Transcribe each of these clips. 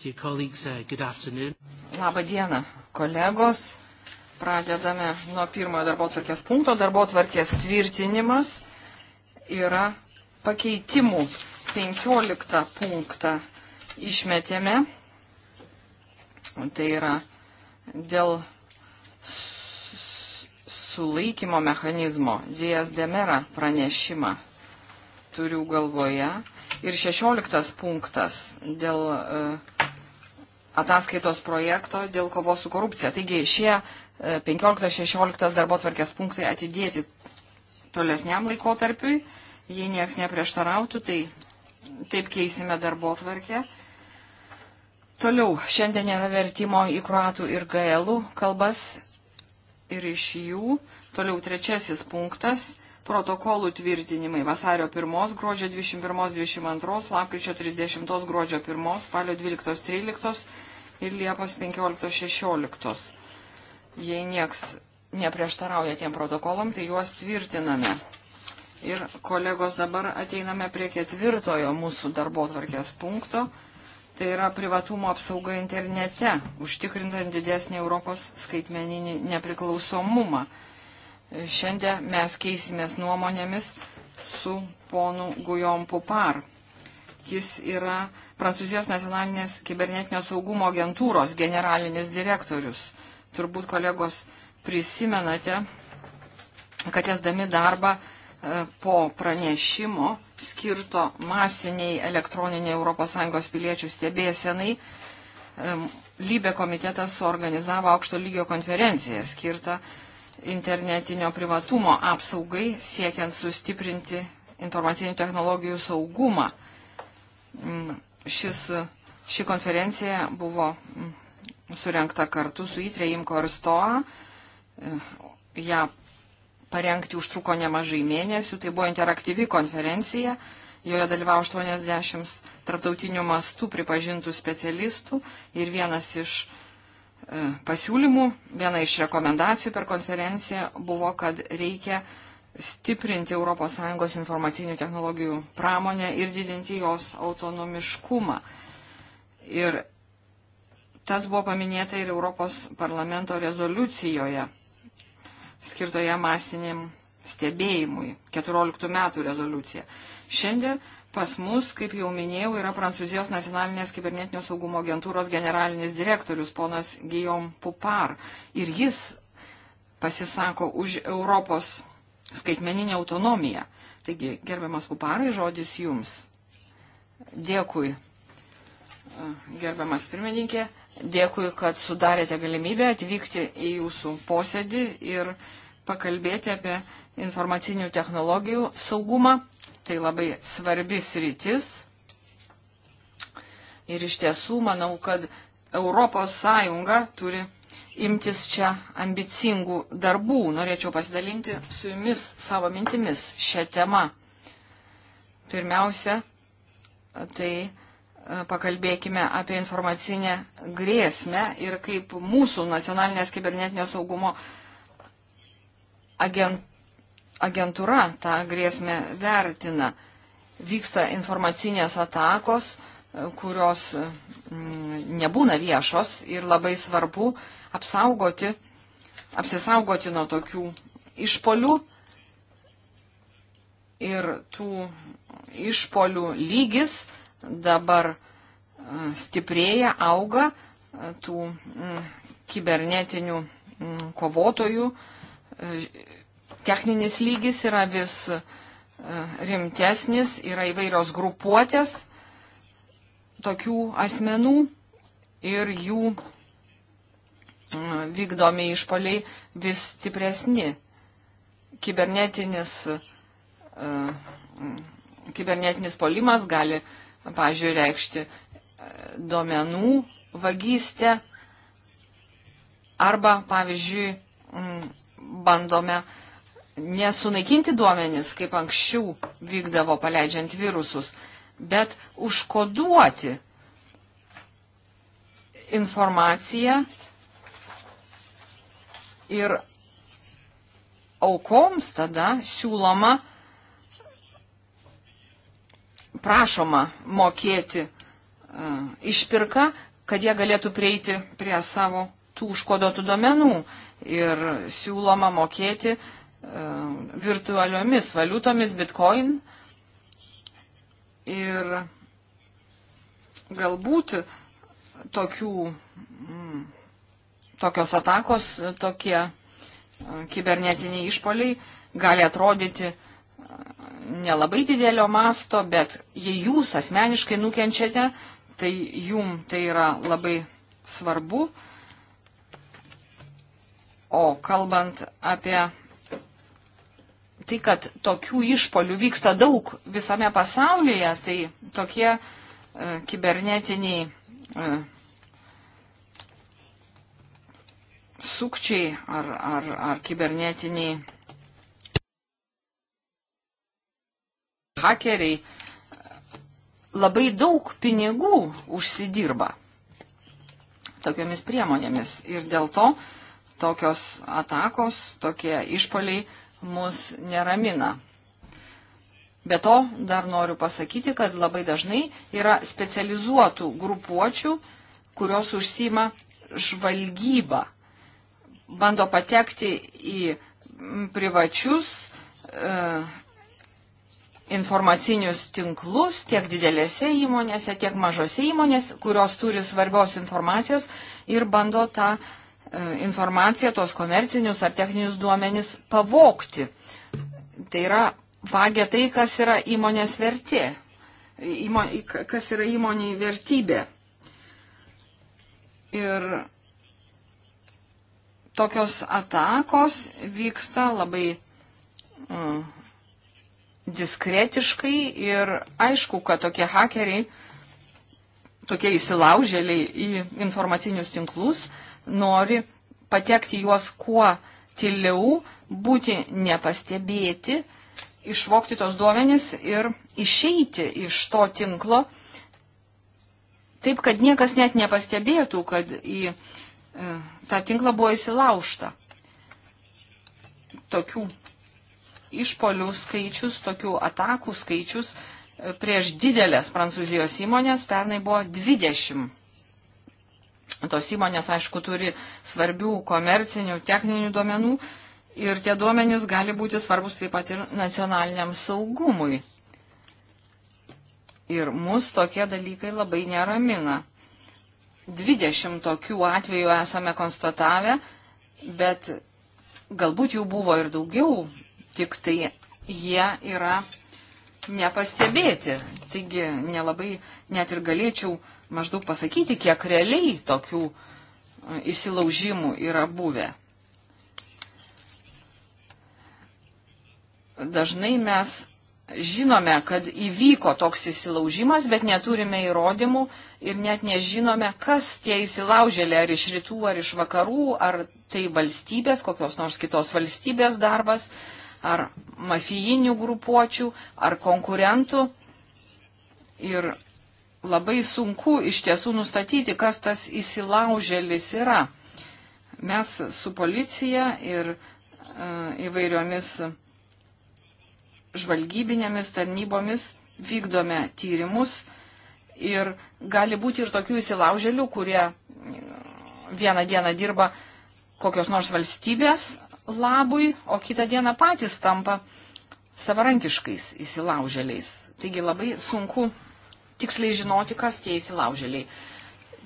Dear colleagues, uh, good afternoon. Labą dieną, kolegos. Pradedame nuo pirmojo darbo tvarkės punkto. Darbo tvarkės tvirtinimas yra pakeitimų 15 punktą išmetėme. Tai yra dėl sulaikymo mechanizmo Dijas Demera pranešimą turiu galvoje. Ir 16 punktas dėl uh, ataskaitos projekto dėl kovos su korupcija. Taigi šie 15-16 e, darbo tvarkės punktai atidėti tolesniam laikotarpiui. Jei nieks neprieštarautų, tai taip keisime darbo tvarkę. Toliau, šiandien yra vertimo į kruatų ir gaelų kalbas ir iš jų. Toliau trečiasis punktas - protokolų tvirtinimai vasario 1, gruodžio 21, 22, lapkričio 30, gruodžio 1, spalio 12, 13 ir Liepos 15-16. Jei nieks neprieštarauja tiem protokolam, tai juos tvirtiname. Ir kolegos dabar ateiname prie ketvirtojo mūsų darbo tvarkės punkto. Tai yra privatumo apsauga internete, užtikrintant didesnį Europos skaitmeninį nepriklausomumą. Šiandien mes keisimės nuomonėmis su ponu Gujom Pupar. Jis yra Prancūzijos nacionalinės kibernetinio saugumo agentūros generalinis direktorius. Turbūt kolegos prisimenate, kad esdami darbą e, po pranešimo skirto masiniai elektroniniai ES piliečių stebėsenai, Lybė komitetas suorganizavo aukšto lygio konferenciją skirtą internetinio privatumo apsaugai, siekiant sustiprinti informacinių technologijų saugumą. Mm, Šis, ši konferencija buvo mm, surenkta kartu su ITRE, IMKO ir STOA. E, ja parengti užtruko nemažai mėnesių. Tai buvo interaktyvi konferencija. Joje dalyvavo 80 tarptautinių mastų pripažintų specialistų ir vienas iš e, pasiūlymų, viena iš rekomendacijų per konferenciją buvo, kad reikia stiprinti ES informacinių technologijų pramonę ir didinti jos autonomiškumą. Ir tas buvo paminėta ir Europos parlamento rezoliucijoje, skirtoje masiniam stebėjimui, 14 metų rezoliucija. Šiandien pas mus, kaip jau minėjau, yra Prancūzijos nacionalinės kibernetinio saugumo agentūros generalinis direktorius ponas Guillaume Pupar. Ir jis pasisako už Europos skaitmeninę autonomiją. Taigi, gerbiamas Puparai, žodis jums. Dėkui, e, gerbiamas pirmininkė, dėkui, kad sudarėte galimybę atvykti į jūsų posėdį ir pakalbėti apie informacinių technologijų saugumą. Tai labai svarbis rytis. Ir iš tiesų manau, kad Europos Sąjunga turi imtis čia ambicingų darbų. Norėčiau pasidalinti su jumis savo mintimis šią temą. Pirmiausia, tai e, pakalbėkime apie informacinę grėsmę ir kaip mūsų nacionalinės kibernetinio saugumo agentūra tą grėsmę vertina. Vyksta informacinės atakos, e, kurios mm, nebūna viešos ir labai svarbu, apsaugoti, apsisaugoti nuo tokių išpolių ir tų išpolių lygis dabar e, stiprėja, auga e, tų kibernetinių kovotojų. E, techninis lygis yra vis rimtesnis, yra įvairios grupuotės tokių asmenų ir jų vykdomi išpoliai vis stipresni. Kibernetinis, e, kibernetinis polimas gali, pažiūrėjau, reikšti e, duomenų vagystę arba, pavyzdžiui, bandome nesunaikinti duomenis, kaip anksčiau vykdavo paleidžiant virusus, bet užkoduoti informaciją Ir aukoms tada siūloma, prašoma mokėti uh, išpirką, kad jie galėtų prieiti prie savo tų užkodotų domenų ir siūloma mokėti uh, virtualiomis valiutomis bitcoin. Ir galbūt tokių mm, tokios atakos, tokie e, kibernetiniai išpoliai gali atrodyti e, nelabai didelio masto, bet jei jūs asmeniškai nukenčiate, tai jum tai yra labai svarbu. O kalbant apie tai, kad tokių išpolių vyksta daug visame pasaulyje, tai tokie e, kibernetiniai e, sukčiai ar, ar, ar kibernetiniai hakeriai labai daug pinigų užsidirba tokiomis priemonėmis. Ir dėl to tokios atakos, tokie išpoliai mus neramina. Be to, dar noriu pasakyti, kad labai dažnai yra specializuotų grupuočių, kurios užsima žvalgybą bando patekti į privačius e, informacinius tinklus tiek didelėse įmonėse, tiek mažose įmonėse, kurios turi svarbios informacijos ir bando tą e, informaciją, tos komercinius ar techninius duomenis pavokti. Tai yra vagia tai, kas yra įmonės vertė, įmonė, kas yra įmoniai vertybė. Ir Tokios atakos vyksta labai mm, diskretiškai ir aišku, kad tokie hakeriai, tokie įsilaužėliai į informacinius tinklus nori patekti juos kuo tyliau, būti nepastebėti, išvokti tos duomenys ir išeiti iš to tinklo, taip kad niekas net nepastebėtų, kad į E, tą tinklą buvo įsilaužta. Tokių išpolių skaičius, tokių atakų skaičius e, prieš didelės prancūzijos įmonės pernai buvo 20. Tos įmonės, aišku, turi svarbių komercinių, techninių duomenų ir tie duomenys gali būti svarbus taip pat ir nacionaliniam saugumui. Ir mus tokie dalykai labai neramina. 20 tokių atvejų esame konstatavę, bet galbūt jų buvo ir daugiau, tik tai jie yra nepastebėti. Taigi nelabai net ir galėčiau maždaug pasakyti, kiek realiai tokių e, įsilaužimų yra buvę. Dažnai mes žinome, kad įvyko toks įsilaužimas, bet neturime įrodymų ir net nežinome, kas tie įsilaužėliai, ar iš rytų, ar iš vakarų, ar tai valstybės, kokios nors kitos valstybės darbas, ar mafijinių grupuočių, ar konkurentų. Ir labai sunku iš tiesų nustatyti, kas tas įsilaužėlis yra. Mes su policija ir e, įvairiomis žvalgybinėmis tarnybomis vykdome tyrimus ir gali būti ir tokių įsilaužėlių, kurie vieną dieną dirba kokios nors valstybės labui, o kitą dieną patys tampa savarankiškais įsilaužėliais. Taigi labai sunku tiksliai žinoti, kas tie įsilaužėliai.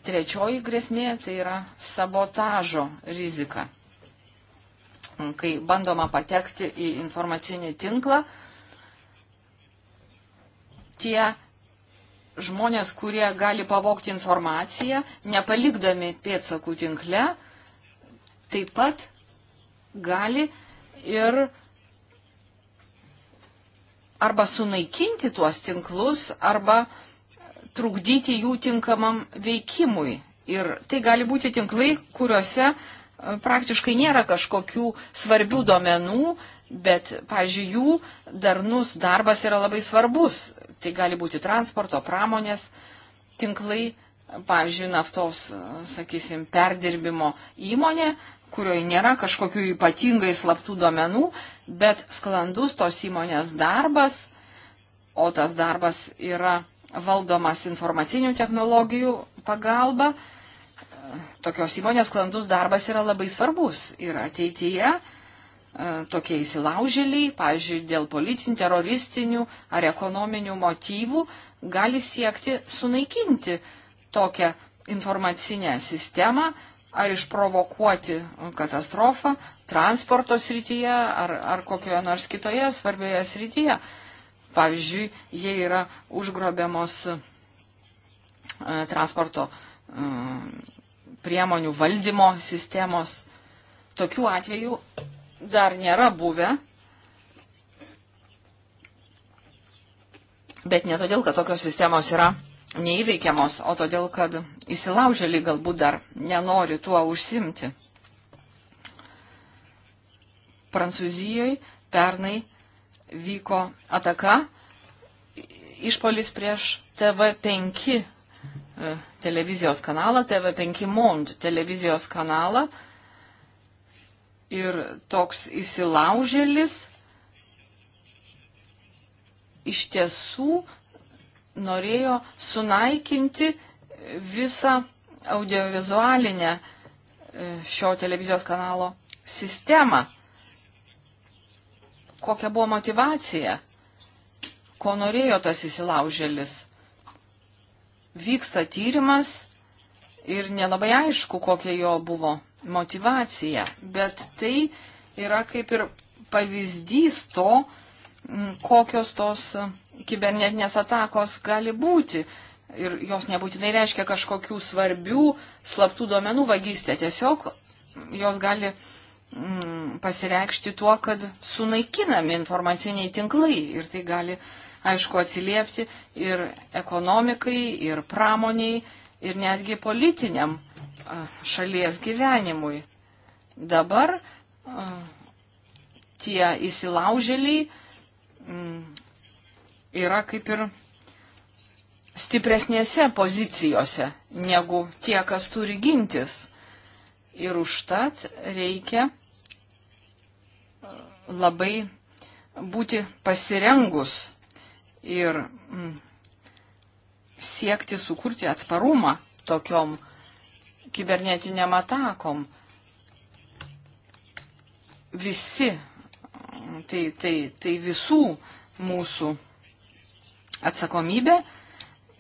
Trečioji grėsmė tai yra sabotažo rizika. Kai bandoma patekti į informacinį tinklą, tie žmonės, kurie gali pavokti informaciją, nepalikdami pėdsakų tinkle, taip pat gali ir arba sunaikinti tuos tinklus, arba trukdyti jų tinkamam veikimui. Ir tai gali būti tinklai, kuriuose uh, praktiškai nėra kažkokių svarbių duomenų, bet, pažiūrėjau, jų darnus darbas yra labai svarbus. Tai gali būti transporto, pramonės tinklai, pavyzdžiui, naftos, sakysim, perdirbimo įmonė, kurioje nėra kažkokių ypatingai slaptų duomenų, bet sklandus tos įmonės darbas, o tas darbas yra valdomas informacinių technologijų pagalba, tokios įmonės sklandus darbas yra labai svarbus. Ir ateityje e, tokie įsilaužėliai, pavyzdžiui, dėl politinių, teroristinių ar ekonominių motyvų gali siekti sunaikinti tokią informacinę sistemą ar išprovokuoti katastrofą transporto srityje ar, ar kokioje nors kitoje svarbioje srityje. Pavyzdžiui, jie yra užgrobiamos e, transporto e, priemonių valdymo sistemos. Tokių atvejų dar nėra buvę. Bet ne todėl, kad tokios sistemos yra neįveikiamos, o todėl, kad įsilaužėliai galbūt dar nenori tuo užsimti. Prancūzijoje pernai vyko ataka, išpolis prieš TV5 E, televizijos kanalą, TV5 Mond televizijos kanalą. Ir toks įsilaužėlis iš tiesų norėjo sunaikinti visą audiovizualinę e, šio televizijos kanalo sistemą. Kokia buvo motivacija? Ko norėjo tas įsilaužėlis? vyksta tyrimas ir nelabai aišku, kokia jo buvo motivacija, bet tai yra kaip ir pavyzdys to, kokios tos e, kibernetinės atakos gali būti. Ir jos nebūtinai reiškia kažkokių svarbių slaptų duomenų vagystę. Tiesiog jos gali mm, pasireikšti tuo, kad sunaikinami informaciniai tinklai ir tai gali aišku, atsiliepti ir ekonomikai, ir pramoniai, ir netgi politiniam šalies gyvenimui. Dabar tie įsilaužėliai yra kaip ir stipresnėse pozicijose negu tie, kas turi gintis. Ir užtat reikia labai būti pasirengus ir mm, siekti sukurti atsparumą tokiom kibernetiniam atakom. Visi, mm, tai, tai, tai visų mūsų atsakomybė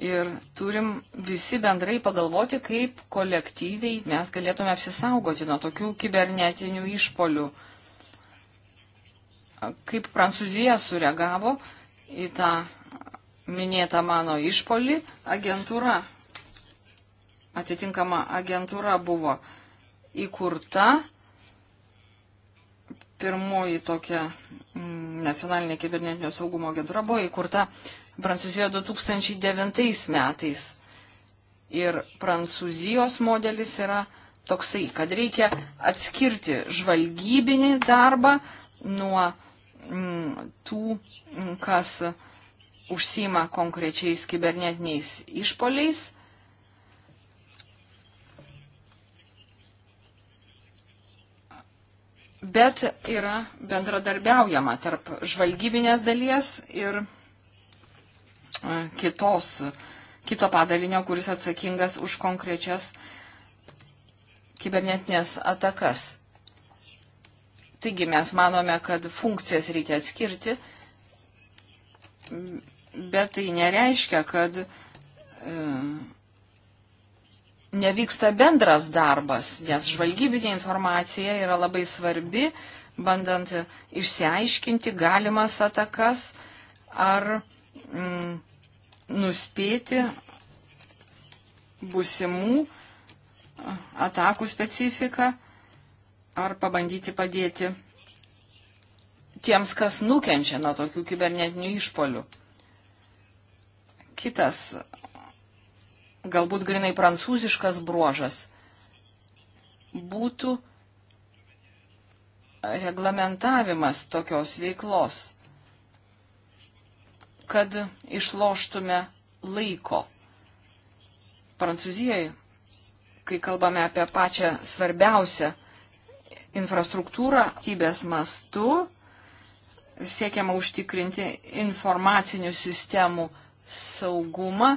ir turim visi bendrai pagalvoti, kaip kolektyviai mes galėtume apsisaugoti nuo tokių kibernetinių išpolių. Kaip Prancūzija sureagavo, į tą minėtą mano išpolį, agentūra, atitinkama agentūra buvo įkurta, pirmoji tokia mm, nacionalinė kibernetinio saugumo agentūra buvo įkurta Prancūzijoje 2009 metais. Ir Prancūzijos modelis yra toksai, kad reikia atskirti žvalgybinį darbą nuo Mm, tų, mm, kas užsima konkrečiais kibernetiniais išpoliais. Bet yra bendradarbiaujama tarp žvalgybinės dalies ir e, kitos, kito padalinio, kuris atsakingas už konkrečias kibernetinės atakas. Taigi mes manome, kad funkcijas reikia atskirti, bet tai nereiškia, kad e, nevyksta bendras darbas, nes žvalgybinė informacija yra labai svarbi, bandant išsiaiškinti galimas atakas ar mm, nuspėti busimų atakų specifiką ar pabandyti padėti tiems, kas nukenčia nuo tokių kibernetinių išpolių. Kitas, galbūt grinai prancūziškas bruožas, būtų reglamentavimas tokios veiklos, kad išloštume laiko. Prancūzijoje, kai kalbame apie pačią svarbiausią infrastruktūrą tybės mastu, siekiama užtikrinti informacinių sistemų saugumą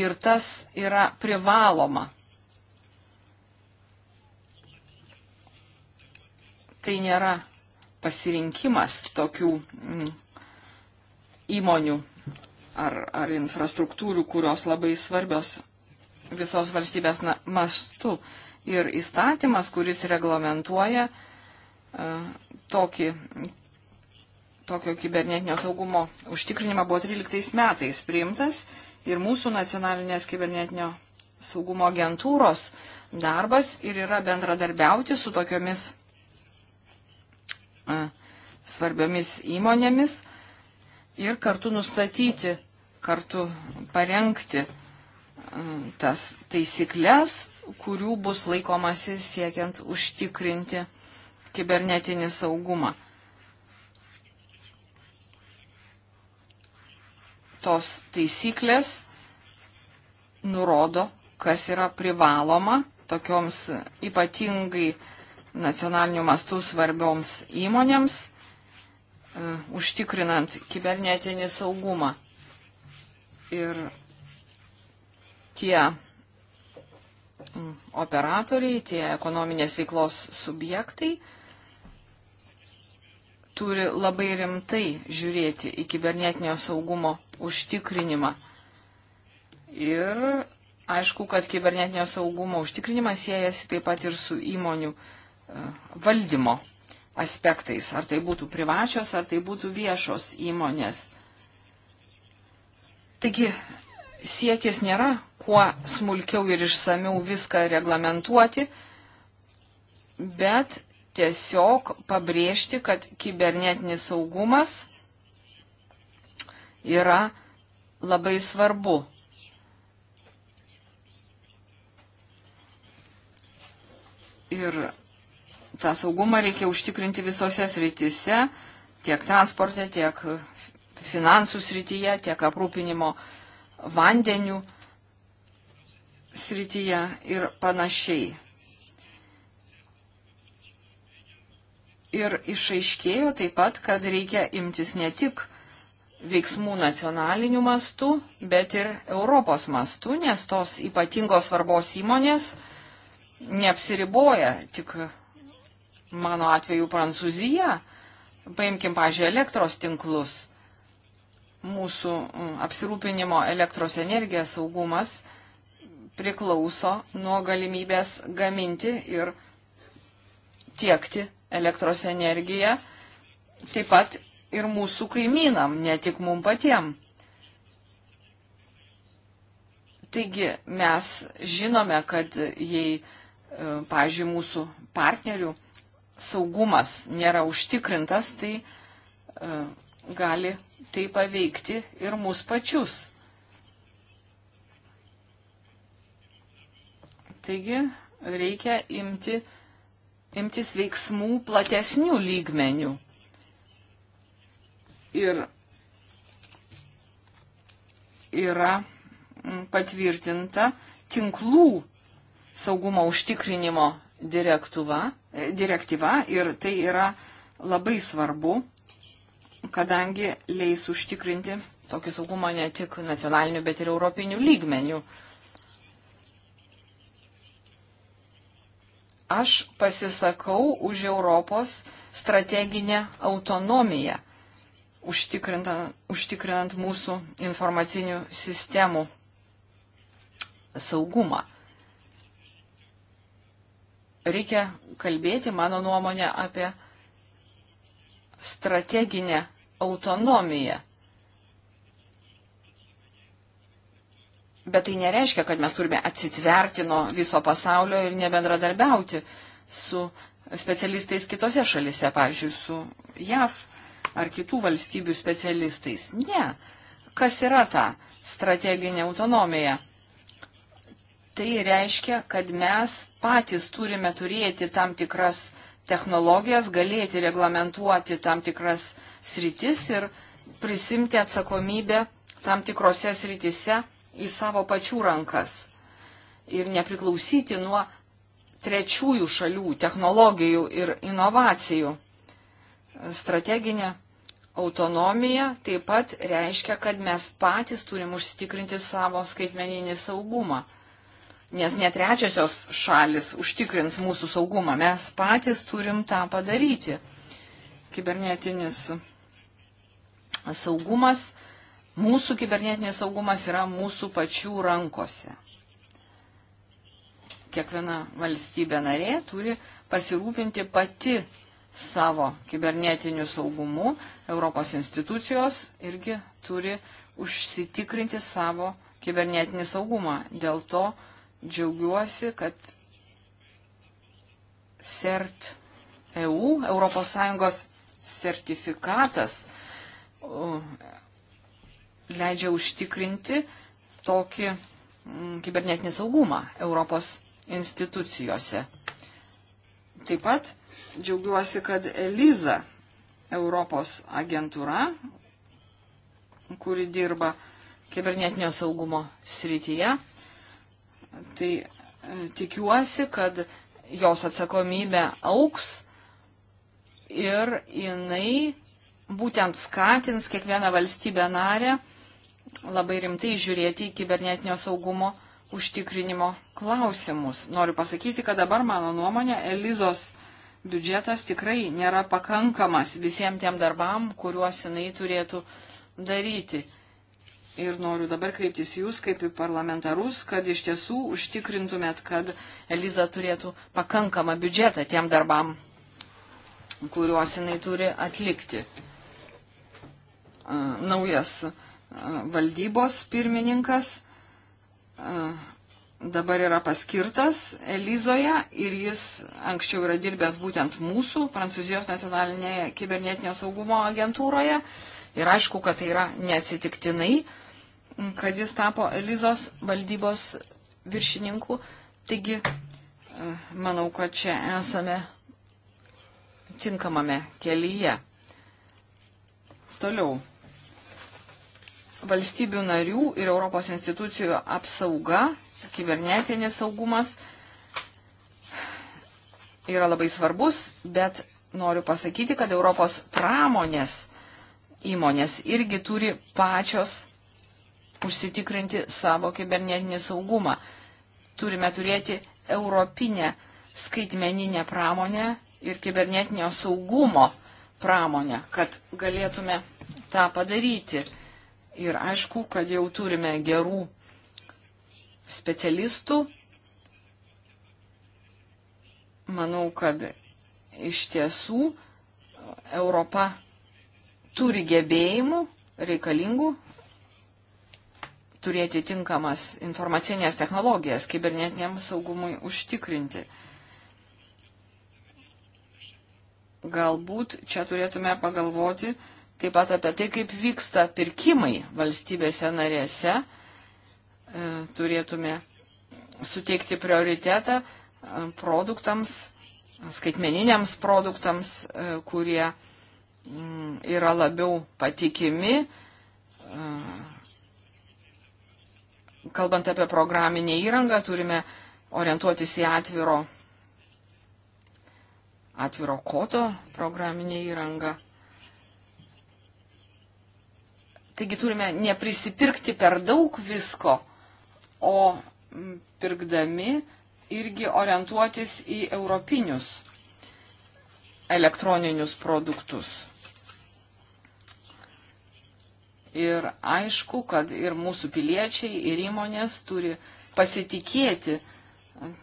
ir tas yra privaloma. Tai nėra pasirinkimas tokių mm, įmonių ar, ar infrastruktūrų, kurios labai svarbios visos valstybės na, mastu ir įstatymas, kuris reglamentuoja e, tokį, tokio kibernetinio saugumo užtikrinimą, buvo 13 metais priimtas ir mūsų nacionalinės kibernetinio saugumo agentūros darbas ir yra bendradarbiauti su tokiomis a, e, svarbiomis įmonėmis ir kartu nustatyti, kartu parengti a, e, tas taisyklės, kurių bus laikomasi siekiant užtikrinti kibernetinį saugumą. Tos taisyklės nurodo, kas yra privaloma tokioms ypatingai nacionalinių mastų svarbioms įmonėms, e, užtikrinant kibernetinį saugumą. Ir tie Mm, operatoriai, tie ekonominės veiklos subjektai turi labai rimtai žiūrėti į kibernetinio saugumo užtikrinimą. Ir aišku, kad kibernetinio saugumo užtikrinimas siejasi taip pat ir su įmonių e, valdymo aspektais, ar tai būtų privačios, ar tai būtų viešos įmonės. Taigi siekis nėra kuo smulkiau ir išsamiau viską reglamentuoti, bet tiesiog pabrėžti, kad kibernetinis saugumas yra labai svarbu. Ir tą saugumą reikia užtikrinti visose srityse, tiek transporte, tiek finansų srityje, tiek aprūpinimo vandeniu srityje ir panašiai. Ir išaiškėjo taip pat, kad reikia imtis ne tik veiksmų nacionaliniu mastu, bet ir Europos mastu, nes tos ypatingos svarbos įmonės neapsiriboja tik mano atveju Prancūzija. Paimkim, pažiūrėjau, elektros tinklus. Mūsų mm, apsirūpinimo elektros energija saugumas priklauso nuo galimybės gaminti ir tiekti elektros energiją, taip pat ir mūsų kaimynam, ne tik mum patiem. Taigi mes žinome, kad jei, e, pažiūrėjau, mūsų partnerių saugumas nėra užtikrintas, tai e, gali tai paveikti ir mūsų pačius. Taigi reikia imti, imtis veiksmų platesnių lygmenių. Ir yra mm, patvirtinta tinklų saugumo užtikrinimo direktyva, e, direktyva ir tai yra labai svarbu, kadangi leis užtikrinti tokį saugumą ne tik nacionaliniu, bet ir europiniu lygmeniu. Aš pasisakau už Europos strateginę autonomiją, užtikrinant mūsų informacinių sistemų saugumą. Reikia kalbėti, mano nuomonė, apie strateginę autonomiją. Bet tai nereiškia, kad mes turime atsitverti nuo viso pasaulio ir nebendradarbiauti su specialistais kitose šalise, pavyzdžiui, su JAV ar kitų valstybių specialistais. Ne. Kas yra ta strateginė autonomija? Tai reiškia, kad mes patys turime turėti tam tikras technologijas, galėti reglamentuoti tam tikras sritis ir prisimti atsakomybę tam tikrose sritise į savo pačių rankas ir nepriklausyti nuo trečiųjų šalių technologijų ir inovacijų. Strateginė autonomija taip pat reiškia, kad mes patys turim užsitikrinti savo skaitmeninį saugumą. Nes ne trečiosios šalis užtikrins mūsų saugumą, mes patys turim tą padaryti. Kibernetinis saugumas Mūsų kibernetinės saugumas yra mūsų pačių rankose. Kiekviena valstybė narė turi pasirūpinti pati savo kibernetiniu saugumu. Europos institucijos irgi turi užsitikrinti savo kibernetinį saugumą. Dėl to džiaugiuosi, kad CERT EU, ES sertifikatas leidžia užtikrinti tokį mm, kibernetinį saugumą Europos institucijose. Taip pat džiaugiuosi, kad Eliza, Europos agentūra, kuri dirba kibernetinio saugumo srityje, tai e, tikiuosi, kad jos atsakomybė auks ir jinai būtent skatins kiekvieną valstybę narę labai rimtai žiūrėti į kibernetinio saugumo užtikrinimo klausimus. Noriu pasakyti, kad dabar mano nuomonė Elizos biudžetas tikrai nėra pakankamas visiems tiem darbam, kuriuos jinai turėtų daryti. Ir noriu dabar kreiptis jūs kaip į parlamentarus, kad iš tiesų užtikrintumėt, kad Eliza turėtų pakankamą biudžetą tiem darbam, kuriuos jinai turi atlikti. Naujas valdybos pirmininkas dabar yra paskirtas Elizoje ir jis anksčiau yra dirbęs būtent mūsų, Prancūzijos nacionalinėje kibernetinio saugumo agentūroje. Ir aišku, kad tai yra neatsitiktinai, kad jis tapo Elizos valdybos viršininku. Taigi, manau, kad čia esame tinkamame kelyje. Toliau valstybių narių ir Europos institucijų apsauga, kibernetinis saugumas yra labai svarbus, bet noriu pasakyti, kad Europos pramonės įmonės irgi turi pačios užsitikrinti savo kibernetinį saugumą. Turime turėti europinę skaitmeninę pramonę ir kibernetinio saugumo pramonę, kad galėtume tą padaryti. Ir aišku, kad jau turime gerų specialistų. Manau, kad iš tiesų Europa turi gebėjimų reikalingų turėti tinkamas informacinės technologijas kibernetiniam saugumui užtikrinti. Galbūt čia turėtume pagalvoti, taip pat apie tai, kaip vyksta pirkimai valstybėse narėse, e, turėtume suteikti prioritetą e, produktams, skaitmeniniams produktams, e, kurie mm, yra labiau patikimi. Kalbant apie programinę įrangą, turime orientuotis į atviro, atviro kodo programinę įrangą. Taigi turime neprisipirkti per daug visko, o pirkdami irgi orientuotis į europinius elektroninius produktus. Ir aišku, kad ir mūsų piliečiai, ir įmonės turi pasitikėti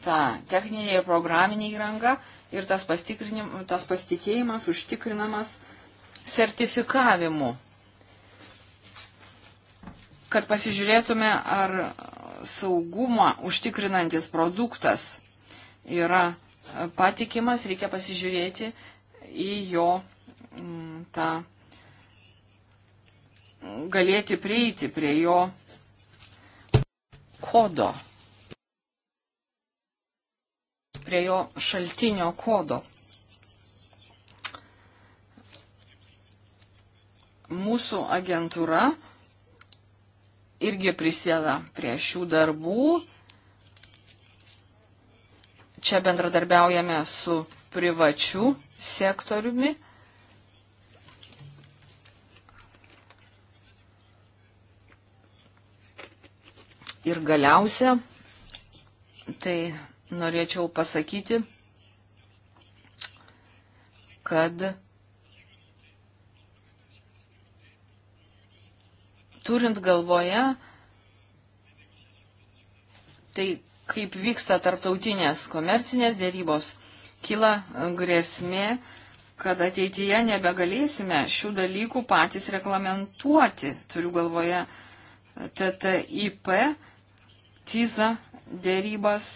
tą techninę ir programinę įrangą ir tas, tas pasitikėjimas užtikrinamas sertifikavimu kad pasižiūrėtume, ar saugumą užtikrinantis produktas yra patikimas, reikia pasižiūrėti į jo m, mm, tą galėti prieiti prie jo kodo, prie jo šaltinio kodo. Mūsų agentūra irgi prisėda prie šių darbų. Čia bendradarbiaujame su privačiu sektoriumi. Ir galiausia, tai norėčiau pasakyti, kad turint galvoje, tai kaip vyksta tarptautinės komercinės dėrybos, kyla grėsmė, kad ateityje nebegalėsime šių dalykų patys reglamentuoti. Turiu galvoje TTIP, TISA dėrybas.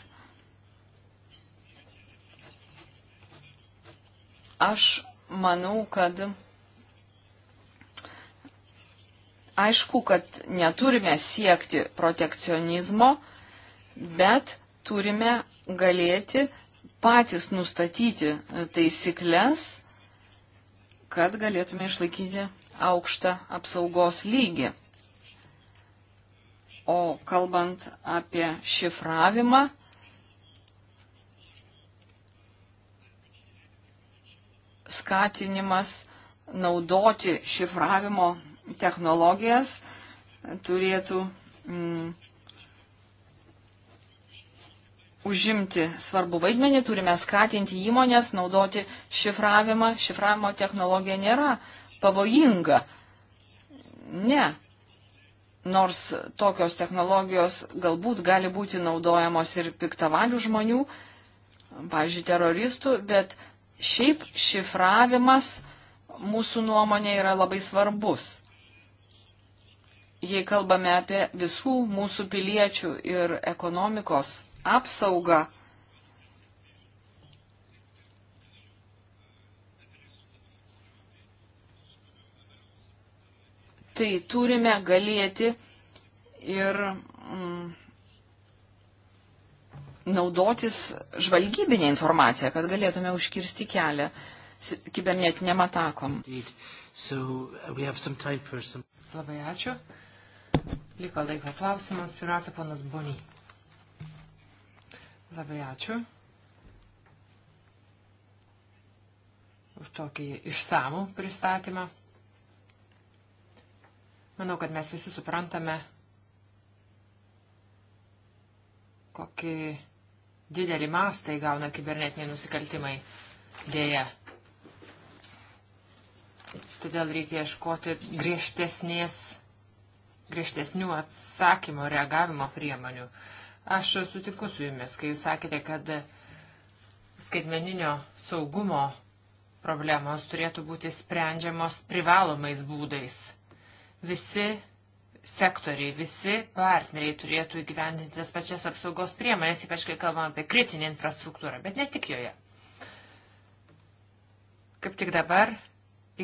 Aš manau, kad aišku, kad neturime siekti protekcionizmo, bet turime galėti patys nustatyti taisyklės, kad galėtume išlaikyti aukštą apsaugos lygį. O kalbant apie šifravimą, skatinimas naudoti šifravimo technologijas turėtų mm, užimti svarbu vaidmenį, turime skatinti įmonės naudoti šifravimą. Šifravimo technologija nėra pavojinga. Ne. Nors tokios technologijos galbūt gali būti naudojamos ir piktavalių žmonių, pavyzdžiui, teroristų, bet šiaip šifravimas mūsų nuomonė yra labai svarbus jei kalbame apie visų mūsų piliečių ir ekonomikos apsaugą, tai turime galėti ir mm, naudotis žvalgybinė informacija, kad galėtume užkirsti kelią kibernetiniam atakom. So uh, some... Labai ačiū. Liko laiko klausimams. Pirmiausia, ponas Boni. Labai ačiū už tokį išsamų pristatymą. Manau, kad mes visi suprantame, kokį didelį mastą įgauna kibernetiniai nusikaltimai dėja. Todėl reikia ieškoti griežtesnės griežtesnių atsakymo reagavimo priemonių. Aš sutinku su jumis, kai jūs sakėte, kad skaitmeninio saugumo problemos turėtų būti sprendžiamos privalomais būdais. Visi sektoriai, visi partneriai turėtų įgyvendinti tas pačias apsaugos priemonės, ypač kai kalbam apie kritinę infrastruktūrą, bet ne tik joje. Kaip tik dabar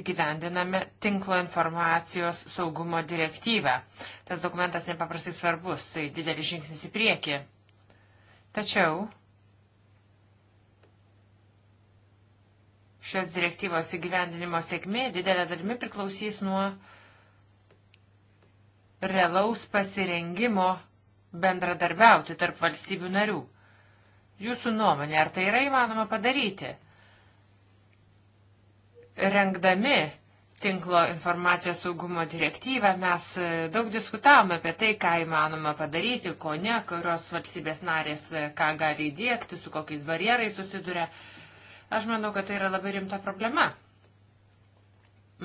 įgyvendiname tinklo informacijos saugumo direktyvą. Tas dokumentas nepaprastai svarbus, tai didelis žingsnis į priekį. Tačiau šios direktyvos įgyvendinimo sėkmė didelė dalimi priklausys nuo realaus pasirengimo bendradarbiauti tarp valstybių narių. Jūsų nuomonė, ar tai yra įmanoma padaryti? rengdami tinklo informacijos saugumo direktyvą mes e, daug diskutavome apie tai, ką įmanoma padaryti, ko ne, kurios valstybės narės e, ką gali įdėkti, su kokiais barjerais susiduria. Aš manau, kad tai yra labai rimta problema.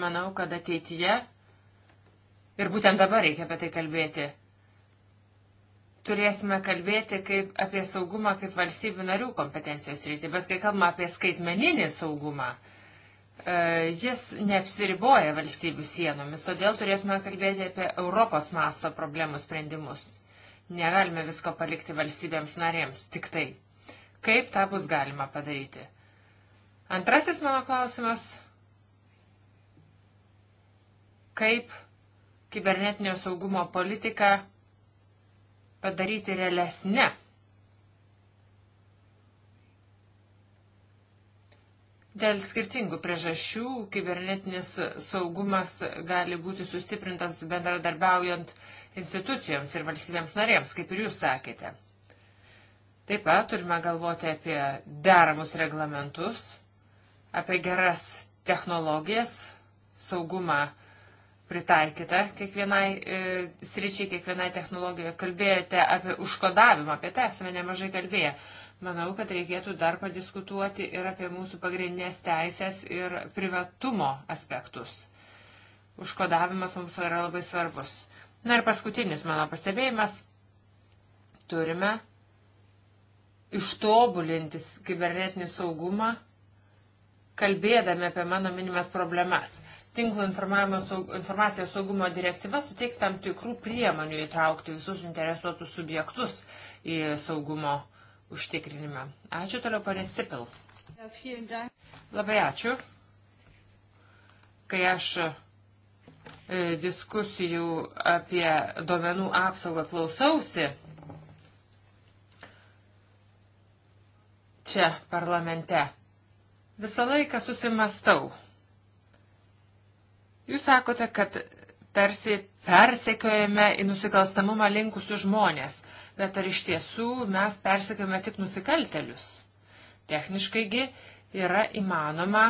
Manau, kad ateityje ir būtent dabar reikia apie tai kalbėti. Turėsime kalbėti kaip, apie saugumą kaip valstybių narių kompetencijos rytį, bet kai kalbame apie skaitmeninį saugumą, uh, E, jis neapsiriboja valstybių sienomis, todėl turėtume kalbėti apie Europos masto problemų sprendimus. Negalime visko palikti valstybėms narėms, tik tai. Kaip tą bus galima padaryti? Antrasis mano klausimas. Kaip kibernetinio saugumo politiką padaryti realesnę? Dėl skirtingų priežasčių kibernetinis saugumas gali būti sustiprintas bendradarbiaujant institucijoms ir valstybėms narėms, kaip ir jūs sakėte. Taip pat turime galvoti apie deramus reglamentus, apie geras technologijas, saugumą pritaikyta kiekvienai e, sričiai, kiekvienai technologijoje. Kalbėjote apie užkodavimą, apie tai esame nemažai kalbėję. Manau, kad reikėtų dar padiskutuoti ir apie mūsų pagrindinės teisės ir privatumo aspektus. Užkodavimas mums yra labai svarbus. Na ir paskutinis mano pastebėjimas. Turime ištobulintis kibernetinį saugumą, kalbėdami apie mano minimas problemas tinklo saug, informacijos saugumo direktyva suteiks tam tikrų priemonių įtraukti visus interesuotus subjektus į saugumo užtikrinimą. Ačiū toliau, ponė Sipil. Labai ačiū. Kai aš e, diskusijų apie duomenų apsaugą klausausi, čia parlamente. Visą laiką susimastau. Jūs sakote, kad tarsi persekiojame į nusikalstamumą linkusius žmonės. Bet ar iš tiesų mes persekiame tik nusikaltelius? Techniškaigi yra įmanoma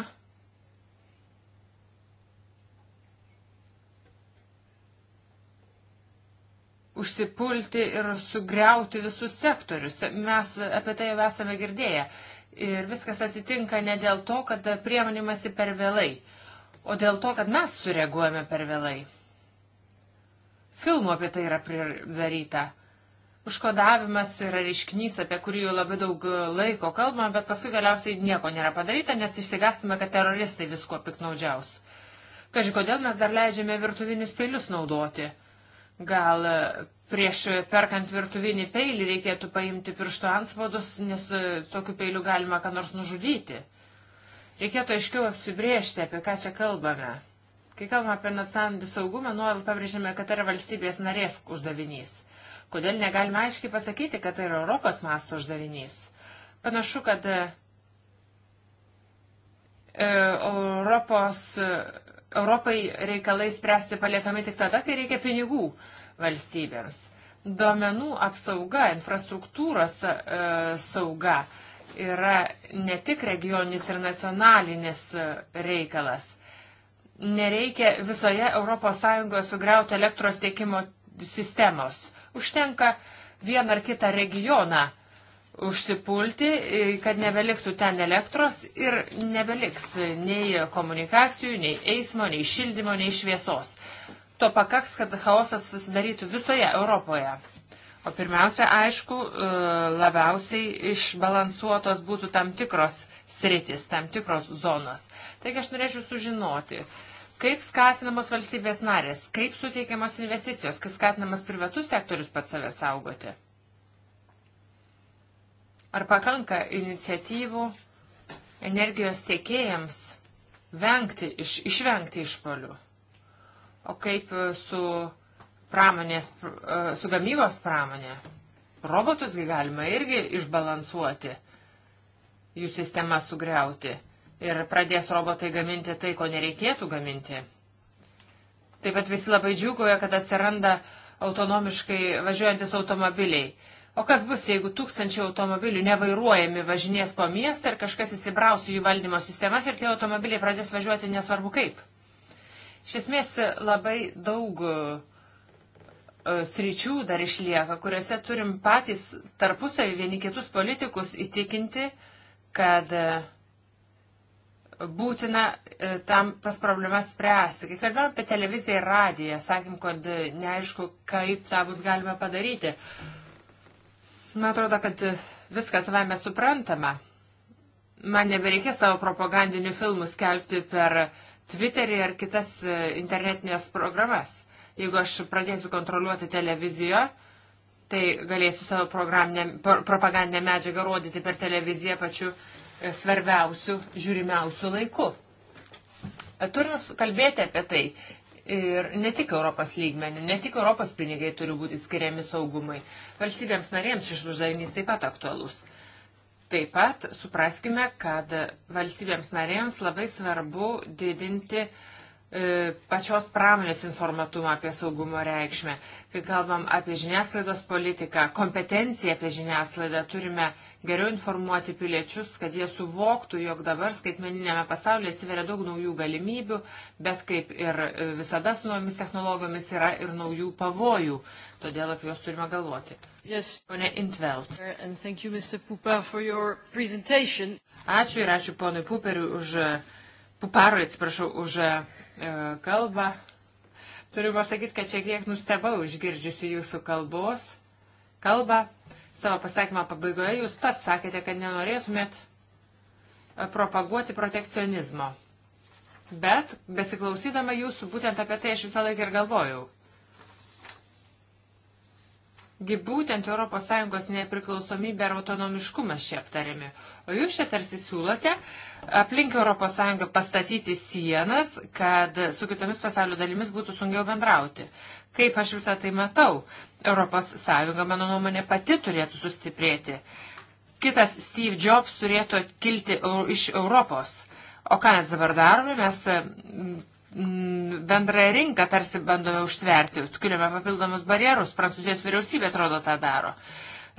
užsipulti ir sugriauti visus sektorius. Mes apie tai jau esame girdėję. Ir viskas atsitinka ne dėl to, kad priemonimasi per vėlai, o dėl to, kad mes sureaguojame per vėlai. Filmų apie tai yra pridaryta. Užkodavimas yra reiškinys, apie kurį jau labai daug laiko kalbama, bet paskui galiausiai nieko nėra padaryta, nes išsigastame, kad teroristai visko piknaudžiaus. Kaži, kodėl mes dar leidžiame virtuvinius peilius naudoti? Gal e, prieš perkant virtuvinį peilį reikėtų paimti pirštų anspaudus, nes e, tokiu peiliu galima ką nors nužudyti. Reikėtų aiškiau apsibriežti, apie ką čia kalbame. Kai kalbame apie nacionalinį saugumą, nuolat pabrėžėme, kad tai yra valstybės narės uždavinys. Kodėl negalime aiškiai pasakyti, kad tai yra Europos masto uždavinys? Panašu, kad e, Europos, Europai reikalai spręsti paliekami tik tada, kai reikia pinigų valstybėms. Duomenų apsauga, infrastruktūros e, sauga yra ne tik regioninis ir nacionalinis e, reikalas. Nereikia visoje ES sugriauti elektros tiekimo sistemos, Užtenka vieną ar kitą regioną užsipulti, e, kad nebeliktų ten elektros ir nebeliks nei komunikacijų, nei eismo, nei šildymo, nei šviesos. To pakaks, kad chaosas susidarytų visoje Europoje. O pirmiausia, aišku, e, labiausiai išbalansuotos būtų tam tikros sritis, tam tikros zonos. Taigi aš norėčiau sužinoti, uh, Kaip skatinamos valstybės narės, kaip suteikiamos investicijos, kaip skatinamas privatus sektorius pats save saugoti. Ar pakanka iniciatyvų energijos tiekėjams vengti, iš, išvengti išpolių? O kaip e, su, pramonės, e, su gamybos pramonė? Robotusgi galima irgi išbalansuoti, jų sistemą sugriauti ir pradės robotai gaminti tai, ko nereikėtų gaminti. Taip pat visi labai džiugoja, kad atsiranda autonomiškai važiuojantis automobiliai. O kas bus, jeigu tūkstančiai automobilių nevairuojami važinės po miestą ir kažkas įsibraus į jų valdymo sistemas ir tie automobiliai pradės važiuoti nesvarbu kaip? Iš esmės labai daug e, sričių dar išlieka, kuriuose turim patys tarpusavį vieni kitus politikus įtikinti, kad uh, būtina e, tam tas problemas spręsti. Kai kalbėjome apie televiziją ir radiją, sakėm, kad e, neaišku, kaip tą bus galima padaryti. Man atrodo, kad e, viskas savame suprantama. Man nebereikės savo propagandinių filmų skelbti per Twitterį ar kitas internetinės programas. Jeigu aš pradėsiu kontroliuoti televiziją, tai galėsiu savo pro, propagandinę medžiagą rodyti per televiziją pačiu uh, svarbiausių, žiūrimiausių laikų. Turim kalbėti apie tai. Ir ne tik Europos lygmenį, ne tik Europos pinigai turi būti skiriami saugumai. Valstybėms narėms šis uždavinys taip pat aktualus. Taip pat supraskime, kad valstybėms narėms labai svarbu didinti uh, E, pačios pramonės informatumą apie saugumo reikšmę. Kai kalbam apie žiniasklaidos politiką, kompetenciją apie žiniasklaidą, turime geriau informuoti piliečius, kad jie suvoktų, jog dabar skaitmeninėme pasaulyje atsiveria daug naujų galimybių, bet kaip ir e, visada su naujomis technologijomis yra ir naujų pavojų. Todėl apie juos turime galvoti. Yes. Pone Intveld. Ačiū ir ačiū ponui Puperiu už Puparui, atsiprašau, už E, kalbą. Turiu pasakyti, kad šiek tiek nustebau išgirdžiusi jūsų kalbos kalbą. Savo pasakymą pabaigoje jūs pats sakėte, kad nenorėtumėt e, propaguoti protekcionizmo. Bet besiklausydama jūsų būtent apie tai aš visą laiką ir galvojau. Gi būtent ES nepriklausomybė ir autonomiškumas čia aptariami. O jūs čia tarsi siūlote aplink ES pastatyti sienas, kad su kitomis pasaulio dalimis būtų sunkiau bendrauti. Kaip aš visą tai matau, ES, mano nuomonė, pati turėtų sustiprėti. Kitas Steve Jobs turėtų kilti iš Europos. O ką mes dabar darome? Mes bendrąją rinką tarsi bandome užtverti, keliame papildomus barjerus, prancūzijos vyriausybė atrodo tą daro.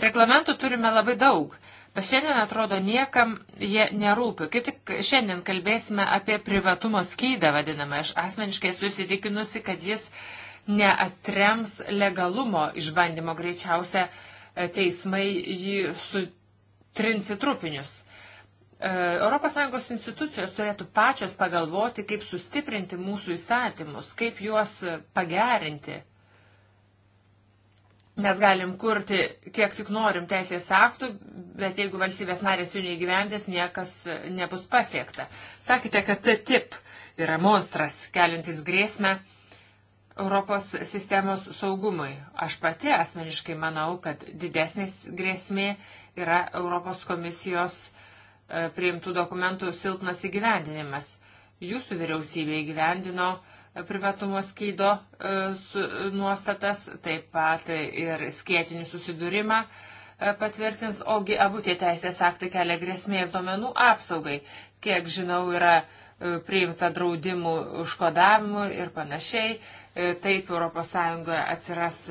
Reglamentų turime labai daug, bet šiandien atrodo niekam jie nerūpi. Kaip tik šiandien kalbėsime apie privatumo skydą vadinamą. Aš asmeniškai susitikinusi, kad jis neatrems legalumo išbandymo greičiausia e, teismai jį sutrins į trupinius. ES institucijos turėtų pačios pagalvoti, kaip sustiprinti mūsų įstatymus, kaip juos pagerinti. Mes galim kurti, kiek tik norim teisės aktų, bet jeigu valstybės narės jų neįgyvendės, niekas e, nebus pasiekta. Sakėte, kad TTIP yra monstras, kelintis grėsmę Europos sistemos saugumui. Aš pati asmeniškai manau, kad didesnės grėsmė yra Europos komisijos E, priimtų dokumentų silpnas įgyvendinimas. Jūsų vyriausybė įgyvendino e, privatumo skydo e, nuostatas, taip pat ir skėtinį susidūrimą patvirtins, ogi abu tie teisės aktai kelia grėsmės duomenų apsaugai. Kiek žinau, yra priimta draudimų užkodavimų ir panašiai. Taip ES atsiras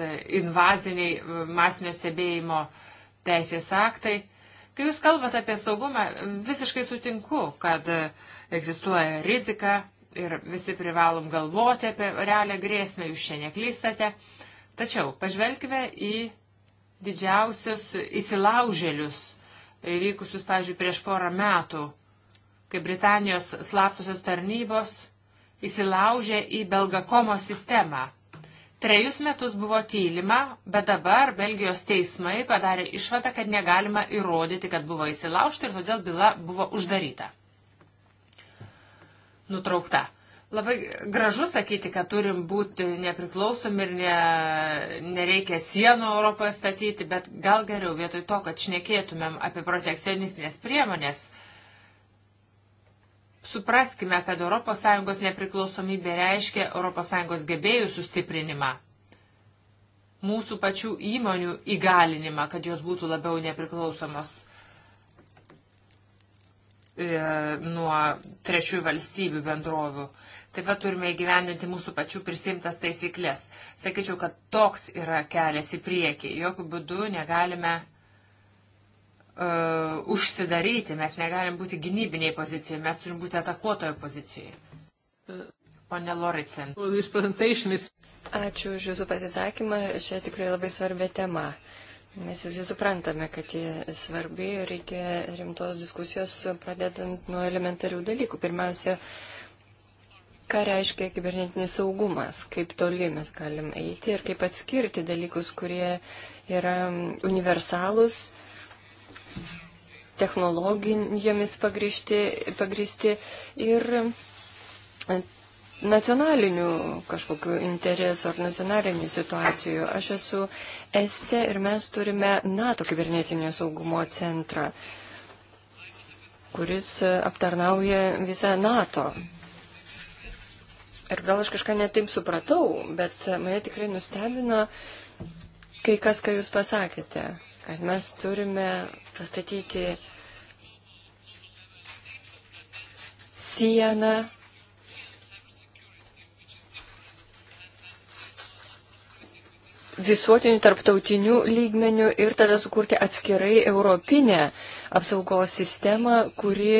invaziniai masinio stebėjimo teisės aktai. Kai jūs kalbate apie saugumą, visiškai sutinku, kad egzistuoja rizika ir visi privalom galvoti apie realią grėsmę, jūs čia neklystate. Tačiau pažvelkime į didžiausius įsilaužėlius įvykusius, pavyzdžiui, prieš porą metų, kai Britanijos slaptosios tarnybos įsilaužė į Belgakomo sistemą. Trejus metus buvo tylima, bet dabar Belgijos teismai padarė išvadą, kad negalima įrodyti, kad buvo įsilaužta ir todėl byla buvo uždaryta. Nutraukta. Labai gražu sakyti, kad turim būti nepriklausomi ir ne, nereikia sienų Europoje statyti, bet gal geriau vietoj to, kad šnekėtumėm apie protekcionistinės priemonės, uh, Supraskime, kad ES nepriklausomybė reiškia ES gebėjų sustiprinimą, mūsų pačių įmonių įgalinimą, kad jos būtų labiau nepriklausomos e, nuo trečiųjų valstybių bendrovių. Taip pat turime įgyvendinti mūsų pačių prisimtas taisyklės. Sakyčiau, kad toks yra kelias į priekį. Jokių būdų negalime uh, užsidaryti, mes negalim būti gynybiniai pozicijoje, mes turim būti atakuotojo pozicijoje. Pane Loricen. Ačiū už Jūsų pasisakymą, šią tikrai labai svarbią temą. Mes visi suprantame, kad jie svarbi ir reikia rimtos diskusijos, pradedant nuo elementarių dalykų. Pirmiausia, ką reiškia kibernetinis saugumas, kaip toli mes galim eiti ir kaip atskirti dalykus, kurie yra universalūs technologijomis pagrišti, pagristi ir nacionalinių kažkokių interesų ar nacionalinių situacijų. Aš esu Estė ir mes turime NATO kibernetinio saugumo centrą, kuris aptarnauja visą NATO. Ir gal aš kažką netaip supratau, bet mane tikrai nustebino kai kas, ką jūs pasakėte kad mes turime pastatyti sieną visuotiniu tarptautiniu lygmeniu ir tada sukurti atskirai europinę apsaugos sistemą, kuri,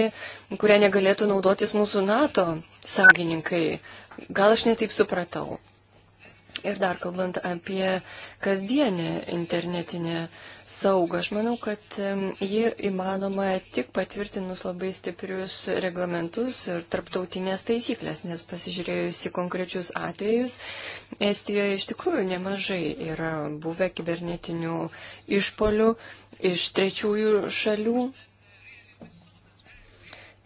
kurią negalėtų naudotis mūsų NATO saugininkai. Gal aš netaip supratau. Ir dar kalbant apie kasdienį internetinę saugą, aš manau, kad ji įmanoma tik patvirtinus labai stiprius reglamentus ir tarptautinės taisyklės, nes pasižiūrėjus į konkrečius atvejus, Estijoje iš tikrųjų nemažai yra buvę kibernetinių išpolių iš trečiųjų šalių.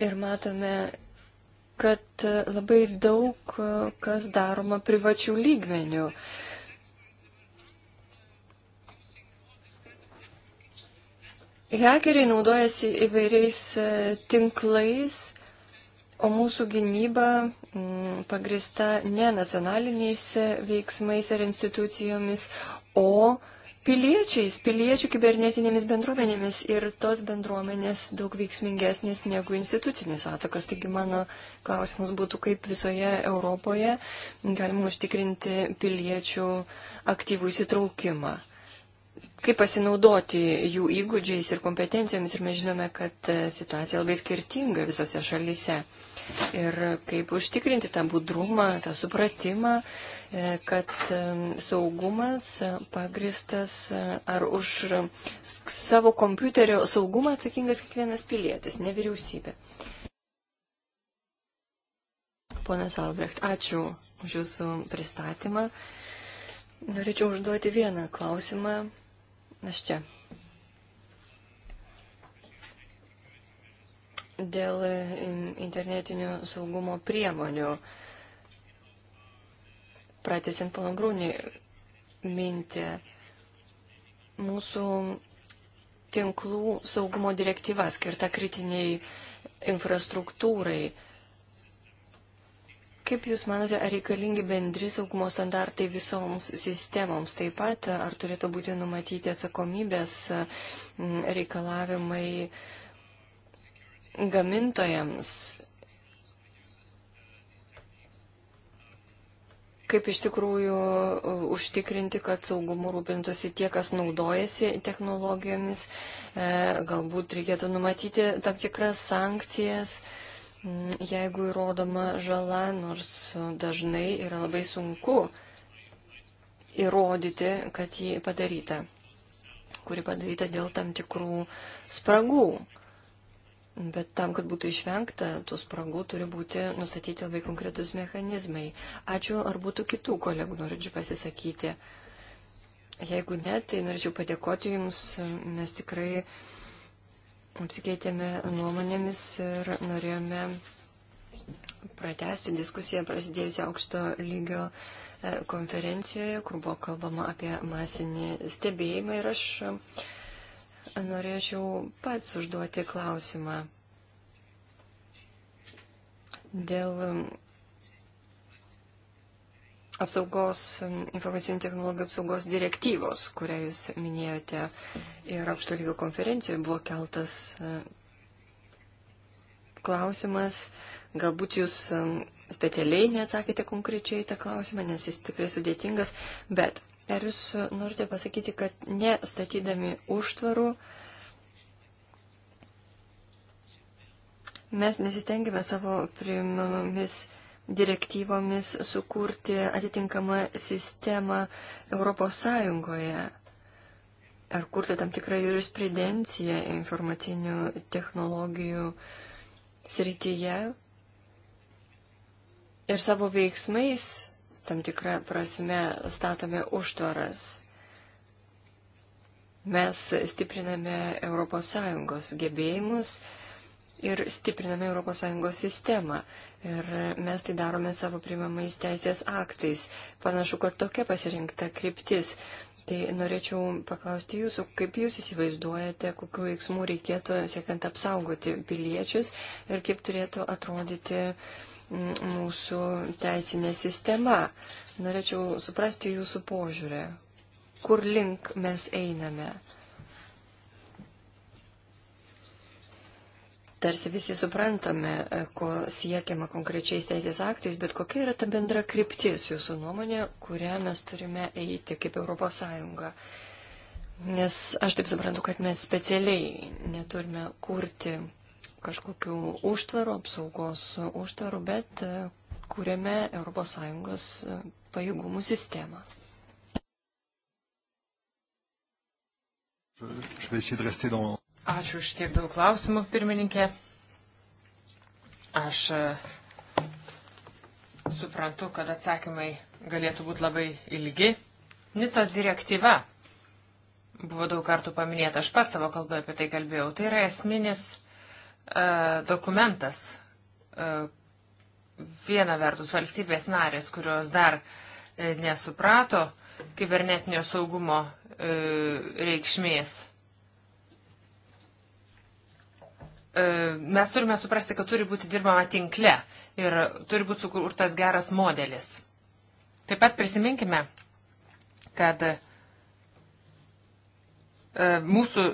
Ir matome kad labai daug e, kas daroma privačių lygmenių. Hekeriai naudojasi įvairiais e, tinklais, o mūsų gynyba mm, pagrista ne nacionaliniais e, veiksmais ar institucijomis, o piliečiais, piliečių kibernetinėmis bendruomenėmis ir tos bendruomenės daug veiksmingesnės negu institucinis atsakas. Taigi mano klausimas būtų, kaip visoje Europoje galima užtikrinti piliečių aktyvų įsitraukimą. Kaip pasinaudoti jų įgūdžiais ir kompetencijomis ir mes žinome, kad e, situacija labai skirtinga visose šalyse. Ir kaip užtikrinti tą budrumą, tą supratimą E, kad e, saugumas pagristas e, ar už savo kompiuterio saugumą atsakingas kiekvienas pilietis, ne vyriausybė. Ponas Albrecht, ačiū už Jūsų pristatymą. Norėčiau užduoti vieną klausimą. Aš čia. Dėl internetinio saugumo priemonių. Uh, pratysint palangrūnį mintį. Mūsų tinklų saugumo direktyva skirta kritiniai infrastruktūrai. Kaip Jūs manote, ar reikalingi bendri saugumo standartai visoms sistemoms? Taip pat, ar turėtų būti numatyti atsakomybės mm, reikalavimai gamintojams kaip iš tikrųjų užtikrinti, kad saugumu rūpintųsi tie, kas naudojasi technologijomis. E, galbūt reikėtų numatyti tam tikras sankcijas, mm, jeigu įrodoma žala, nors dažnai yra labai sunku įrodyti, kad ji padaryta, kuri padaryta dėl tam tikrų spragų. Bet tam, kad būtų išvengta tų spragų, turi būti nustatyti labai konkretus mechanizmai. Ačiū, ar būtų kitų kolegų norinčių pasisakyti. Jeigu ne, tai norėčiau padėkoti Jums. Mes tikrai apsikeitėme nuomonėmis ir norėjome pratesti diskusiją prasidėjusią aukšto lygio e, konferencijoje, kur buvo kalbama apie masinį stebėjimą. Ir aš norėčiau pats užduoti klausimą dėl um, apsaugos, um, informacinių technologijų apsaugos direktyvos, kurią jūs minėjote ir aukšto lygio konferencijoje buvo keltas uh, klausimas. Galbūt jūs um, specialiai neatsakėte konkrečiai tą klausimą, nes jis tikrai sudėtingas, bet Ar jūs norite pasakyti, kad nestatydami užtvarų mes nesistengime savo priimamomis direktyvomis sukurti atitinkamą sistemą Europos Sąjungoje? Ar kurti tam tikrą jurisprudenciją informacinių technologijų srityje? Ir savo veiksmais tam tikrą prasme statome užtvaras. Mes stipriname ES gebėjimus ir stipriname ES sistemą. Ir mes tai darome savo primamais teisės aktais. Panašu, kad tokia pasirinkta kryptis. Tai norėčiau paklausti jūsų, kaip jūs įsivaizduojate, kokiu veiksmu reikėtų siekiant apsaugoti piliečius ir kaip turėtų atrodyti uh, mūsų teisinė sistema. Norėčiau suprasti jūsų požiūrį, kur link mes einame. Tarsi visi suprantame, e, ko siekiama konkrečiais teisės aktais, bet kokia yra ta bendra kryptis jūsų nuomonė, kurią mes turime eiti kaip Europos Sąjunga. Nes aš taip suprantu, kad mes specialiai neturime kurti kažkokių užtvarų, apsaugos užtvarų, bet e, kūrėme ES e, pajėgumų sistemą. Ačiū už tiek daug klausimų, pirmininkė. Aš e, suprantu, kad atsakymai galėtų būti labai ilgi. Nicos direktyva buvo daug kartų paminėta, aš pats savo kalbą apie tai kalbėjau. Tai yra esminis E, dokumentas. E, viena vertus valstybės narės, kurios dar e, nesuprato kibernetinio saugumo reikšmės. Mes turime suprasti, kad turi būti dirbama tinkle ir turi būti sukurtas geras modelis. Taip pat prisiminkime, kad mūsų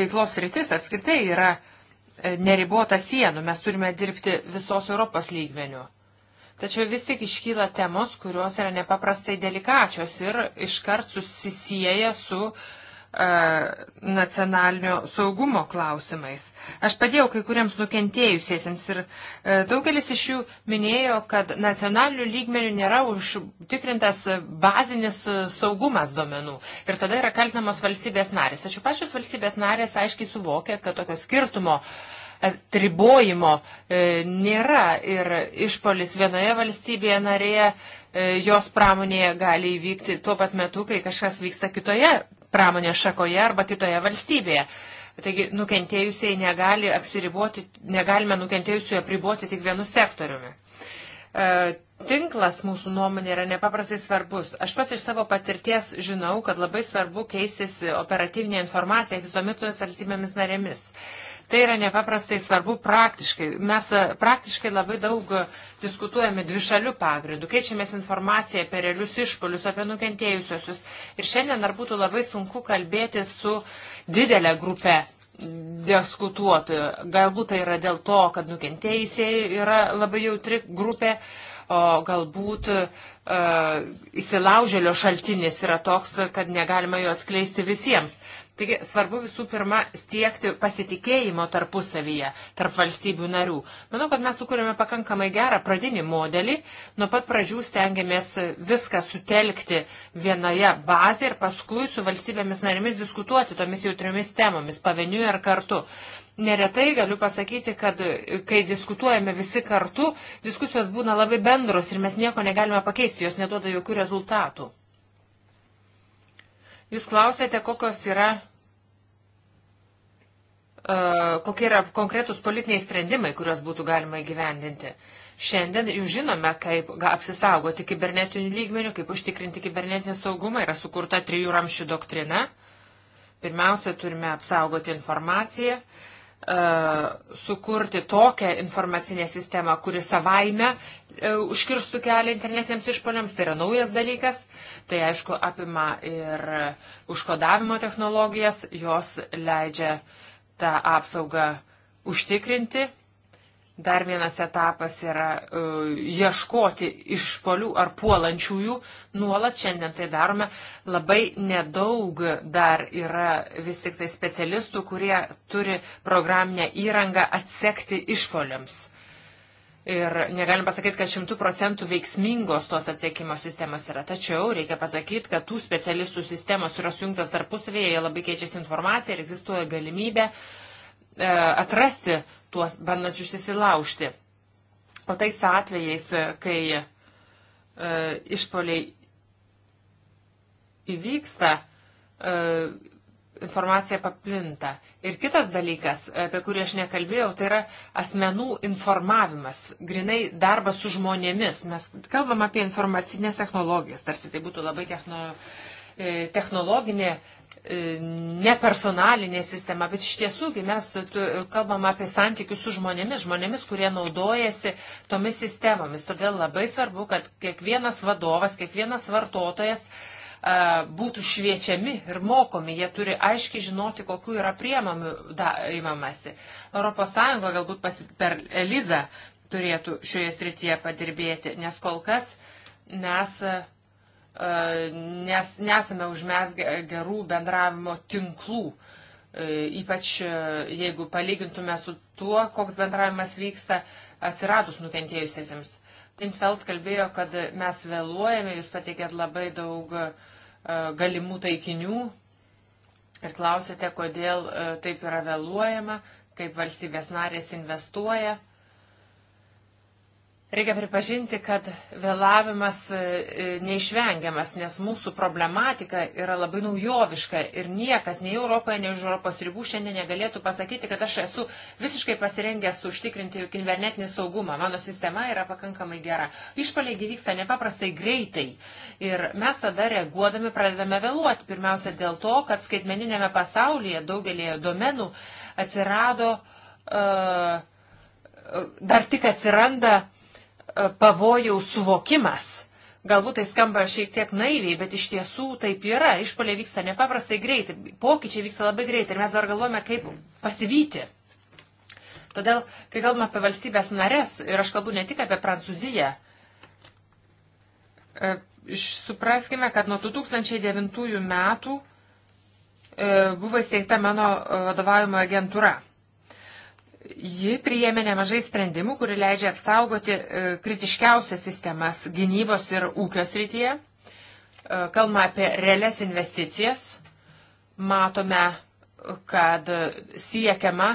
veiklos rytis apskritai yra uh, neribota sienų, mes turime dirbti visos Europos lygmenių. Tačiau vis tik iškyla temos, kurios yra nepaprastai delikačios ir iškart susisieja su uh, E, nacionalinio saugumo klausimais. Aš padėjau kai kuriems nukentėjusiesiems ir e, daugelis iš jų minėjo, kad nacionalinių lygmenių nėra užtikrintas bazinis saugumas domenų. Ir tada yra kaltinamos valstybės narės. Aš jau pačios valstybės narės aiškiai suvokia, kad tokio skirtumo atribojimo e, e, nėra ir išpolis vienoje valstybėje narėje e, jos pramonėje gali įvykti tuo pat metu, kai kažkas vyksta kitoje pramonės šakoje arba kitoje valstybėje. Taigi nukentėjusiai negali apsiriboti, negalime nukentėjusiai apriboti tik vienu sektoriumi. E, tinklas mūsų nuomonė yra nepaprastai svarbus. Aš pats iš savo patirties žinau, kad labai svarbu keistis operatyvinė informacija visomis valstybėmis narėmis. E, Tai yra nepaprastai svarbu praktiškai. Mes e, praktiškai labai daug e, diskutuojame dvišalių pagrindų, keičiamės informaciją apie realius išpolius, apie nukentėjusiosius. Ir šiandien ar būtų labai sunku kalbėti su didelė grupė diskutuotojų. Galbūt tai yra dėl to, kad nukentėjusiai yra labai jautri grupė, o galbūt uh, įsilaužėlio šaltinis yra toks, kad negalima jo atskleisti visiems. Taigi svarbu visų pirma stiekti pasitikėjimo tarpusavyje tarp valstybių narių. Manau, kad mes sukūrėme pakankamai gerą pradinį modelį. Nuo pat pradžių stengiamės viską sutelkti vienoje bazėje ir paskui su valstybėmis narimis diskutuoti tomis jautriomis temomis, pavieniui ar kartu. Neretai galiu pasakyti, kad kai diskutuojame visi kartu, diskusijos būna labai bendros ir mes nieko negalime pakeisti, jos neduoda jokių rezultatų. Jūs klausėte, kokios yra kokie yra konkretūs politiniai sprendimai, kuriuos būtų galima įgyvendinti. Šiandien jau žinome, kaip apsisaugoti kibernetinių lygmenių, kaip užtikrinti kibernetinį saugumą. Yra sukurta trijų ramšių doktrina. Pirmiausia, turime apsaugoti informaciją, sukurti tokią informacinę sistemą, kuri savaime e, užkirstų kelią internetiniams išpoliams. Tai yra naujas dalykas. Tai aišku apima ir užkodavimo technologijas. Jos leidžia uh, tą apsaugą užtikrinti. Dar vienas etapas yra uh, ieškoti išpolių ar puolančiųjų. Nuolat šiandien tai darome. Labai nedaug dar yra vis tik tai specialistų, kurie turi programinę įrangą atsekti išpoliams. Ir negalim pasakyti, kad šimtų procentų veiksmingos tos atsiekimo sistemos yra. Tačiau reikia pasakyti, kad tų specialistų sistemos yra sujungtas tarpusavėje, jie labai keičiasi informacija ir egzistuoja galimybė e, atrasti tuos bandančius įsilaužti. O tais atvejais, kai e, išpoliai įvyksta, e, informacija paplinta. Ir kitas dalykas, apie kurį aš nekalbėjau, tai yra asmenų informavimas, grinai darbas su žmonėmis. Mes kalbam apie informacinės technologijas, tarsi tai būtų labai techno, e, technologinė, e, nepersonalinė sistema, bet iš tiesųgi mes kalbam apie santykius su žmonėmis, žmonėmis, kurie naudojasi tomis sistemomis. Todėl labai svarbu, kad kiekvienas vadovas, kiekvienas vartotojas, būtų šviečiami ir mokomi, jie turi aiškiai žinoti, kokiu yra priemamių įmamasi. ES galbūt pasi, per Elizą turėtų šioje srityje padirbėti, nes kol kas mes nes, nesame užmesgę gerų bendravimo tinklų, e, ypač e, jeigu palygintume su tuo, koks bendravimas vyksta atsiradus nukentėjusiesiems. Tinfeld kalbėjo, kad mes vėluojame, jūs pateikėt labai daug uh, E, galimų taikinių ir klausėte, kodėl e, taip yra vėluojama, kaip valstybės narės investuoja. Reikia pripažinti, kad vėlavimas e, e, neišvengiamas, nes mūsų problematika yra labai naujoviška ir niekas nei Europoje, nei už Europos ribų šiandien negalėtų pasakyti, kad aš esu visiškai pasirengęs užtikrinti kibernetinį saugumą. Mano sistema yra pakankamai gera. Išpaliai vyksta nepaprastai greitai ir mes tada reaguodami pradedame vėluoti. Pirmiausia dėl to, kad skaitmeninėme pasaulyje daugelėje domenų atsirado, uh, dar tik atsiranda E, pavojaus suvokimas. Galbūt tai skamba šiek tiek naiviai, bet iš tiesų taip yra. Išpolė vyksta nepaprastai greitai, pokyčiai vyksta labai greitai ir mes dar galvojame, kaip pasivyti. Todėl, kai kalbame apie valstybės narės, ir aš kalbu ne tik apie Prancūziją, e, supraskime, kad nuo 2009 metų e, buvo įsteigta mano vadovaujama agentūra. Ji priėmė nemažai sprendimų, kuri leidžia apsaugoti e, kritiškiausias sistemas gynybos ir ūkio srityje. E, Kalbame apie realias investicijas. Matome, kad siekiama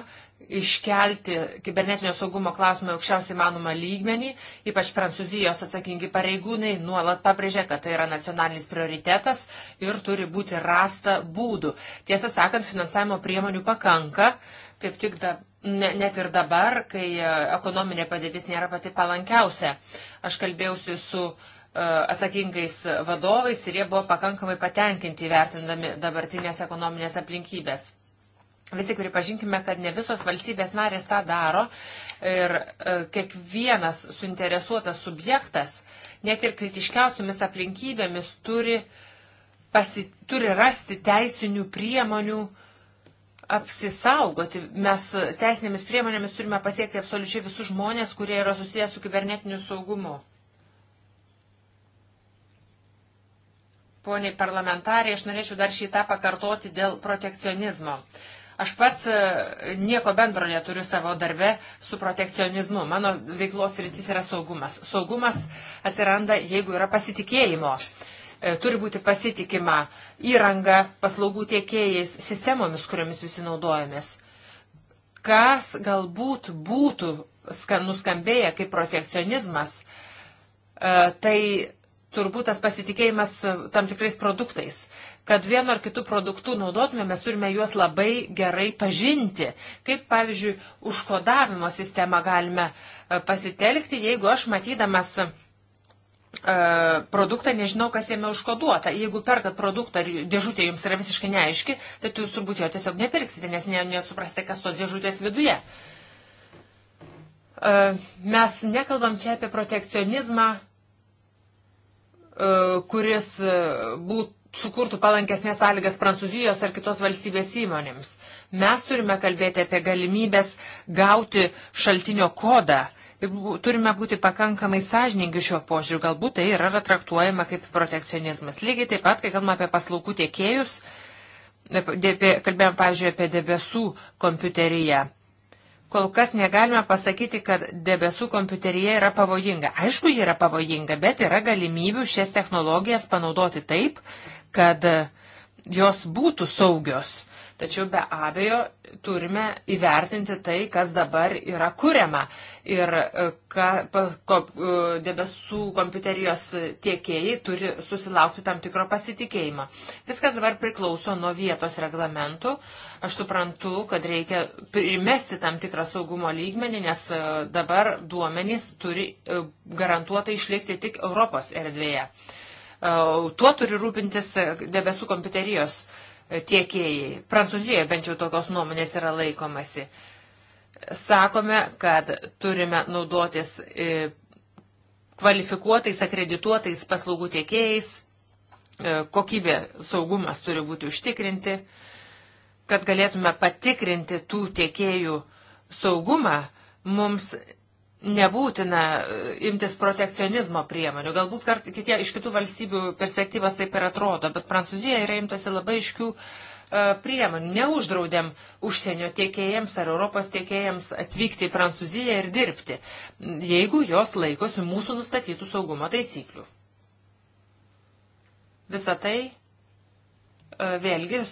iškelti kibernetinio saugumo klausimą aukščiausiai manoma lygmenį. Ypač Prancūzijos atsakingi pareigūnai nuolat pabrėžia, kad tai yra nacionalinis prioritetas ir turi būti rasta būdų. Tiesą sakant, finansavimo priemonių pakanka. Kaip tik da, ne, net ir dabar, kai e, ekonominė padėtis nėra pati palankiausia. Aš kalbėjausi su uh, atsakingais vadovais ir jie buvo pakankamai patenkinti vertindami dabartinės ekonominės aplinkybės. Visi pripažinkime, kad ne visos valstybės narės tą daro ir e, kiekvienas suinteresuotas subjektas, net ir kritiškiausiamis aplinkybėmis, turi, pasi, turi rasti teisinių priemonių apsisaugoti. Mes teisinėmis priemonėmis turime pasiekti absoliučiai visus žmonės, kurie yra susijęs su kibernetiniu saugumu. Poniai parlamentarė, aš norėčiau dar šitą pakartoti dėl protekcionizmo. Aš pats e, nieko bendro neturiu savo darbe su protekcionizmu. Mano veiklos rytis yra saugumas. Saugumas atsiranda, jeigu yra pasitikėjimo. Uh, E, turi būti pasitikima įranga, paslaugų tiekėjais, sistemomis, kuriomis visi naudojamės. Kas galbūt būtų nuskambėję kaip protekcionizmas, e, tai turbūt tas pasitikėjimas tam tikrais produktais. Kad vienu ar kitų produktų naudotume, mes turime juos labai gerai pažinti. Kaip, pavyzdžiui, užkodavimo sistemą galime e, pasitelkti, jeigu aš matydamas uh, E, produktą, nežinau, kas jame užkoduota. Jeigu perkat produktą ir dėžutė jums yra visiškai neaiški, tai jūs turbūt jo tiesiog nepirksite, nes ne, nesuprasite, kas tos dėžutės viduje. E, mes nekalbam čia apie protekcionizmą, e, kuris būt, sukurtų palankesnės sąlygas Prancūzijos ar kitos valstybės įmonėms. Mes turime kalbėti apie galimybės gauti šaltinio kodą Turime būti pakankamai sąžiningi šiuo požiūriu. Galbūt tai yra traktuojama kaip protekcionizmas. Lygiai taip pat, kai kalbame apie paslaugų tiekėjus, kalbėjom, pavyzdžiui, apie debesų kompiuteriją. Kol kas negalime pasakyti, kad debesų kompiuterija yra pavojinga. Aišku, ji yra pavojinga, bet yra galimybių šias technologijas panaudoti taip, kad jos būtų saugios. Tačiau be abejo turime įvertinti tai, kas dabar yra kuriama ir e, ka, pa, ko, e, debesų kompiuterijos tiekėjai turi susilaukti tam tikro pasitikėjimo. Viskas dabar priklauso nuo vietos reglamentų. Aš suprantu, kad reikia primesti tam tikrą saugumo lygmenį, nes e, dabar duomenys turi garantuotai išlikti tik Europos erdvėje. Tuo turi rūpintis debesų kompiuterijos tiekėjai tiekėjai. Prancūzijoje bent jau tokios nuomonės yra laikomasi. Sakome, kad turime naudotis e, kvalifikuotais, akredituotais paslaugų tiekėjais, e, kokybė, saugumas turi būti užtikrinti, kad galėtume patikrinti tų tiekėjų saugumą, mums nebūtina e, imtis protekcionizmo priemonių. Galbūt kart, kitie, iš kitų valstybių perspektyvas taip ir atrodo, bet Prancūzija yra imtasi labai iškių e, priemonių. Neuždraudėm užsienio tiekėjams ar Europos tiekėjams atvykti į Prancūziją ir dirbti, jeigu jos laikosi mūsų nustatytų saugumo taisyklių. Visą tai e, vėlgi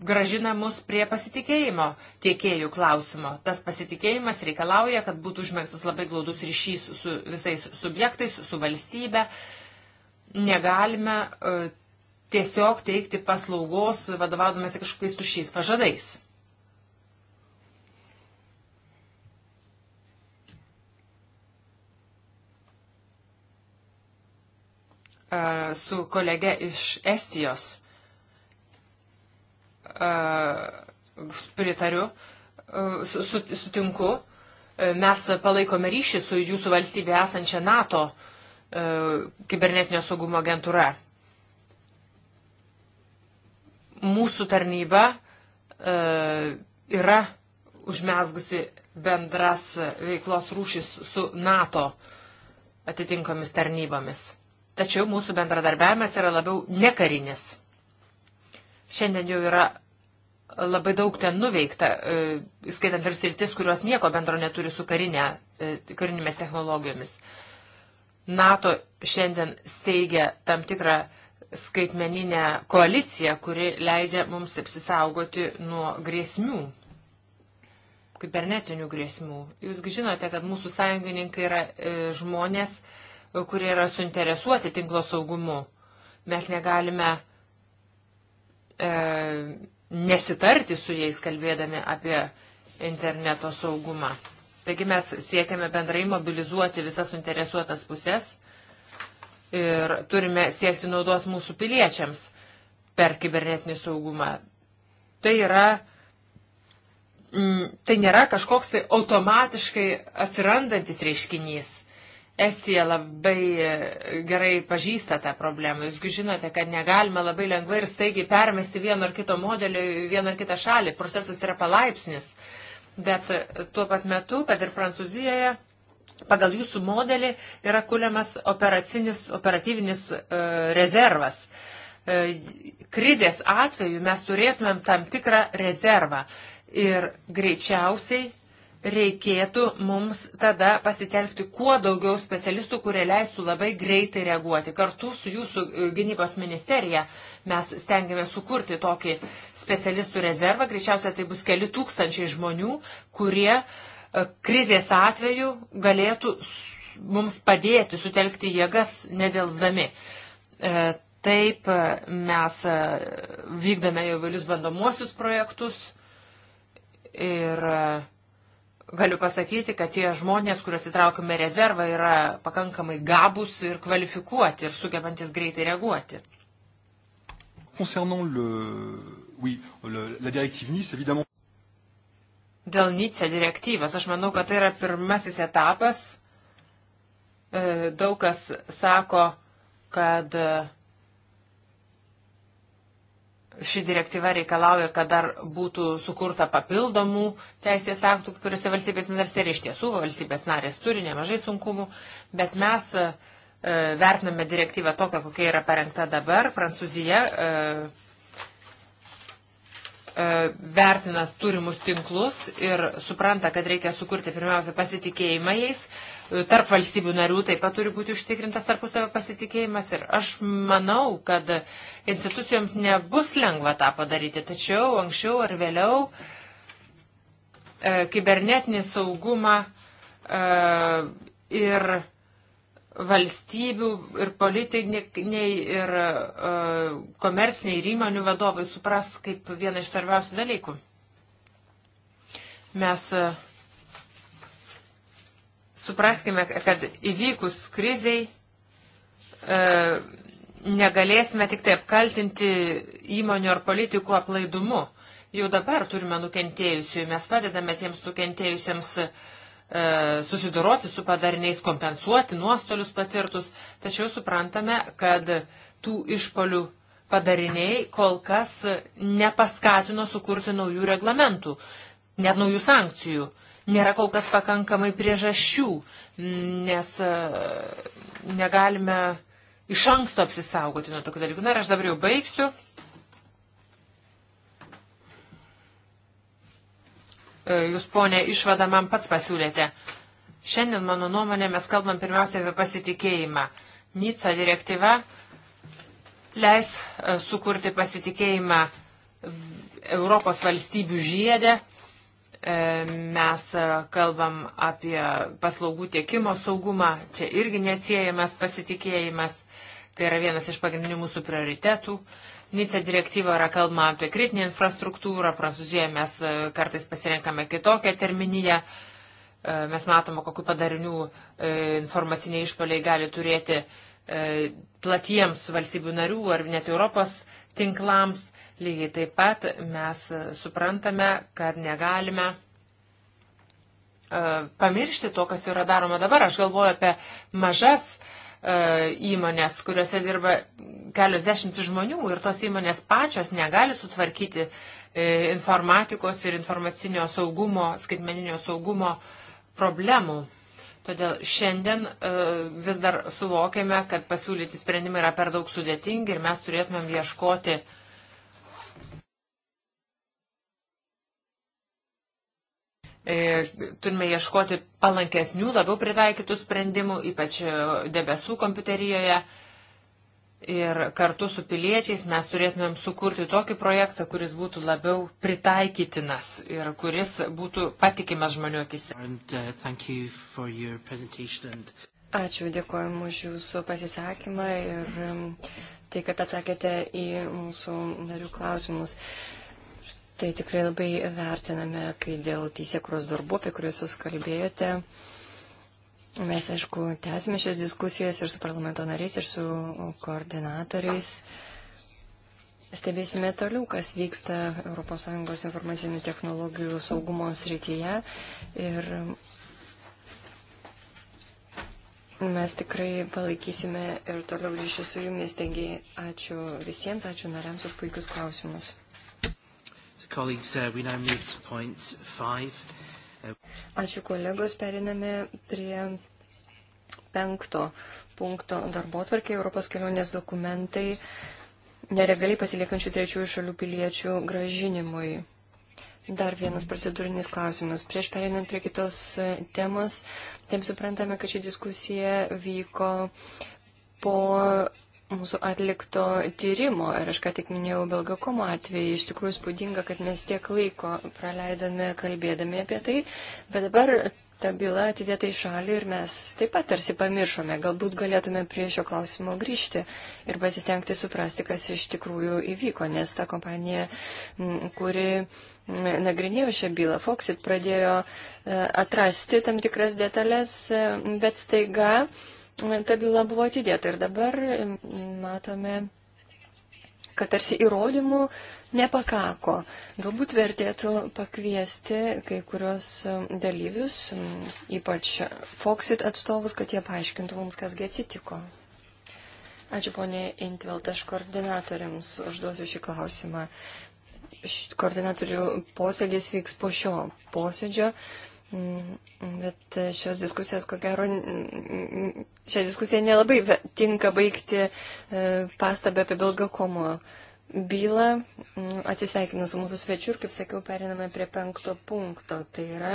gražina mus prie pasitikėjimo tiekėjų klausimo. Tas pasitikėjimas reikalauja, kad būtų užmėgstas labai glaudus ryšys su visais subjektais, su valstybe. Negalime uh, tiesiog teikti paslaugos vadovaudomėsi kažkokiais tušiais pažadais. Uh, su kolege iš Estijos E, pritariu, e, sutinku. E, mes palaikome ryšį su jūsų valstybė esančia NATO kibernetinio saugumo agentūra. Mūsų tarnyba yra užmesgusi bendras veiklos rūšis su NATO atitinkomis tarnybomis. Tačiau mūsų bendradarbiavimas yra labiau nekarinis. Šiandien jau yra labai daug ten nuveikta, e, skaitant ir sritis, kurios nieko bendro neturi su karinė, e, karinėmis technologijomis. NATO šiandien steigia tam tikrą skaitmeninę koaliciją, kuri leidžia mums apsisaugoti nuo grėsmių, kibernetinių grėsmių. Jūsgi žinote, kad mūsų sąjungininkai yra e, žmonės, kurie yra suinteresuoti tinklo saugumu. Mes negalime e, nesitarti su jais kalbėdami apie interneto saugumą. Taigi mes siekiame bendrai mobilizuoti visas suinteresuotas pusės ir turime siekti naudos mūsų piliečiams per kibernetinį saugumą. Tai yra, mm, tai nėra kažkoks tai automatiškai atsirandantis reiškinys. Estija labai e, gerai pažįsta tą problemą. Jūs žinote, kad negalime labai lengvai ir staigiai permesti vieno ar kito modelio į vieną ar kitą šalį. Procesas yra palaipsnis. Bet e, tuo pat metu, kad ir Prancūzijoje, pagal jūsų modelį yra kuriamas operatyvinis e, rezervas. E, krizės atveju mes turėtumėm tam tikrą rezervą. Ir greičiausiai reikėtų mums tada pasitelkti kuo daugiau specialistų, kurie leistų labai greitai reaguoti. Kartu su jūsų e, gynybos ministerija mes stengiamės sukurti tokį specialistų rezervą. Greičiausiai tai bus keli tūkstančiai žmonių, kurie e, krizės atveju galėtų mums padėti sutelkti jėgas nedėlsdami. E, taip mes vykdome jau vėlius bandomuosius projektus ir uh, galiu pasakyti, kad tie žmonės, kuriuos įtraukime rezervą, yra pakankamai gabus ir kvalifikuoti ir sugebantis greitai reaguoti. Concernant le, oui, le, la directive Nice, évidemment. Dėl Nice direktyvos, aš manau, kad tai yra pirmasis etapas. E, daug kas sako, kad Ši direktyva reikalauja, kad dar būtų sukurta papildomų teisės aktų, kuriuose valstybės narės ir iš tiesų valstybės narės turi nemažai sunkumų, bet mes e, vertiname direktyvą tokią, kokia yra parengta dabar. Prancūzija e, E, vertina turimus tinklus ir supranta, kad reikia sukurti pirmiausia pasitikėjimą jais. E, tarp valstybių narių taip pat turi būti užtikrintas tarpusavio pasitikėjimas ir aš manau, kad institucijoms nebus lengva tą padaryti, tačiau anksčiau ar vėliau e, kibernetinį saugumą e, ir valstybių ir politiniai ir uh, komerciniai ir įmonių vadovai supras kaip vieną iš svarbiausių dalykų. Mes uh, supraskime, kad įvykus kriziai uh, negalėsime tik tai apkaltinti įmonių ar politikų aplaidumu. Jau dabar turime nukentėjusių, mes padedame tiems nukentėjusiems uh, E, susidoroti su padariniais, kompensuoti nuostolius patirtus, tačiau suprantame, kad tų išpolių padariniai kol kas nepaskatino sukurti naujų reglamentų, net naujų sankcijų. Nėra kol kas pakankamai priežasčių, nes e, negalime iš anksto apsisaugoti nuo tokių dalykų. Na ir aš dabar jau baigsiu. E, jūs, ponė, išvadą man pats pasiūlėte. Šiandien, mano nuomonė, mes kalbam pirmiausia apie pasitikėjimą. Nica direktyva leis e, sukurti pasitikėjimą Europos valstybių žiedę. E, mes kalbam apie paslaugų tiekimo saugumą. Čia irgi neatsiejamas pasitikėjimas. Tai yra vienas iš pagrindinių mūsų prioritetų. Nice direktyva yra kalbama apie kritinę infrastruktūrą, Prancūzijoje mes e, kartais pasirenkame kitokią terminiją, e, mes matome, kokiu padarinių e, informaciniai išpaliai gali turėti platiems valstybių narių ar net Europos tinklams. Lygiai taip pat mes suprantame, kad negalime pamiršti to, kas yra daroma dabar. Aš galvoju apie mažas E, įmonės, kuriuose dirba kelios dešimtis žmonių ir tos įmonės pačios negali sutvarkyti e, informatikos ir informacinio saugumo, skaitmeninio saugumo problemų. Todėl šiandien e, vis dar suvokiame, kad pasiūlyti sprendimai yra per daug sudėtingi ir mes turėtumėm ieškoti uh, E, turime ieškoti palankesnių, labiau pritaikytų sprendimų, ypač e, debesų kompiuterijoje. Ir kartu su piliečiais mes turėtumėm sukurti tokį projektą, kuris būtų labiau pritaikytinas ir kuris būtų patikimas žmonių akise. Uh, Ačiū, dėkojom už Jūsų pasisakymą ir um, tai, kad atsakėte į mūsų narių klausimus. Uh, Tai tikrai labai vertiname, kai dėl teisėkros darbų, apie kuriuos jūs kalbėjote, mes, aišku, tęsime šias diskusijas ir su parlamento nariais, ir su koordinatoriais. Stebėsime toliau, kas vyksta ES informacinių technologijų saugumo srityje. Ir Mes tikrai palaikysime ir toliau ryšį su jumis. Taigi ačiū visiems, ačiū nariams už puikius klausimus. Colleagues, uh, we now move to point five. Uh... Ačiū kolegos, periname prie penkto punkto darbo tvarkė Europos kelionės dokumentai neregaliai pasiliekančių trečiųjų šalių piliečių gražinimui. Dar vienas procedūrinis klausimas. Prieš perinant prie kitos temos, taip suprantame, kad ši diskusija vyko po mūsų atlikto tyrimo. Ir aš ką tik minėjau Belgakomo atvejį, iš tikrųjų spūdinga, kad mes tiek laiko praleidome kalbėdami apie tai, bet dabar ta byla atidėta į šalį ir mes taip pat tarsi pamiršome. Galbūt galėtume prie šio klausimo grįžti ir pasistengti suprasti, kas iš tikrųjų įvyko, nes ta kompanija, kuri nagrinėjo šią bylą, Foxit pradėjo e, atrasti tam tikras detalės, e, bet staiga ta byla buvo atidėta. Ir dabar matome, kad tarsi įrodymų nepakako. Galbūt vertėtų pakviesti kai kurios dalyvius, ypač Foxit atstovus, kad jie paaiškintų mums, kasgi atsitiko. Ačiū ponė Intvelt, aš koordinatoriams užduosiu šį klausimą. Koordinatorių posėdis vyks po šio posėdžio. Bet šios diskusijos, ko gero, šią diskusiją nelabai tinka baigti e, pastabę apie Belgakomo bylą. Mm, atsisveikinu su mūsų svečiu ir, kaip sakiau, periname prie penkto punkto. Tai yra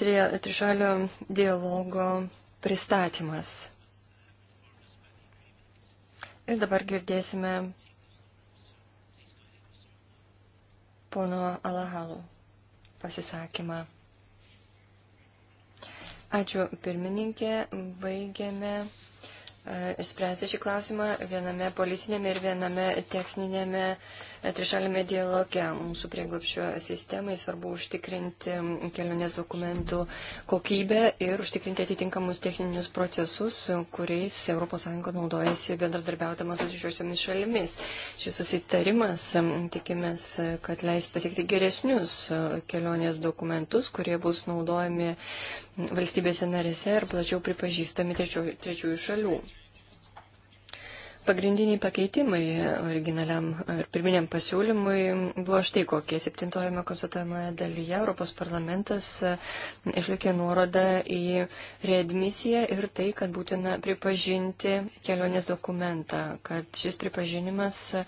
tri, trišalio dialogo pristatymas. Ir dabar girdėsime pono Alahalų pasisakymą. Ačiū pirmininkė, baigėme e, išspręsti šį klausimą viename politinėme ir viename techninėme trišalime dialoge mūsų prieglopščio sistemai svarbu užtikrinti kelionės dokumentų kokybę ir užtikrinti atitinkamus techninius procesus, kuriais ES naudojasi bendradarbiautamas su šiosiomis šalimis. Šis susitarimas, tikimės, kad leis pasiekti geresnius kelionės dokumentus, kurie bus naudojami valstybėse narėse ir plačiau pripažįstami trečiųjų šalių. Pagrindiniai pakeitimai originaliam ir pirminiam pasiūlymui buvo štai kokie. Septintojame konstatuojamoje dalyje Europos parlamentas e, išlikė nuorodą į readmisiją ir tai, kad būtina pripažinti kelionės dokumentą, kad šis pripažinimas e,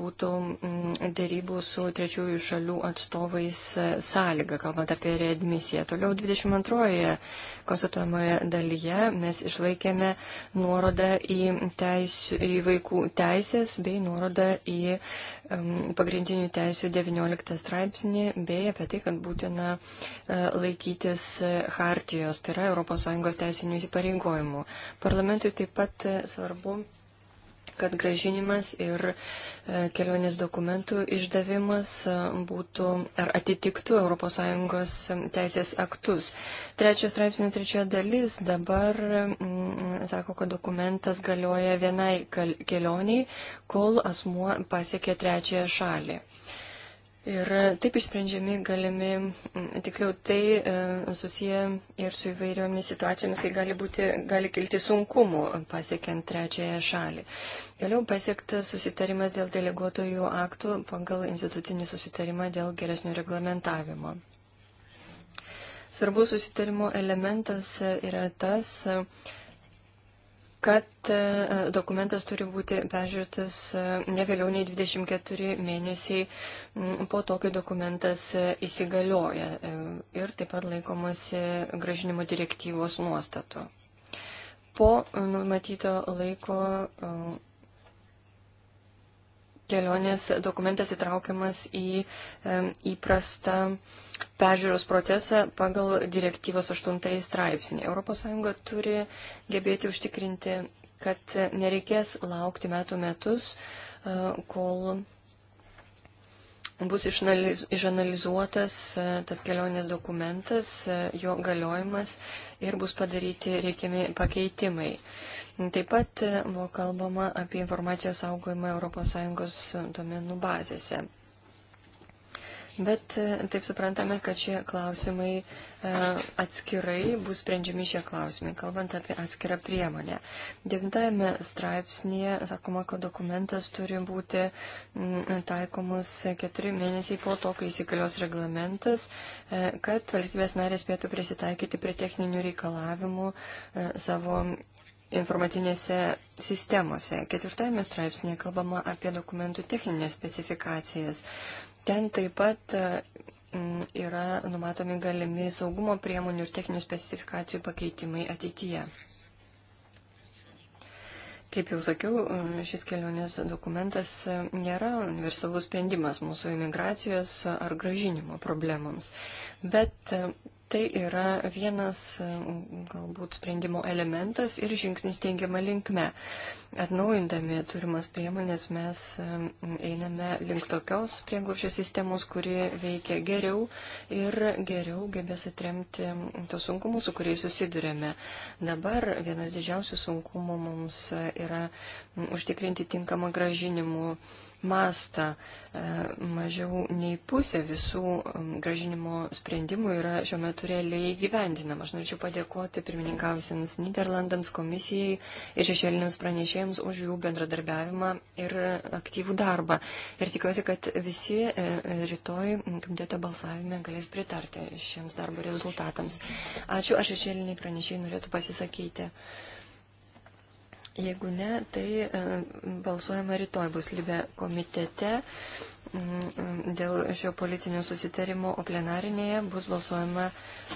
būtų dėrybų su trečiųjų šalių atstovais e, sąlyga, kalbant apie readmisiją. Toliau 22-oje konstatuojamoje dalyje mes išlaikėme nuorodą į teisę teisių, į vaikų teisės bei nuoroda į um, pagrindinių teisių 19 straipsnį bei apie tai, kad būtina uh, laikytis e, hartijos, tai yra ES teisinių įsipareigojimų. Parlamentui taip pat e, svarbu kad gražinimas ir e, kelionės dokumentų išdavimas e, būtų ar atitiktų ES teisės aktus. Trečios straipsnio trečioje dalis dabar m, mm, sako, kad dokumentas galioja vienai kelioniai, kol asmuo pasiekė trečiąją šalį. Ir taip išsprendžiami galimi, tiksliau tai e, susiję ir su įvairiomis situacijomis, kai gali, būti, gali kilti sunkumų pasiekiant trečiąją šalį. Vėliau pasiektas susitarimas dėl deleguotojų aktų pagal institucinį susitarimą dėl geresnio reglamentavimo. Svarbus susitarimo elementas e, yra tas, kad e, dokumentas turi būti peržiūrėtas e, ne vėliau nei 24 mėnesiai po to, kai dokumentas e, įsigalioja ir taip pat laikomasi gražinimo direktyvos nuostatų. Po numatyto laiko kelionės dokumentas įtraukiamas į įprastą peržiūros procesą pagal direktyvos 8 straipsnį. ES turi gebėti užtikrinti, kad nereikės laukti metų metus, e, kol bus išanalizuotas e, tas kelionės dokumentas, e, jo galiojimas ir bus padaryti reikiami pakeitimai. Taip pat e, buvo kalbama apie informacijos saugojimą ES domenų bazėse. Bet e, taip suprantame, kad šie klausimai e, atskirai bus sprendžiami šie klausimai, kalbant apie atskirą priemonę. Devintajame straipsnėje sakoma, kad dokumentas turi būti taikomas keturi mėnesiai po to, kai įsigalios reglamentas, kad valstybės narės spėtų prisitaikyti prie techninių reikalavimų savo informacinėse sistemose. Ketvirtajame straipsnėje kalbama apie dokumentų techninės specifikacijas. Ten taip pat e, yra numatomi galimi saugumo priemonių ir techninių specifikacijų pakeitimai ateityje. Kaip jau sakiau, šis kelionės dokumentas e, nėra universalus sprendimas mūsų imigracijos ar gražinimo problemams, bet e, Tai yra vienas mm, galbūt sprendimo elementas ir žingsnis teigiama linkme. Atnaujindami turimas priemonės mes mm, einame link tokios prieglobščio sistemos, kuri veikia geriau ir geriau gebės atremti mm, tos sunkumus, su kuriais susidurėme. Dabar vienas didžiausių sunkumų mums yra užtikrinti tinkamą gražinimų mastą. E, mažiau nei pusė visų gražinimo sprendimų yra šiuo metu realiai gyvendinama. Aš norėčiau padėkoti pirmininkausiams Niderlandams, komisijai ir šešėliniams pranešėjams už jų bendradarbiavimą ir aktyvų darbą. Ir tikiuosi, kad visi e, rytoj komiteto balsavime galės pritarti šiems darbo rezultatams. Ačiū, ar šešėliniai pranešėjai norėtų pasisakyti. Thank you. Jeigu ne, tai e, balsuojama rytoj bus Libė komitete mm, mm, dėl šio politinio susitarimo, o plenarinėje bus balsuojama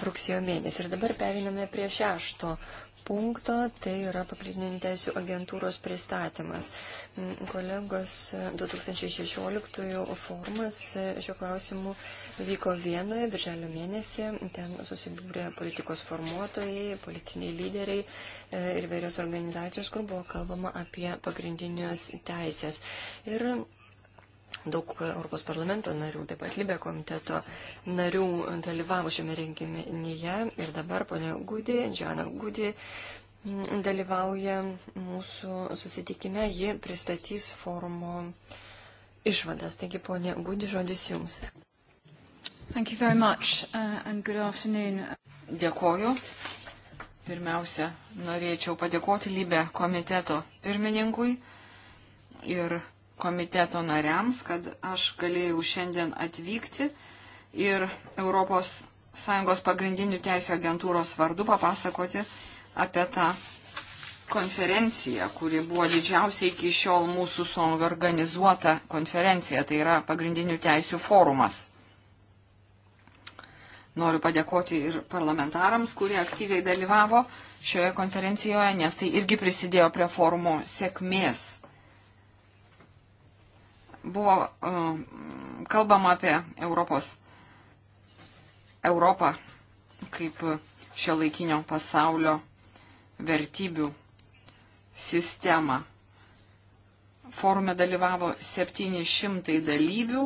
rugsėjo mėnesį. Ir dabar periname prie šešto punkto, tai yra pagrindinių teisų agentūros pristatymas. Mm, kolegos 2016 forumas šiuo klausimu vyko Vienoje, birželio mėnesį. Ten susibūrė politikos formuotojai, politiniai lyderiai e, ir vairios organizacijos, kur buvo kalbama apie pagrindinius teisės. Ir Daug Europos parlamento narių, taip pat Libė komiteto narių dalyvavo šiame renginyje ir dabar ponia Gudi, Džiana Gudi mm, dalyvauja mūsų susitikime, ji pristatys forumo išvadas. Taigi, ponia Gudi, žodis jums. Thank you very much uh, and good afternoon. Dėkoju. Pirmiausia, norėčiau padėkoti Libė komiteto pirmininkui ir komiteto nariams, kad aš galėjau šiandien atvykti ir ES pagrindinių teisų agentūros vardu papasakoti apie tą konferenciją, kuri buvo didžiausia iki šiol mūsų SONG organizuota konferencija, tai yra pagrindinių teisų forumas. Noriu padėkoti ir parlamentarams, kurie aktyviai dalyvavo šioje konferencijoje, nes tai irgi prisidėjo prie forumo sėkmės buvo uh, kalbama apie Europos, Europą kaip šio laikinio pasaulio vertybių sistemą. Forume dalyvavo 700 dalyvių,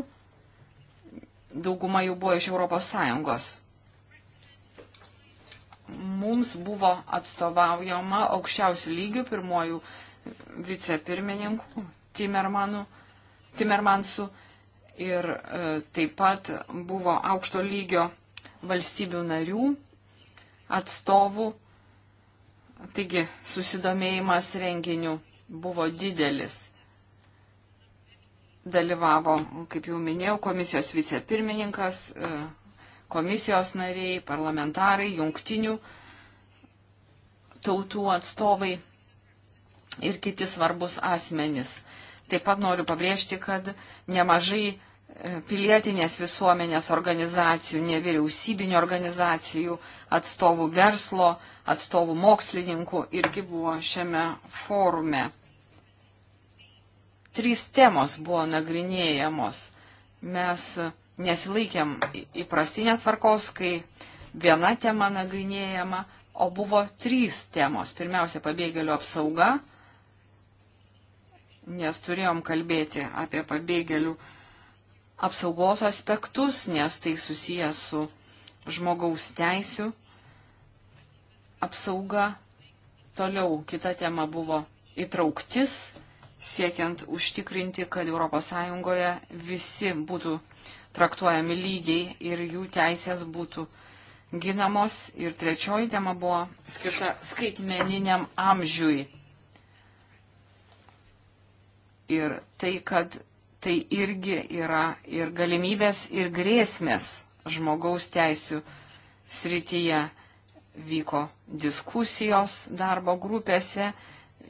dauguma jų buvo iš Europos Sąjungos. Mums buvo atstovaujama aukščiausių lygių pirmojų vicepirmininkų Timermanų Timermansu ir e, taip pat buvo aukšto lygio valstybių narių atstovų. Taigi susidomėjimas renginių buvo didelis. Dalyvavo, kaip jau minėjau, komisijos vicepirmininkas, e, komisijos nariai, parlamentarai, jungtinių tautų atstovai ir kiti svarbus asmenys. Taip pat noriu pabrėžti, kad nemažai e, pilietinės visuomenės organizacijų, nevyriausybinio organizacijų, atstovų verslo, atstovų mokslininkų irgi buvo šiame forume. Trys temos buvo nagrinėjamos. Mes nesilaikėm įprastinės varkos, kai viena tema nagrinėjama, o buvo trys temos. Pirmiausia, pabėgėlių apsauga, nes turėjom kalbėti apie pabėgėlių apsaugos aspektus, nes tai susijęs su žmogaus teisių apsauga. Toliau kita tema buvo įtrauktis, siekiant užtikrinti, kad ES visi būtų traktuojami lygiai ir jų teisės būtų ginamos. Ir trečioji tema buvo skirta skaitmeniniam amžiui ir tai, kad tai irgi yra ir galimybės, ir grėsmės žmogaus teisų srityje. Vyko diskusijos darbo grupėse,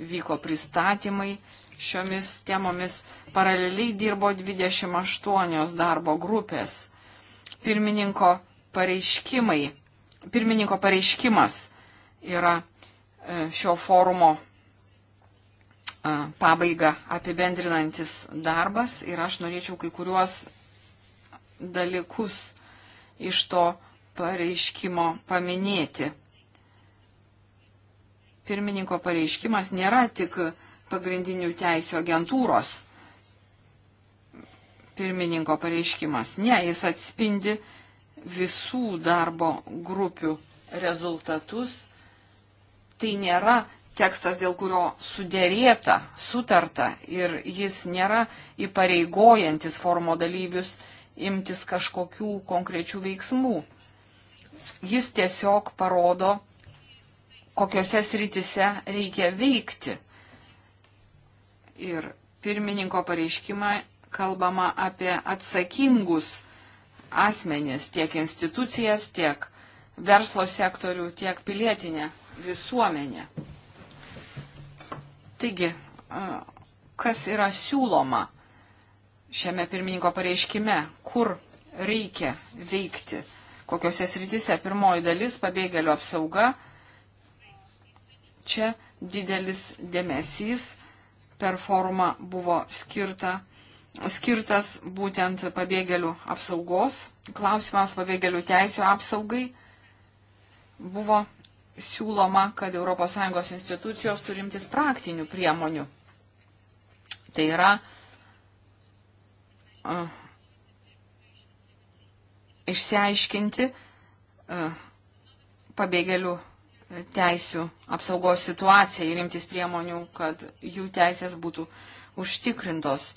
vyko pristatymai šiomis temomis. Paraleliai dirbo 28 darbo grupės. Pirmininko pareiškimai, pirmininko pareiškimas yra e, šio forumo pabaigą apibendrinantis darbas ir aš norėčiau kai kuriuos dalykus iš to pareiškimo paminėti. Pirmininko pareiškimas nėra tik pagrindinių teisų agentūros pirmininko pareiškimas. Ne, jis atspindi visų darbo grupių rezultatus. Tai nėra tekstas, dėl kurio sudėrėta, sutarta ir jis nėra įpareigojantis forumo dalyvius imtis kažkokių konkrečių veiksmų. Jis tiesiog parodo, kokiuose sritise reikia veikti. Ir pirmininko pareiškimą kalbama apie atsakingus asmenis, tiek institucijas, tiek verslo sektorių, tiek pilietinę visuomenę. Taigi, kas yra siūloma šiame pirmininko pareiškime, kur reikia veikti, kokiuose srityse pirmoji dalis pabėgėlių apsauga. Čia didelis dėmesys per forumą buvo skirta, skirtas būtent pabėgėlių apsaugos, klausimas pabėgėlių teisų apsaugai buvo siūloma, kad ES institucijos turimtis praktinių priemonių. Tai yra uh, išsiaiškinti uh, pabėgėlių teisių apsaugos situaciją ir imtis priemonių, kad jų teisės būtų užtikrintos.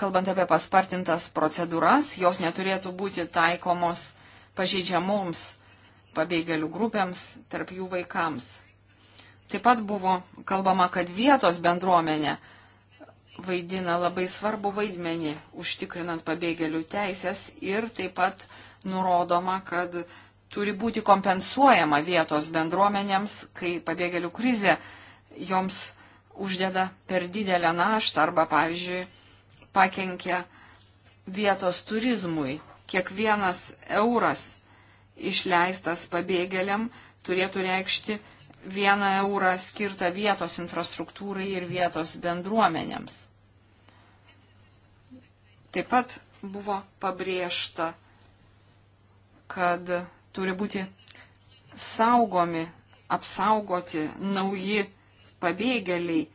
Kalbant apie paspartintas procedūras, jos neturėtų būti taikomos pažeidžiamoms pabėgėlių grupėms, tarp jų vaikams. Taip pat buvo kalbama, kad vietos bendruomenė vaidina labai svarbu vaidmenį užtikrinant pabėgėlių teisės ir taip pat nurodoma, kad turi būti kompensuojama vietos bendruomenėms, kai pabėgėlių krizė joms uždeda per didelę naštą arba, pavyzdžiui, pakenkia vietos turizmui. Kiekvienas euras išleistas pabėgėliam turėtų reikšti vieną eurą skirtą vietos infrastruktūrai ir vietos bendruomenėms. Taip pat buvo pabrėžta, kad turi būti saugomi, apsaugoti nauji pabėgėliai.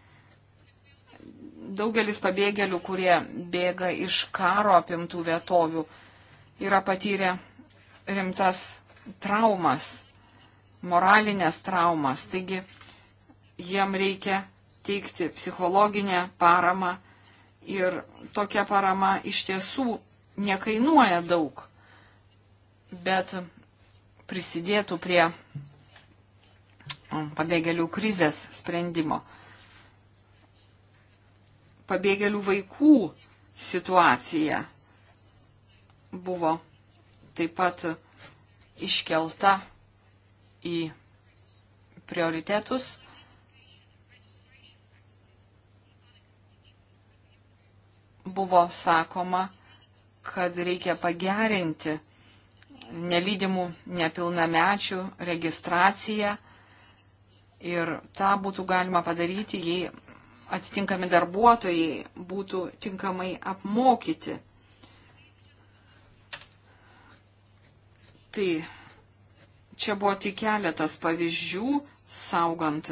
Daugelis pabėgėlių, kurie bėga iš karo apimtų vietovių, yra patyrę rimtas traumas, moralinės traumas. Taigi jiem reikia teikti psichologinę paramą ir tokia parama iš tiesų nekainuoja daug, bet prisidėtų prie pabėgėlių krizės sprendimo. Pabėgėlių vaikų situacija buvo taip pat iškelta į prioritetus. Buvo sakoma, kad reikia pagerinti nelydimų nepilnamečių registraciją ir tą būtų galima padaryti, jei atitinkami darbuotojai būtų tinkamai apmokyti. Tai čia buvo tik keletas pavyzdžių, saugant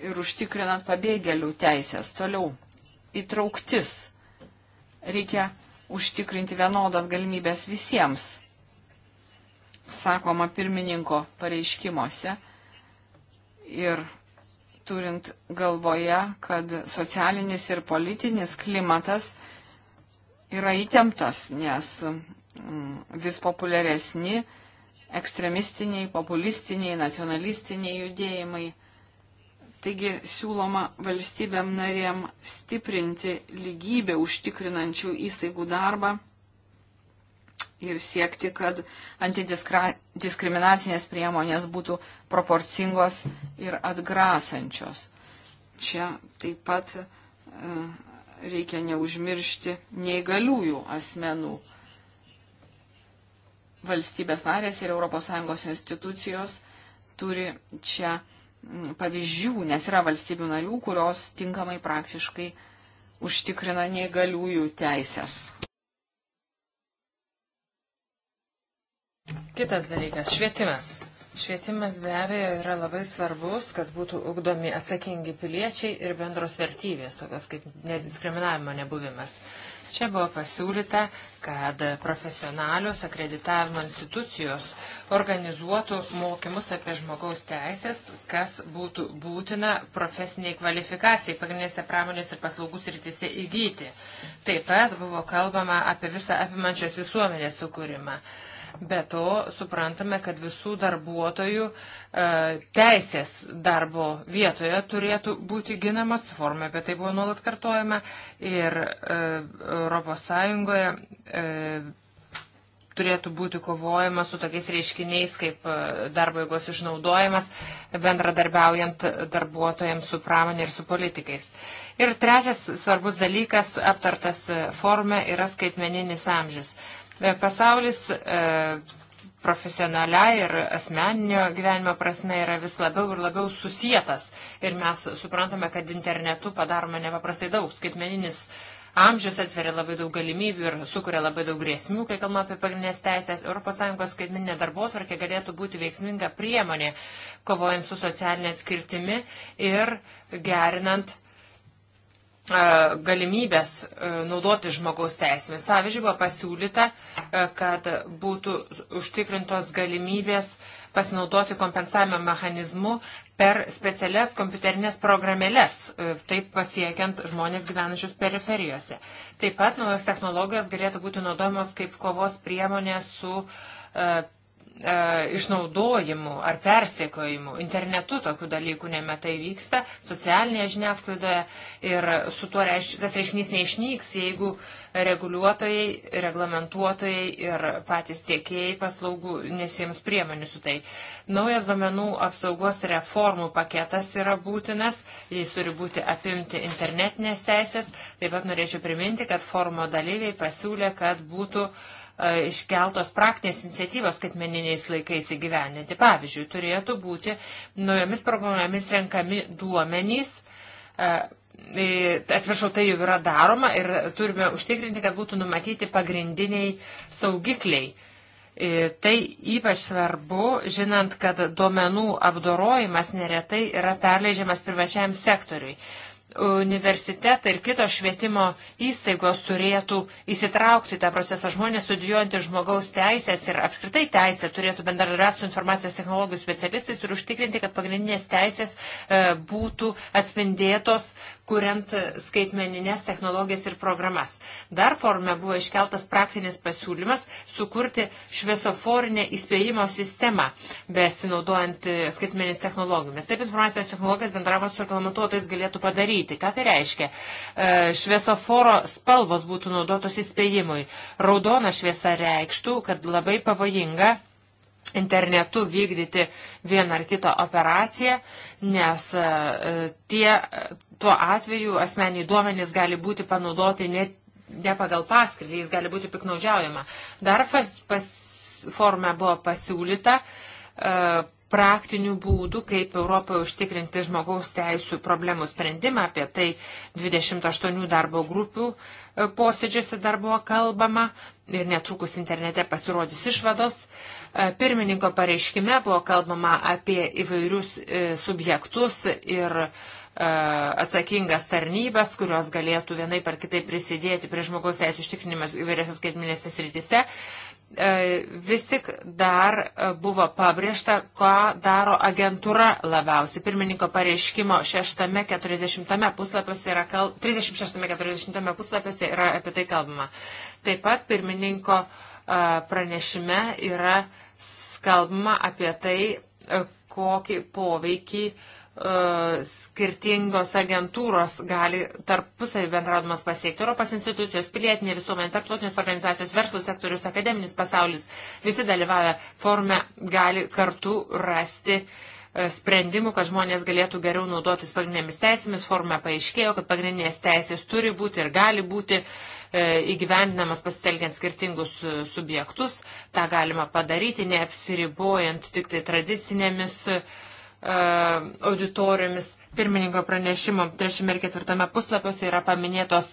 ir užtikrinant pabėgėlių teisės. Toliau, įtrauktis. Reikia užtikrinti vienodas galimybės visiems, sakoma pirmininko pareiškimuose. Ir turint galvoje, kad socialinis ir politinis klimatas yra įtemptas, nes Mm, vis populiaresni ekstremistiniai, populistiniai, nacionalistiniai judėjimai. Taigi siūloma valstybėm narėm stiprinti lygybę užtikrinančių įstaigų darbą ir siekti, kad antidiskriminacinės priemonės būtų proporcingos ir atgrasančios. Čia taip pat e, reikia neužmiršti neįgaliųjų asmenų valstybės narės ir ES institucijos turi čia mm, pavyzdžių, nes yra valstybių narių, kurios tinkamai praktiškai užtikrina neįgaliųjų teisės. Kitas dalykas - švietimas. Švietimas be abejo yra labai svarbus, kad būtų ugdomi atsakingi piliečiai ir bendros vertybės, tokios kaip nediskriminavimo nebuvimas. Čia buvo pasiūlyta, kad profesionalios akreditavimo institucijos organizuotų mokymus apie žmogaus teisės, kas būtų būtina profesiniai kvalifikacijai pagrindinėse pramonės ir paslaugų srityse įgyti. Taip pat buvo kalbama apie visą apimančios visuomenės sukūrimą. Uh, Be to, suprantame, kad visų darbuotojų e, teisės darbo vietoje turėtų būti ginamas, formai apie tai buvo nuolat kartojama ir ES e, turėtų būti kovojama su tokiais reiškiniais kaip e, darbo jėgos išnaudojimas, bendradarbiaujant darbuotojams su pramonė ir su politikais. Ir trečias svarbus dalykas aptartas forume yra skaitmeninis amžius. E, pasaulis e, profesionaliai ir asmeninio gyvenimo prasme yra vis labiau ir labiau susietas. Ir mes suprantame, kad internetu padaroma nepaprastai daug. Skaitmeninis amžius atveria labai daug galimybių ir sukuria labai daug grėsmių, kai kalbame apie pagrindinės teisės. ES skaitmeninė darbotvarkė galėtų būti veiksminga priemonė, kovojant su socialinė skirtimi ir gerinant galimybės naudoti žmogaus teisėmis. Pavyzdžiui, buvo pasiūlyta, kad būtų užtikrintos galimybės pasinaudoti kompensavimo mechanizmu per specialias kompiuterinės programėlės, taip pasiekiant žmonės gyvenančius periferijose. Taip pat naujos technologijos galėtų būti naudojamos kaip kovos priemonė su E, išnaudojimu ar persiekojimu. Internetu tokių dalykų nemetai vyksta, socialinėje žiniasklaidoje ir su tuo reiš, tas reiškinys neišnyks, jeigu reguliuotojai, reglamentuotojai ir patys tiekėjai paslaugų nesiems priemonių su tai. Naujas domenų apsaugos reformų paketas yra būtinas, jis turi būti apimti internetinės teisės. Taip pat norėčiau priminti, kad forumo dalyviai pasiūlė, kad būtų uh, E, iškeltos praktinės iniciatyvos skaitmeniniais laikais įgyveninti. Pavyzdžiui, turėtų būti naujomis programomis renkami duomenys. E, e, atsiprašau, tai jau yra daroma ir turime užtikrinti, kad būtų numatyti pagrindiniai saugikliai. Tai ypač svarbu, žinant, kad duomenų apdorojimas neretai yra perleidžiamas privačiam sektoriui universitetai ir kitos švietimo įstaigos turėtų įsitraukti tą procesą. Žmonės studijuojantys žmogaus teisės ir apskritai teisę turėtų bendradarbiauti su informacijos technologijų specialistais ir užtikrinti, kad pagrindinės teisės e, būtų atspindėtos kuriant skaitmeninės technologijas ir programas. Dar forme buvo iškeltas praktinis pasiūlymas sukurti šviesoforinę įspėjimo sistemą, besinaudojant e, skaitmeninės technologijomis. Taip informacijos technologijas bendravimas su reglamentuotojais galėtų padaryti. Ką tai reiškia? E, šviesoforo spalvos būtų naudotos įspėjimui. Raudona šviesa reikštų, kad labai pavojinga internetu vykdyti vieną ar kitą operaciją, nes e, tie, tuo atveju asmeniai duomenys gali būti panaudoti ne, ne pagal paskirtį, jis gali būti piknaudžiaujama. Dar pas, pas, forma buvo pasiūlyta e, praktinių būdų, kaip Europoje užtikrinti žmogaus teisų problemų sprendimą. Apie tai 28 darbo grupių e, posėdžiuose dar buvo kalbama ir netrukus internete pasirodys išvados. E, pirmininko pareiškime buvo kalbama apie įvairius e, subjektus ir atsakingas tarnybas, kurios galėtų vienai par kitai prisidėti prie žmogaus teisų ištikrinimas įvairiose skaitminėse srityse. E, vis tik dar e, buvo pabrėžta, ką daro agentūra labiausiai. Pirmininko pareiškimo 6-40 puslapiuose yra, kal... 36-40 puslapiuose yra apie tai kalbama. Taip pat pirmininko e, pranešime yra kalbama apie tai, kokį poveikį skirtingos agentūros gali tarpusai bendraudamas pasiekti. Europos institucijos, pilietinė visuomenė, tarptautinės organizacijos, verslo sektorius, akademinis pasaulis, visi dalyvavę forme gali kartu rasti e, sprendimų, kad žmonės galėtų geriau naudotis pagrindinėmis teisėmis. Forme paaiškėjo, kad pagrindinės teisės turi būti ir gali būti e, įgyvendinamas pasitelkiant skirtingus e, subjektus. Ta galima padaryti, neapsiribojant tik tai tradicinėmis uh, E, auditorijomis pirmininko pranešimo trečiame ir ketvirtame puslapiuose yra paminėtos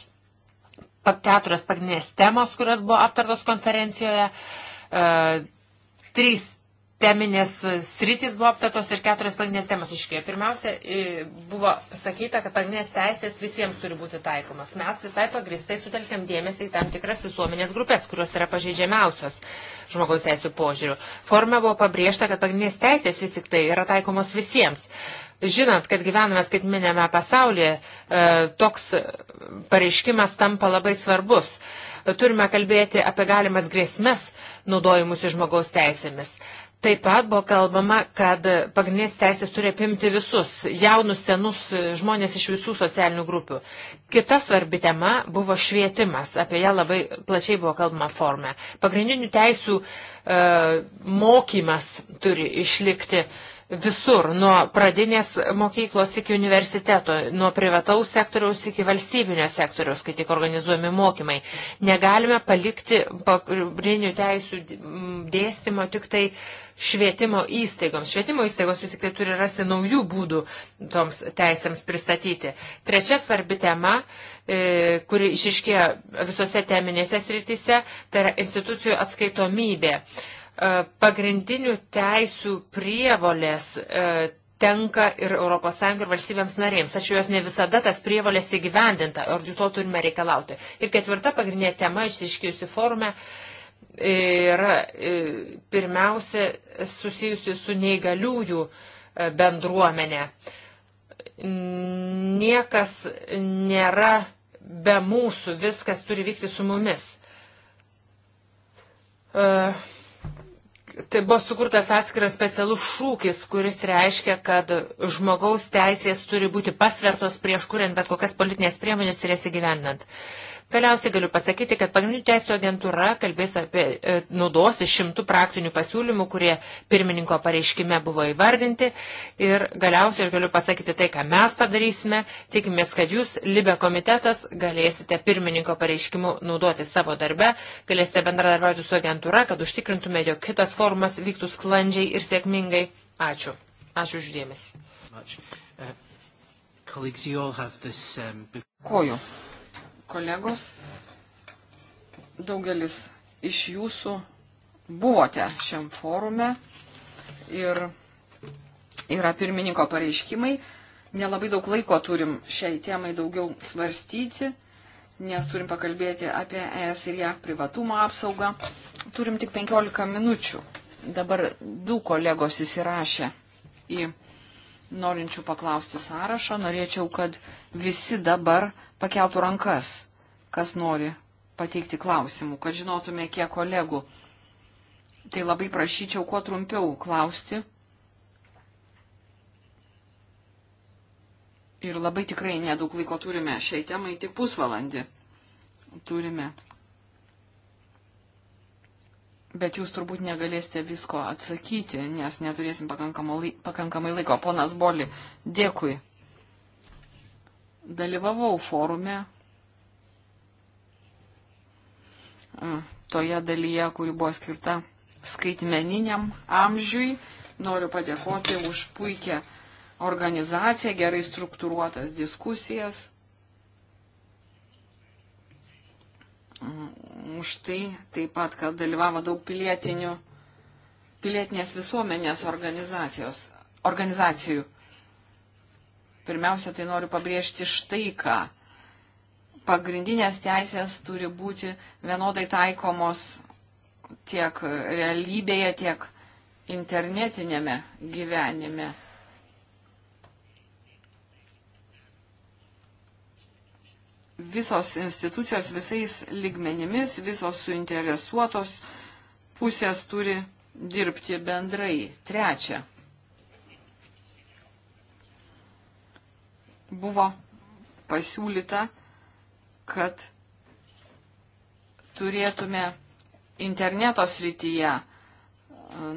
keturios pagrindinės temos, kurios buvo aptartos konferencijoje. E, trys teminės sritys buvo aptartos ir keturios pagrindinės temos iškėjo. Pirmiausia, buvo sakyta, kad pagrindinės teisės visiems turi būti taikomas. Mes visai pagristai sutelkėm dėmesį į tam tikras visuomenės grupės, kurios yra pažeidžiamiausios žmogaus teisų požiūrių. Forme buvo pabrėžta, kad pagrindinės teisės vis tik tai yra taikomos visiems. Žinant, kad gyvename skaitminėme pasaulyje, e, toks pareiškimas tampa labai svarbus. Turime kalbėti apie galimas grėsmes naudojimus žmogaus teisėmis. Taip pat buvo kalbama, kad pagrindinės teisės turi apimti visus, jaunus, senus žmonės iš visų socialinių grupių. Kita svarbi tema buvo švietimas, apie ją labai plačiai buvo kalbama forme. Pagrindinių teisų e, mokymas turi išlikti e, visur, nuo pradinės mokyklos iki universiteto, nuo privataus sektoriaus iki valstybinio sektoriaus, kai tik organizuojami mokymai. Negalime palikti pagrindinių teisų dėstymo tik tai švietimo įstaigoms. Švietimo įstaigos vis tik tai turi rasti naujų būdų toms teisėms pristatyti. Trečia svarbi tema, e, kuri išiškėjo visose teminėse srityse, tai yra institucijų atskaitomybė. E, pagrindinių teisių prievolės e, tenka ir ES ir valstybėms narėms. Tačiau jos ne visada tas prievalės įgyvendinta, o jų to turime reikalauti. Ir ketvirta pagrindinė tema išsiškijusi forume yra e, pirmiausia susijusi su neįgaliųjų bendruomenė. Niekas nėra be mūsų, viskas turi vykti su mumis. Uh Tai buvo sukurtas atskiras specialus šūkis, kuris reiškia, kad žmogaus teisės turi būti pasvertos prieš kuriant bet kokias politinės priemonės ir jas įgyvendant. Uh, Galiausiai galiu pasakyti, kad pagrindinių teisų agentūra kalbės apie e, naudosi šimtų praktinių pasiūlymų, kurie pirmininko pareiškime buvo įvardinti. Ir galiausiai aš galiu pasakyti tai, ką mes padarysime. Tikimės, kad jūs, Libe komitetas, galėsite pirmininko pareiškimu naudoti savo darbe, galėsite bendradarbiauti su agentūra, kad užtikrintume, jog kitas formas vyktų sklandžiai ir sėkmingai. Ačiū. Ačiū uždėmesi. Ačiū. Kolegos, uh, you all have this um, book. Koju kolegos, daugelis iš jūsų buvote šiam forume ir yra pirmininko pareiškimai. Nelabai daug laiko turim šiai temai daugiau svarstyti, nes turim pakalbėti apie ES ir JAV privatumo apsaugą. Turim tik 15 minučių. Dabar du kolegos įsirašė į norinčių paklausti sąrašą. Norėčiau, kad visi dabar pakeltų rankas, kas nori pateikti klausimų, kad žinotume, kiek kolegų. Tai labai prašyčiau, kuo trumpiau klausti. Ir labai tikrai nedaug laiko turime šiai temai, tik pusvalandį turime Bet jūs turbūt negalėsite visko atsakyti, nes neturėsim pakankamai laiko. Ponas Boli, dėkui. Dalyvavau forume toje dalyje, kuri buvo skirta skaitmeniniam amžiui. Noriu padėkoti už puikią organizaciją, gerai struktūruotas diskusijas. Mm, už tai taip pat, kad dalyvavo daug pilietinių, pilietinės visuomenės organizacijos, organizacijų. Pirmiausia, tai noriu pabrėžti štai ką. Pagrindinės teisės turi būti vienodai taikomos tiek realybėje, tiek internetinėme gyvenime. visos institucijos visais ligmenimis, visos suinteresuotos pusės turi dirbti bendrai. Trečia. Buvo pasiūlyta, kad turėtume interneto srityje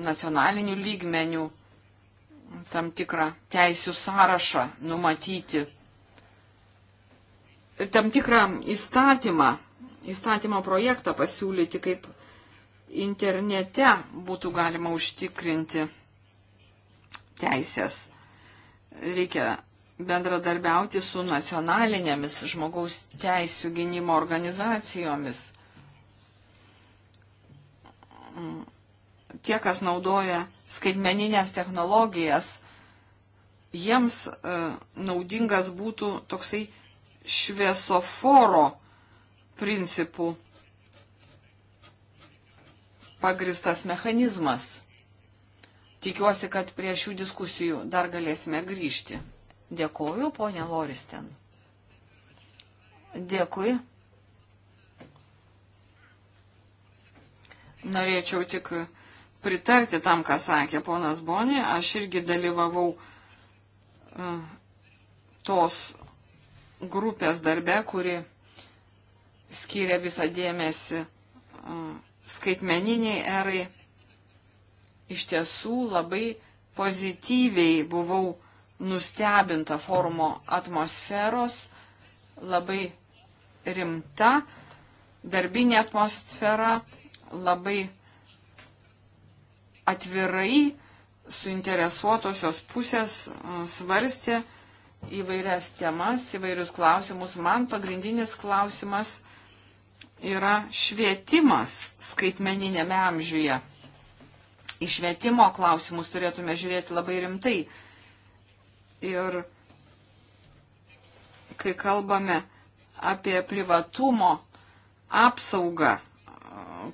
nacionalinių lygmenių tam tikrą teisių sąrašą numatyti tam tikrą įstatymą, įstatymo projektą pasiūlyti, kaip internete būtų galima užtikrinti teisės. Reikia bendradarbiauti su nacionalinėmis žmogaus teisų gynimo organizacijomis. Tie, kas naudoja skaitmeninės technologijas, jiems e, naudingas būtų toksai šviesoforo principų pagristas mechanizmas. Tikiuosi, kad prie šių diskusijų dar galėsime grįžti. Dėkuoju, ponė Loristen. Dėkui. Norėčiau tik pritarti tam, ką sakė ponas Bonė. Aš irgi dalyvavau uh, tos grupės darbe, kuri skiria visą dėmesį skaitmeniniai erai, iš tiesų labai pozityviai buvau nustebinta forumo atmosferos, labai rimta darbinė atmosfera, labai atvirai suinteresuotosios pusės svarstė įvairias temas, įvairius klausimus. Man pagrindinis klausimas yra švietimas skaitmeninėme amžiuje. Į švietimo klausimus turėtume žiūrėti labai rimtai. Ir kai kalbame apie privatumo apsaugą,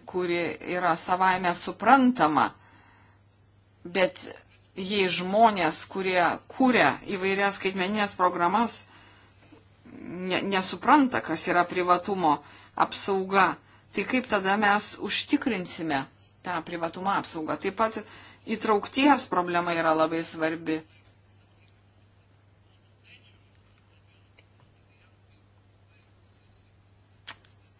kuri yra savaime suprantama, bet jei žmonės, kurie kūrė įvairias skaitmeninės programas, ne, nesupranta, kas yra privatumo apsauga, tai kaip tada mes užtikrinsime tą privatumo apsaugą. Taip pat įtraukties problema yra labai svarbi.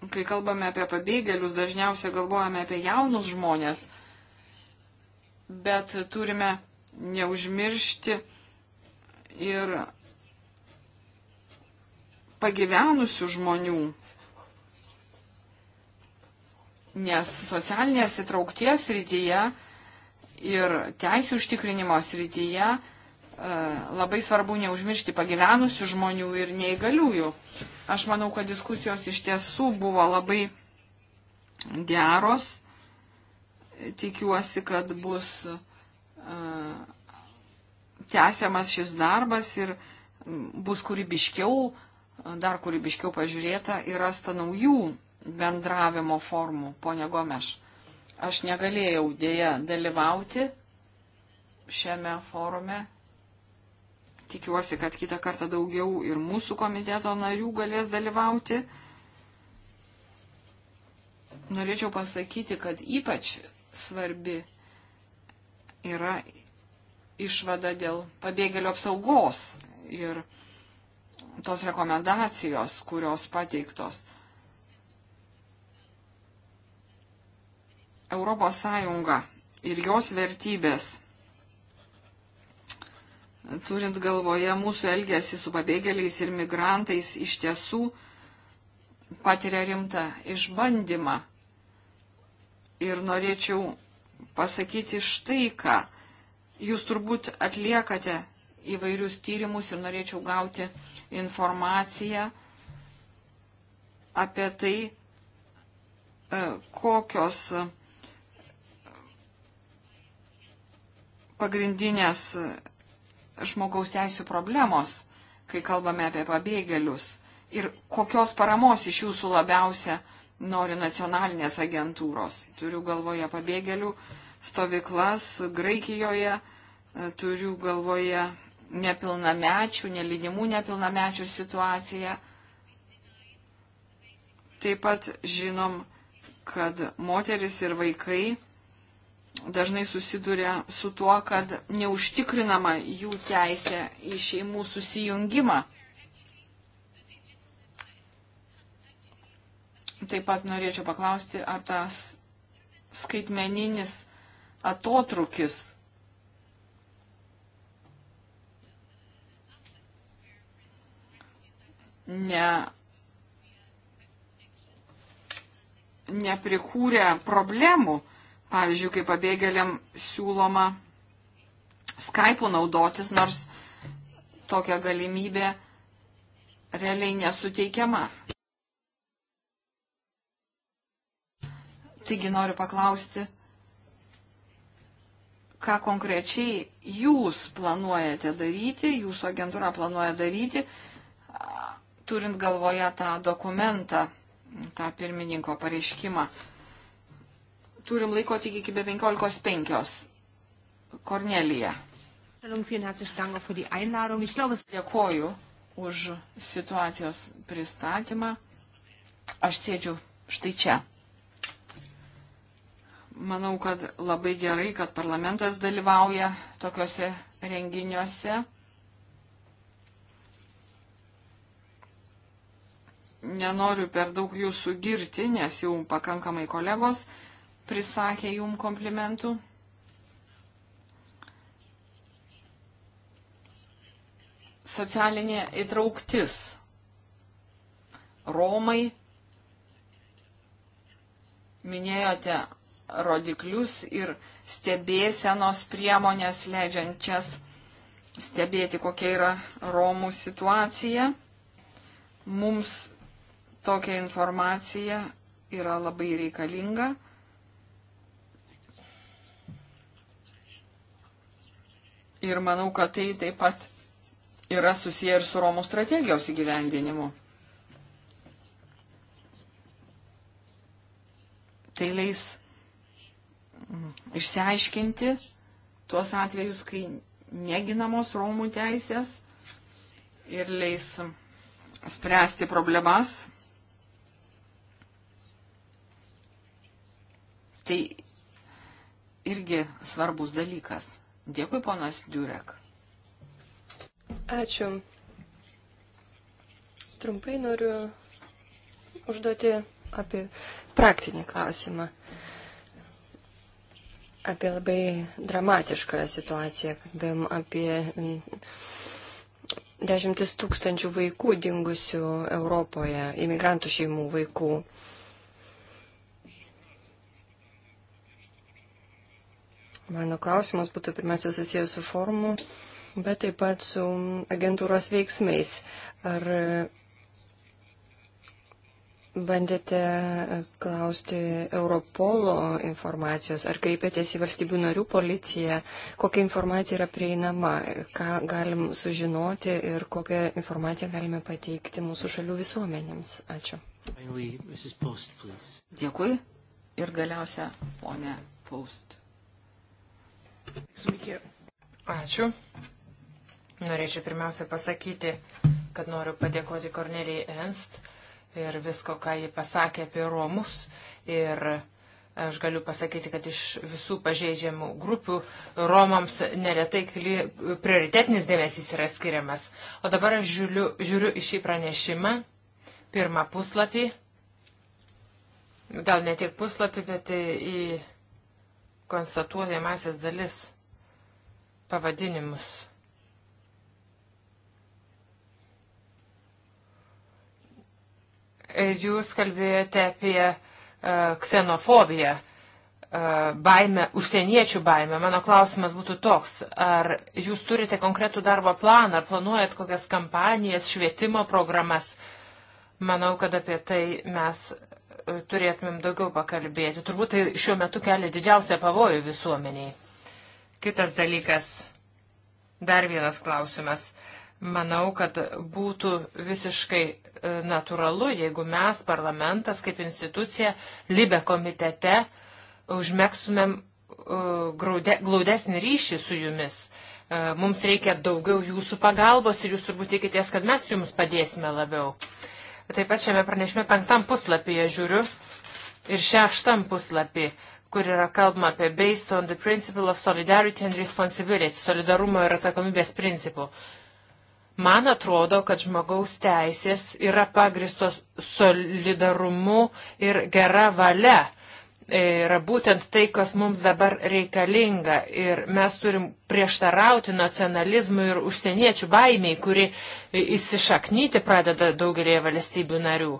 Kai kalbame apie pabėgėlius, dažniausiai galvojame apie jaunus žmonės, bet turime neužmiršti ir pagyvenusių žmonių, nes socialinės įtraukties rytyje ir teisų užtikrinimo srityje e, labai svarbu neužmiršti pagyvenusių žmonių ir neįgaliųjų. Aš manau, kad diskusijos iš tiesų buvo labai geros. Tikiuosi, kad bus tęsiamas šis darbas ir bus kūrybiškiau, dar kūrybiškiau pažiūrėta ir rasta naujų bendravimo formų, ponė Gomeš. Aš negalėjau dėja dalyvauti šiame forume. Tikiuosi, kad kitą kartą daugiau ir mūsų komiteto narių galės dalyvauti. Norėčiau pasakyti, kad ypač svarbi yra išvada dėl pabėgėlių apsaugos ir tos rekomendacijos, kurios pateiktos. Europos Sąjunga ir jos vertybės, turint galvoje mūsų elgesį su pabėgėliais ir migrantais, iš tiesų patiria rimtą išbandymą. Ir norėčiau pasakyti štai ką. Jūs turbūt atliekate įvairius tyrimus ir norėčiau gauti informaciją apie tai, e, kokios e, pagrindinės e, žmogaus teisų problemos, kai kalbame apie pabėgėlius ir kokios paramos iš jūsų labiausia uh, nori nacionalinės agentūros. Turiu galvoje pabėgėlių stovyklas Graikijoje, e, turiu galvoje nepilnamečių, nelydimų nepilnamečių situaciją. Taip pat žinom, kad moteris ir vaikai dažnai susiduria su tuo, kad neužtikrinama jų teisė į šeimų susijungimą. Taip pat norėčiau paklausti, ar tas skaitmeninis atotrukis ne, neprikūrė problemų. Pavyzdžiui, kai pabėgėliam siūloma Skype'u naudotis, nors tokia galimybė realiai nesuteikiama. Taigi noriu paklausti, ką konkrečiai jūs planuojate daryti, jūsų agentūra planuoja daryti, turint galvoje tą dokumentą, tą pirmininko pareiškimą. Turim laiko tik iki be 15.5. Kornelija. Dėkoju už situacijos pristatymą. Aš sėdžiu štai čia. Manau, kad labai gerai, kad parlamentas dalyvauja tokiuose renginiuose. Nenoriu per daug jūsų girti, nes jau pakankamai kolegos prisakė jum komplimentų. Socialinė įtrauktis. Romai minėjote rodiklius ir stebėsenos priemonės leidžiančias stebėti, kokia yra Romų situacija. Mums tokia informacija yra labai reikalinga. Ir manau, kad tai taip pat yra susiję ir su Romų strategijos įgyvendinimu. Tai leis išsiaiškinti tuos atvejus, kai neginamos Romų teisės ir leis spręsti problemas. Tai irgi svarbus dalykas. Dėkui, ponas Durek. Ačiū. Trumpai noriu užduoti apie praktinį klausimą. Uh, apie labai dramatišką situaciją, kalbėjom apie mm, dešimtis tūkstančių vaikų dingusių Europoje, imigrantų šeimų vaikų. Mano klausimas būtų pirmiausia susijęs su formu, bet taip pat su agentūros veiksmais. Ar Bandėte e, klausti Europolo informacijos, ar kreipėtės į valstybių narių policiją, kokia informacija yra prieinama, ką galim sužinoti ir kokią informaciją galime pateikti mūsų šalių visuomenėms. Ačiū. Dėkui ir galiausia ponė Post. Ačiū. Norėčiau pirmiausia pasakyti, kad noriu padėkoti Kornelijai Enst ir visko, ką ji pasakė apie Romus. Ir aš galiu pasakyti, kad iš visų pažeidžiamų grupių Romams neretai prioritetinis dėmesys yra skiriamas. O dabar aš žiūriu, žiūriu į šį pranešimą, pirmą puslapį, gal ne tiek puslapį, bet į konstatuojamasias dalis pavadinimus. jūs kalbėjote apie e, ksenofobiją, e, baimę, užsieniečių baimę. Mano klausimas būtų toks, ar jūs turite konkretų darbo planą, ar planuojat kokias kampanijas, švietimo programas? Manau, kad apie tai mes e, turėtumėm daugiau pakalbėti. Turbūt tai šiuo metu kelia didžiausią pavojų visuomeniai. Kitas dalykas, dar vienas klausimas. Manau, kad būtų visiškai E, natūralu, jeigu mes, parlamentas kaip institucija, Libe komitete, užmėgsumėm e, glaudesnį ryšį su jumis. E, mums reikia daugiau jūsų pagalbos ir jūs turbūt tikitės, kad mes jums padėsime labiau. Taip pat šiame pranešime penktam puslapyje žiūriu ir šeštam puslapį, kur yra kalbama apie Based on the Principle of Solidarity and Responsibility, solidarumo ir atsakomybės principų. Man atrodo, kad žmogaus teisės yra pagristos solidarumu ir gera valia. Yra būtent tai, kas mums dabar reikalinga. Ir mes turim prieštarauti nacionalizmui ir užsieniečių baimiai, kuri įsišaknyti pradeda daugelėje valstybių narių.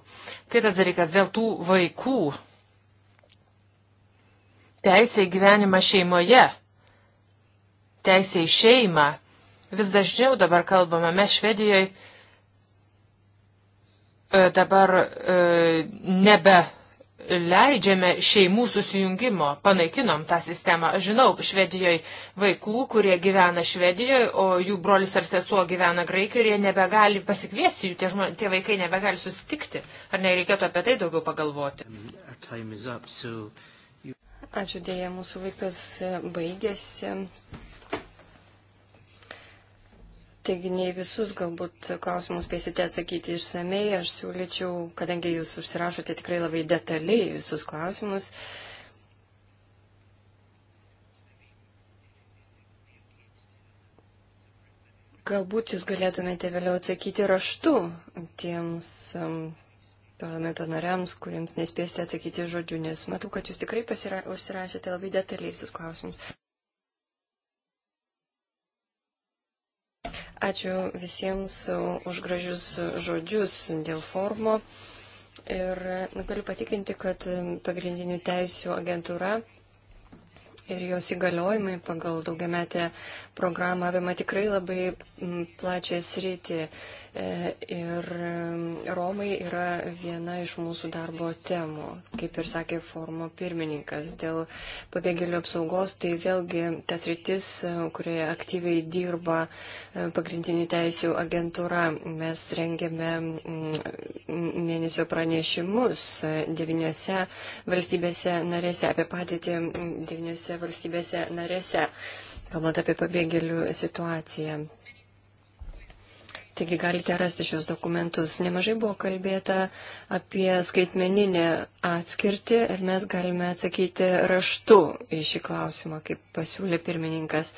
Kitas dalykas dėl tų vaikų. Teisė į gyvenimą šeimoje. Teisė į šeimą Vis dažniau dabar kalbame, mes Švedijoje e, dabar e, nebe leidžiame šeimų susijungimo, panaikinom tą sistemą. Aš žinau, Švedijoje vaikų, kurie gyvena Švedijoje, o jų brolis ar sesuo gyvena Graikijoje ir jie nebegali pasikviesti, jų tie, žmon, tie vaikai nebegali susitikti. Ar nereikėtų apie tai daugiau pagalvoti? Ačiū dėja, mūsų laikas e, baigėsi. Taigi ne visus galbūt klausimus spėsite atsakyti išsamei. Aš siūlyčiau, kadangi jūs užsirašote tikrai labai detaliai visus klausimus. Galbūt jūs galėtumėte vėliau atsakyti raštu tiems um, parlamento nariams, kuriems nespėsite atsakyti žodžiu, nes matau, kad jūs tikrai pasira... užsirašėte labai detaliai visus klausimus. Ačiū visiems už gražius žodžius dėl formo. Ir galiu patikinti, kad pagrindinių teisių agentūra ir jos įgaliojimai pagal daugiametę programa apima tikrai labai plačią sritį e, ir Romai yra viena iš mūsų darbo temų, kaip ir sakė forumo pirmininkas. Dėl pabėgėlių apsaugos tai vėlgi tas rytis, e, kurioje aktyviai dirba e, pagrindinių teisių agentūra. Mes rengėme mėnesio pranešimus devyniose valstybėse narėse apie patį padėtį devyniose valstybėse narėse kalbant apie pabėgėlių situaciją. Taigi galite rasti šios dokumentus. Nemažai buvo kalbėta apie skaitmeninę atskirtį ir mes galime atsakyti raštu į šį klausimą, kaip pasiūlė pirmininkas.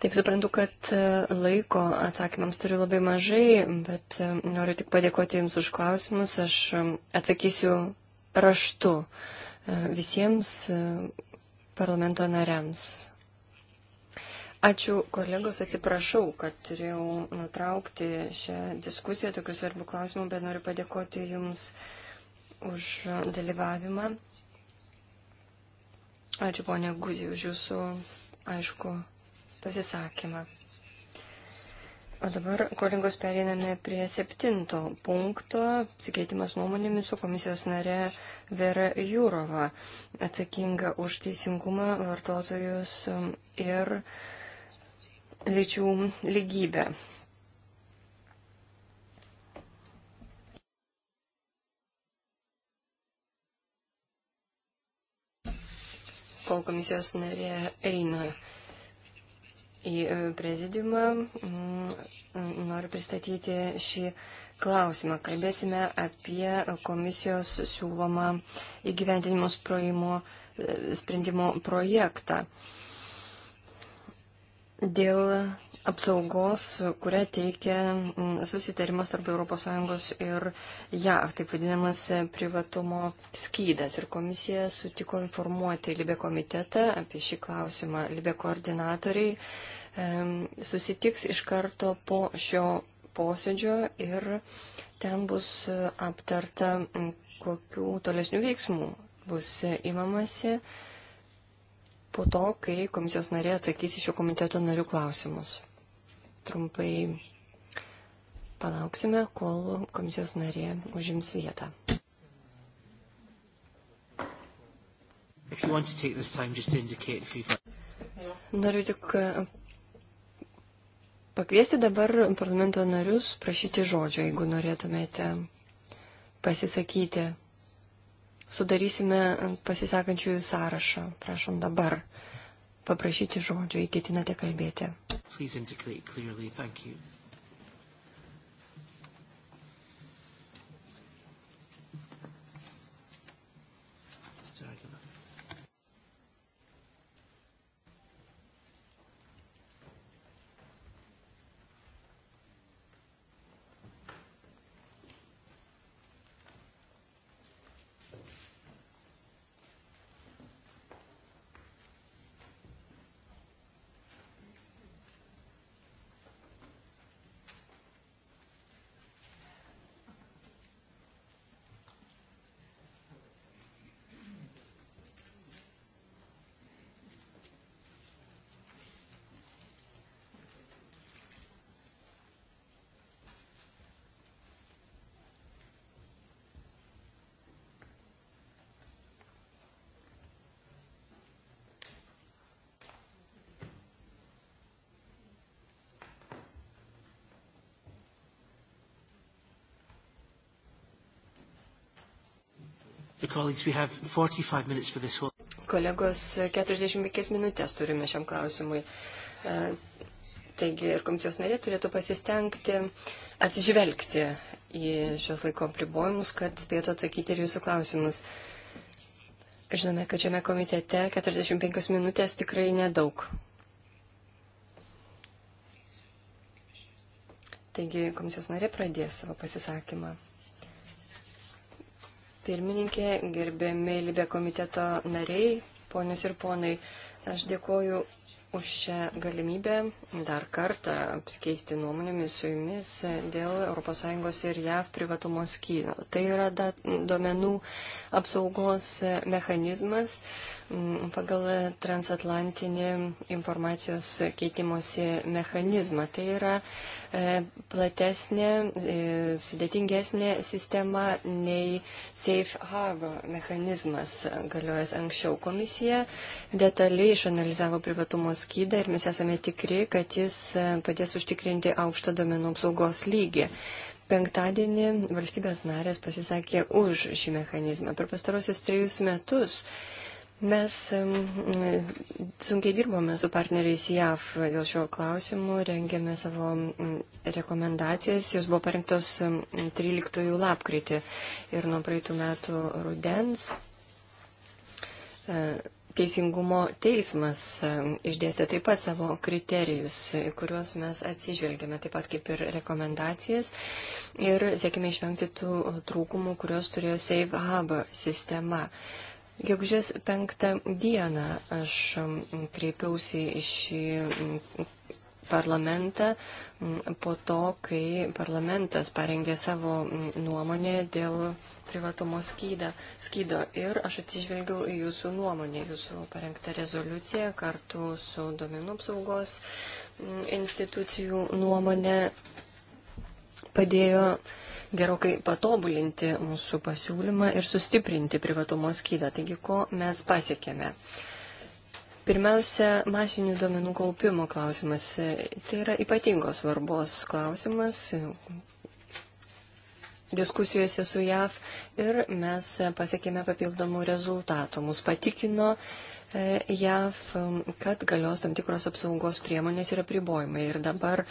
Taip suprantu, kad e, laiko atsakymams turiu labai mažai, bet e, noriu tik padėkoti Jums už klausimus. Aš e, atsakysiu raštu visiems parlamento nariams. Ačiū kolegos, atsiprašau, kad turėjau nutraukti šią diskusiją tokiu svarbiu klausimu, bet noriu padėkoti Jums už dalyvavimą. Ačiū ponia Gudė už Jūsų aišku pasisakymą. O dabar, kolegos, periname prie septinto punkto, apsikeitimas nuomonėmis su komisijos nare Vera Jūrova, atsakinga už teisingumą, vartotojus ir lyčių lygybę. Kol komisijos narė eina į e, prezidiumą, mm, noriu pristatyti šį klausimą. Kalbėsime apie komisijos siūlomą įgyvendinimo e, sprendimo projektą dėl apsaugos, kurią teikia mm, susitarimas tarp ES ir JAV, taip vadinamas privatumo skydas. Ir komisija sutiko informuoti Libė komitetą apie šį klausimą. Libė koordinatoriai susitiks iš karto po šio posėdžio ir ten bus aptarta, mm, kokių tolesnių veiksmų bus įmamasi po to, kai komisijos narė atsakys į šio komiteto narių klausimus. Trumpai palauksime, kol komisijos narė užims vietą. Noriu tik e, pakviesti dabar parlamento narius prašyti žodžio, jeigu norėtumėte pasisakyti sudarysime pasisakančiųjų sąrašą. Prašom dabar paprašyti žodžio, jei ketinate kalbėti. Kolegos, 45 minutės turime šiam klausimui. E, taigi ir komisijos narė turėtų pasistengti atsižvelgti į šios laiko apribojimus, kad spėtų atsakyti ir jūsų klausimus. Žinome, kad šiame komitete 45 minutės tikrai nedaug. Taigi komisijos narė pradės savo pasisakymą pirmininkė, gerbiami Libė komiteto nariai, ponius ir ponai. Aš dėkoju už šią galimybę dar kartą apsikeisti nuomonėmis su jumis dėl ES ir JAV privatumo skydo. Tai yra duomenų apsaugos mechanizmas, pagal transatlantinį informacijos keitimosi mechanizmą. Tai yra e, platesnė, e, sudėtingesnė sistema nei Safe Harbor mechanizmas galiojęs anksčiau. Komisija detaliai išanalizavo privatumo skydą ir mes esame tikri, kad jis e, padės užtikrinti aukštą domenų apsaugos lygį. Penktadienį valstybės narės pasisakė už šį mechanizmą. Per pastarosius trejus metus Mes sunkiai dirbome su partneriais JAV dėl šio klausimų, rengėme savo rekomendacijas, jos buvo parengtos 13 lapkritį ir nuo praeitų metų rudens. E, Teisingumo teismas išdėstė taip pat savo kriterijus, kuriuos mes atsižvelgėme taip pat kaip ir rekomendacijas ir siekime išvengti tų trūkumų, kuriuos turėjo Save Hub sistema. Uh, Gegužės penktą dieną aš kreipiausi į šį parlamentą po to, kai parlamentas parengė savo nuomonę dėl privatumo skydą, skydo. Ir aš atsižvelgiau į jūsų nuomonę, jūsų parengtą rezoliuciją kartu su domenų apsaugos institucijų nuomonė padėjo gerokai patobulinti mūsų pasiūlymą ir sustiprinti privatumo skydą. Taigi, ko mes pasiekėme? Pirmiausia, masinių duomenų kaupimo klausimas. Tai yra ypatingos svarbos klausimas diskusijose su JAV ir mes pasiekėme papildomų rezultatų. Mūsų patikino, JAV, um, kad galios tam tikros apsaugos priemonės yra pribojimai. Ir dabar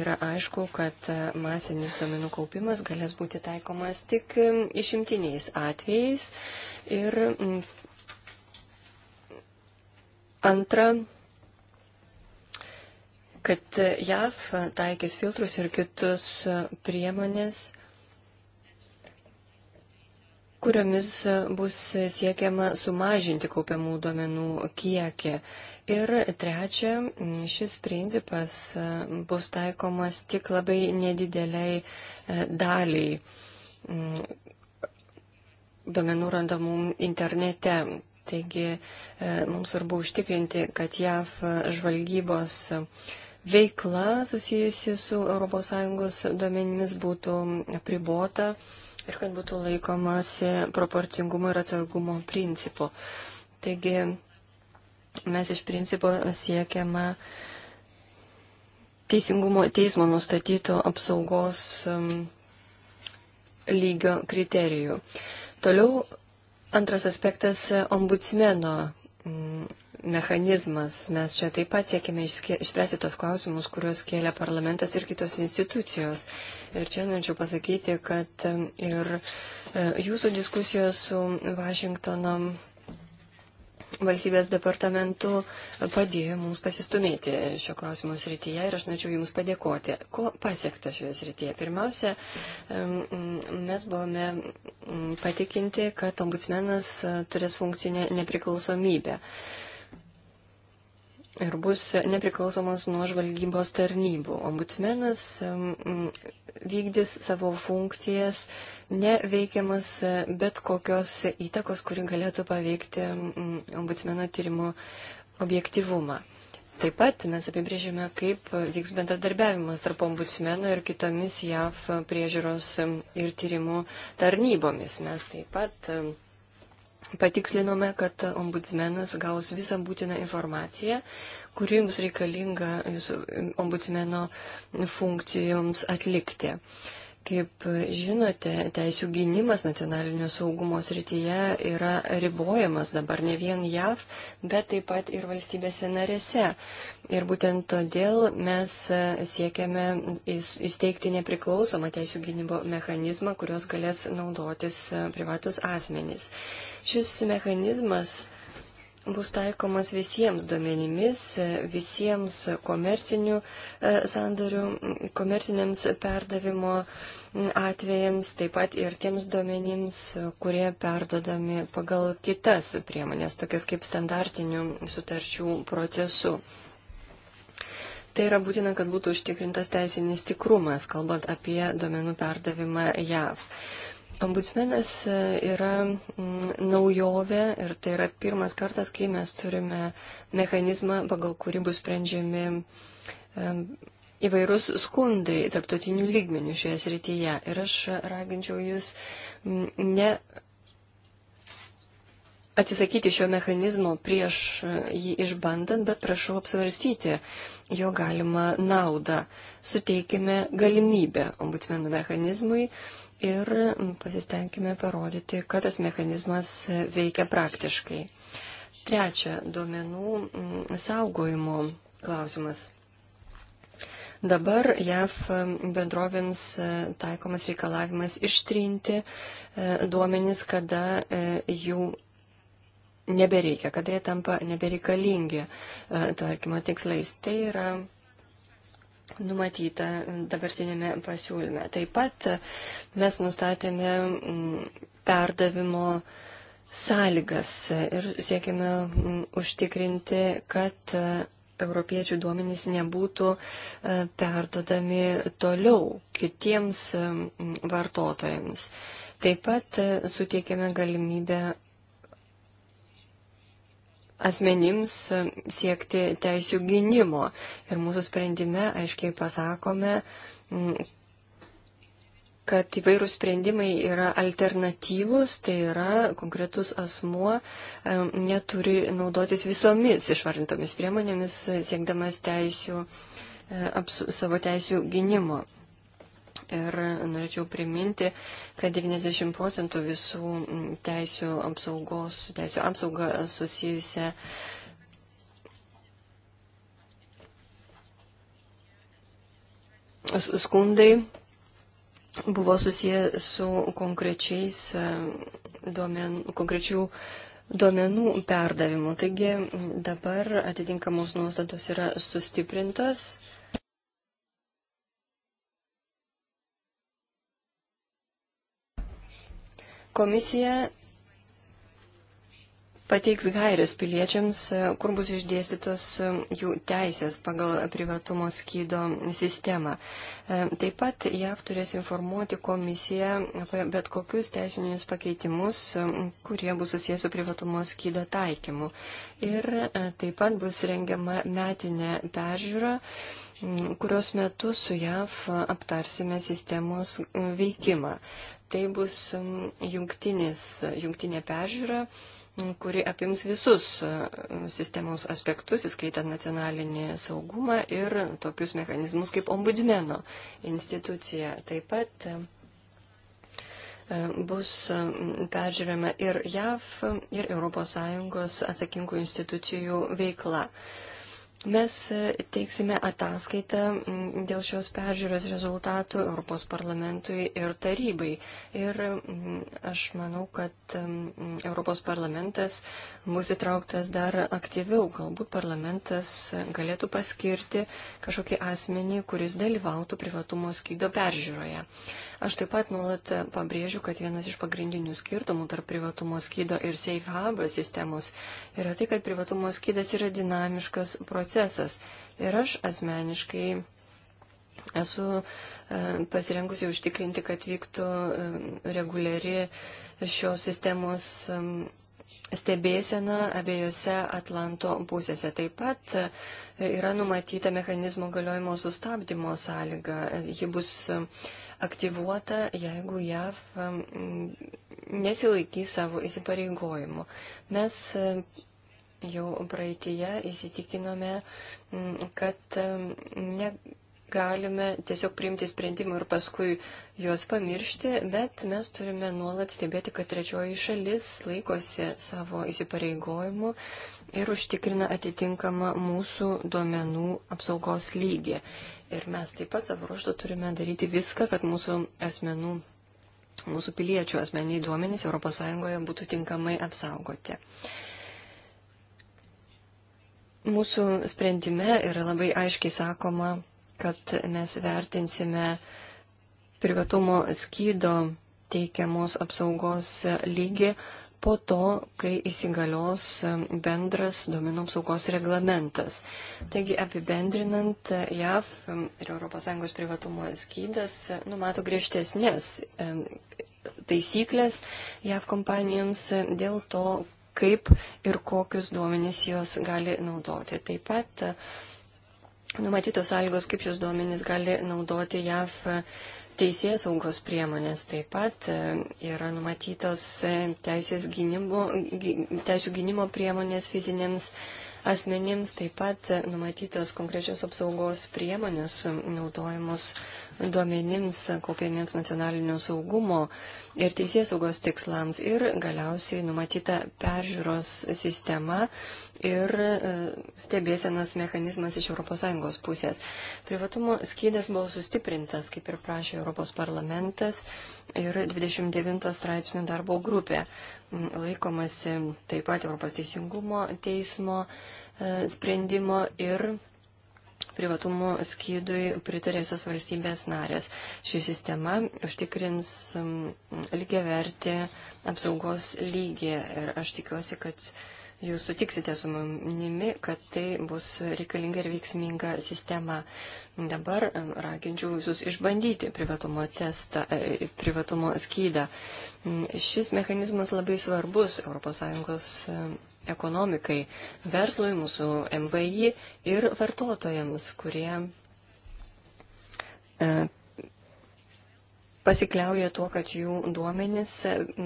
yra aišku, kad uh, masinis duomenų kaupimas galės būti taikomas tik um, išimtiniais atvejais. Ir um, antra, kad uh, JAV taikys filtrus ir kitus uh, priemonės kuriomis e, bus siekiama sumažinti kaupiamų duomenų kiekį. Ir trečia, šis principas e, bus taikomas tik labai nedideliai e, daliai mm, duomenų randamų internete. Taigi mums svarbu užtikrinti, kad JAV žvalgybos veikla susijusi su ES duomenimis būtų pribota ir kad būtų laikomasi proporcingumo ir atsargumo principų. Taigi mes iš principo siekiame teisingumo teismo nustatyto apsaugos um, lygio kriterijų. Toliau antras aspektas - ombudsmeno mm, mechanizmas. Mes čia taip pat siekime išspręsti tos klausimus, kuriuos kėlė parlamentas ir kitos institucijos. Ir čia norėčiau pasakyti, kad ir e, jūsų diskusijos su Vašingtono valstybės departamentu padėjo mums pasistumėti šio klausimo srityje ir aš norėčiau Jums padėkoti. Ko pasiekta šioje srityje? Pirmiausia, mes buvome patikinti, kad ombudsmenas e, turės funkcinę nepriklausomybę ir bus nepriklausomas nuo žvalgybos tarnybų. Ombudsmenas vykdys savo funkcijas, neveikiamas e, bet kokios įtakos, kuri galėtų paveikti ombudsmeno tyrimo objektivumą. Taip pat mes apibrėžėme, kaip vyks bendradarbiavimas tarp ombudsmeno ir kitomis JAV priežiūros ir tyrimų tarnybomis. Mes taip pat Patikslinome, kad ombudsmenas gaus visą būtiną informaciją, kuri jums reikalinga jūsų ombudsmeno funkcijoms atlikti. Kaip žinote, teisų gynimas nacionalinio saugumo srityje yra ribojamas dabar ne vien JAV, bet taip pat ir valstybėse narėse. Ir būtent todėl mes siekiame įsteigti nepriklausomą teisų gynimo mechanizmą, kurios galės naudotis privatus asmenys. Šis mechanizmas bus taikomas visiems duomenimis, visiems komercinių e, sandorių, komerciniams perdavimo atvejams, taip pat ir tiems duomenims, kurie perdodami pagal kitas priemonės, tokias kaip standartinių sutarčių procesų. Tai yra būtina, kad būtų užtikrintas teisinis tikrumas, kalbant apie duomenų perdavimą JAV. Ombudsmenas e, yra naujovė ir tai yra pirmas kartas, kai mes turime mechanizmą, pagal kurį bus sprendžiami e, įvairūs skundai tarptautinių lygmenių šioje srityje. Ir aš raginčiau jūs ne atsisakyti šio mechanizmo prieš jį išbandant, bet prašau apsvarstyti jo galimą naudą. Suteikime galimybę ombudsmenų mechanizmui ir pasistengime parodyti, kad tas mechanizmas veikia praktiškai. Trečia, duomenų mm, saugojimo klausimas. Dabar JAV bendrovėms e, taikomas reikalavimas ištrinti e, duomenys, kada e, jų nebereikia, kada jie tampa nebereikalingi tvarkymo tikslais. Tai yra numatyta dabartinėme pasiūlyme. Taip pat mes nustatėme mm, perdavimo sąlygas ir siekime mm, užtikrinti, kad e, europiečių duomenys nebūtų e, perdodami toliau kitiems mm, vartotojams. Taip pat e, suteikėme galimybę asmenims e, siekti teisų gynimo. Ir mūsų sprendime aiškiai pasakome, kad įvairūs sprendimai yra alternatyvus, tai yra konkretus asmuo e, neturi naudotis visomis išvardintomis priemonėmis siekdamas teisių, e, savo teisių gynimo ir norėčiau priminti, kad 90 procentų visų teisų apsaugos, teisų apsauga susijusia skundai buvo susiję su konkrečiais e, duomen, konkrečių duomenų perdavimu. Taigi dabar atitinkamos nuostatos yra sustiprintas komisija pateiks gairės piliečiams, e, kur bus išdėstytos e, jų teisės pagal privatumo skydo sistemą. E, taip pat JAV turės informuoti komisiją apie bet kokius teisinius pakeitimus, kurie bus susijęs su privatumo skydo taikymu. Ir taip pat bus rengiama metinė peržiūra kurios metu su JAV aptarsime sistemos veikimą. Tai bus jungtinis, jungtinė peržiūra, kuri apims visus e, sistemos aspektus, įskaitant nacionalinį saugumą ir tokius mechanizmus kaip ombudsmeno institucija. Taip pat e, e, bus peržiūrima ir JAV, ir ES atsakingų institucijų veikla. Mes e, teiksime ataskaitą dėl šios peržiūros rezultatų Europos parlamentui ir tarybai. Ir aš manau, kad Europos parlamentas bus įtrauktas dar aktyviau. Galbūt parlamentas galėtų paskirti kažkokį asmenį, kuris dalyvautų privatumo skydo peržiūroje. Aš taip pat nuolat pabrėžiu, kad vienas iš pagrindinių skirtumų tarp privatumo skydo ir safe hub sistemos yra tai, kad privatumo skydas yra dinamiškas procesas procesas. Ir aš asmeniškai esu e, pasirengusi užtikrinti, kad vyktų e, reguliari šios sistemos stebėsena abiejose Atlanto pusėse. Taip pat e, yra numatyta mechanizmo galiojimo sustabdymo sąlyga. Ji bus aktyvuota, jeigu JAV nesilaiky savo įsipareigojimų. Mes jau praeitie įsitikinome, kad negalime tiesiog priimti sprendimų ir paskui juos pamiršti, bet mes turime nuolat stebėti, kad trečioji šalis laikosi savo įsipareigojimų ir užtikrina atitinkamą mūsų duomenų apsaugos lygį. Ir mes taip pat savo ruoštų turime daryti viską, kad mūsų asmenų, mūsų piliečių asmeniai duomenys ES būtų tinkamai apsaugoti. Mūsų sprendime yra labai aiškiai sakoma, kad mes vertinsime privatumo skydo teikiamos apsaugos lygį po to, kai įsigalios bendras duomenų apsaugos reglamentas. Taigi apibendrinant, JAV ir ES privatumo skydas numato griežtesnės taisyklės JAV kompanijoms dėl to, kaip ir kokius duomenys jos gali naudoti. Taip pat e, numatytos sąlygos, kaip šios duomenys gali naudoti JAV teisės saugos priemonės. Taip pat e, yra numatytos e, teisės gynimo, teisų gynimo priemonės fizinėms asmenims taip pat numatytos konkrečios apsaugos priemonės naudojamos duomenims kaupiamiems nacionalinio saugumo ir teisės saugos tikslams ir galiausiai numatyta peržiūros sistema ir e, stebėsenas mechanizmas iš ES pusės. Privatumo skydas buvo sustiprintas, kaip ir prašė Europos parlamentas ir 29 straipsnių darbo grupė laikomasi taip pat Europos teisingumo teismo e, sprendimo ir privatumo skydui pritarėsios valstybės narės. Ši sistema užtikrins lygiavertį apsaugos lygį ir aš tikiuosi, kad jūs sutiksite su manimi, kad tai bus reikalinga ir veiksminga sistema. Dabar raginčiau visus išbandyti privatumo testą, e, e, privatumo skydą. Mm, šis mechanizmas labai svarbus ES ekonomikai, verslui, mūsų MVI ir vartotojams, kurie e, pasikliauja tuo, kad jų duomenys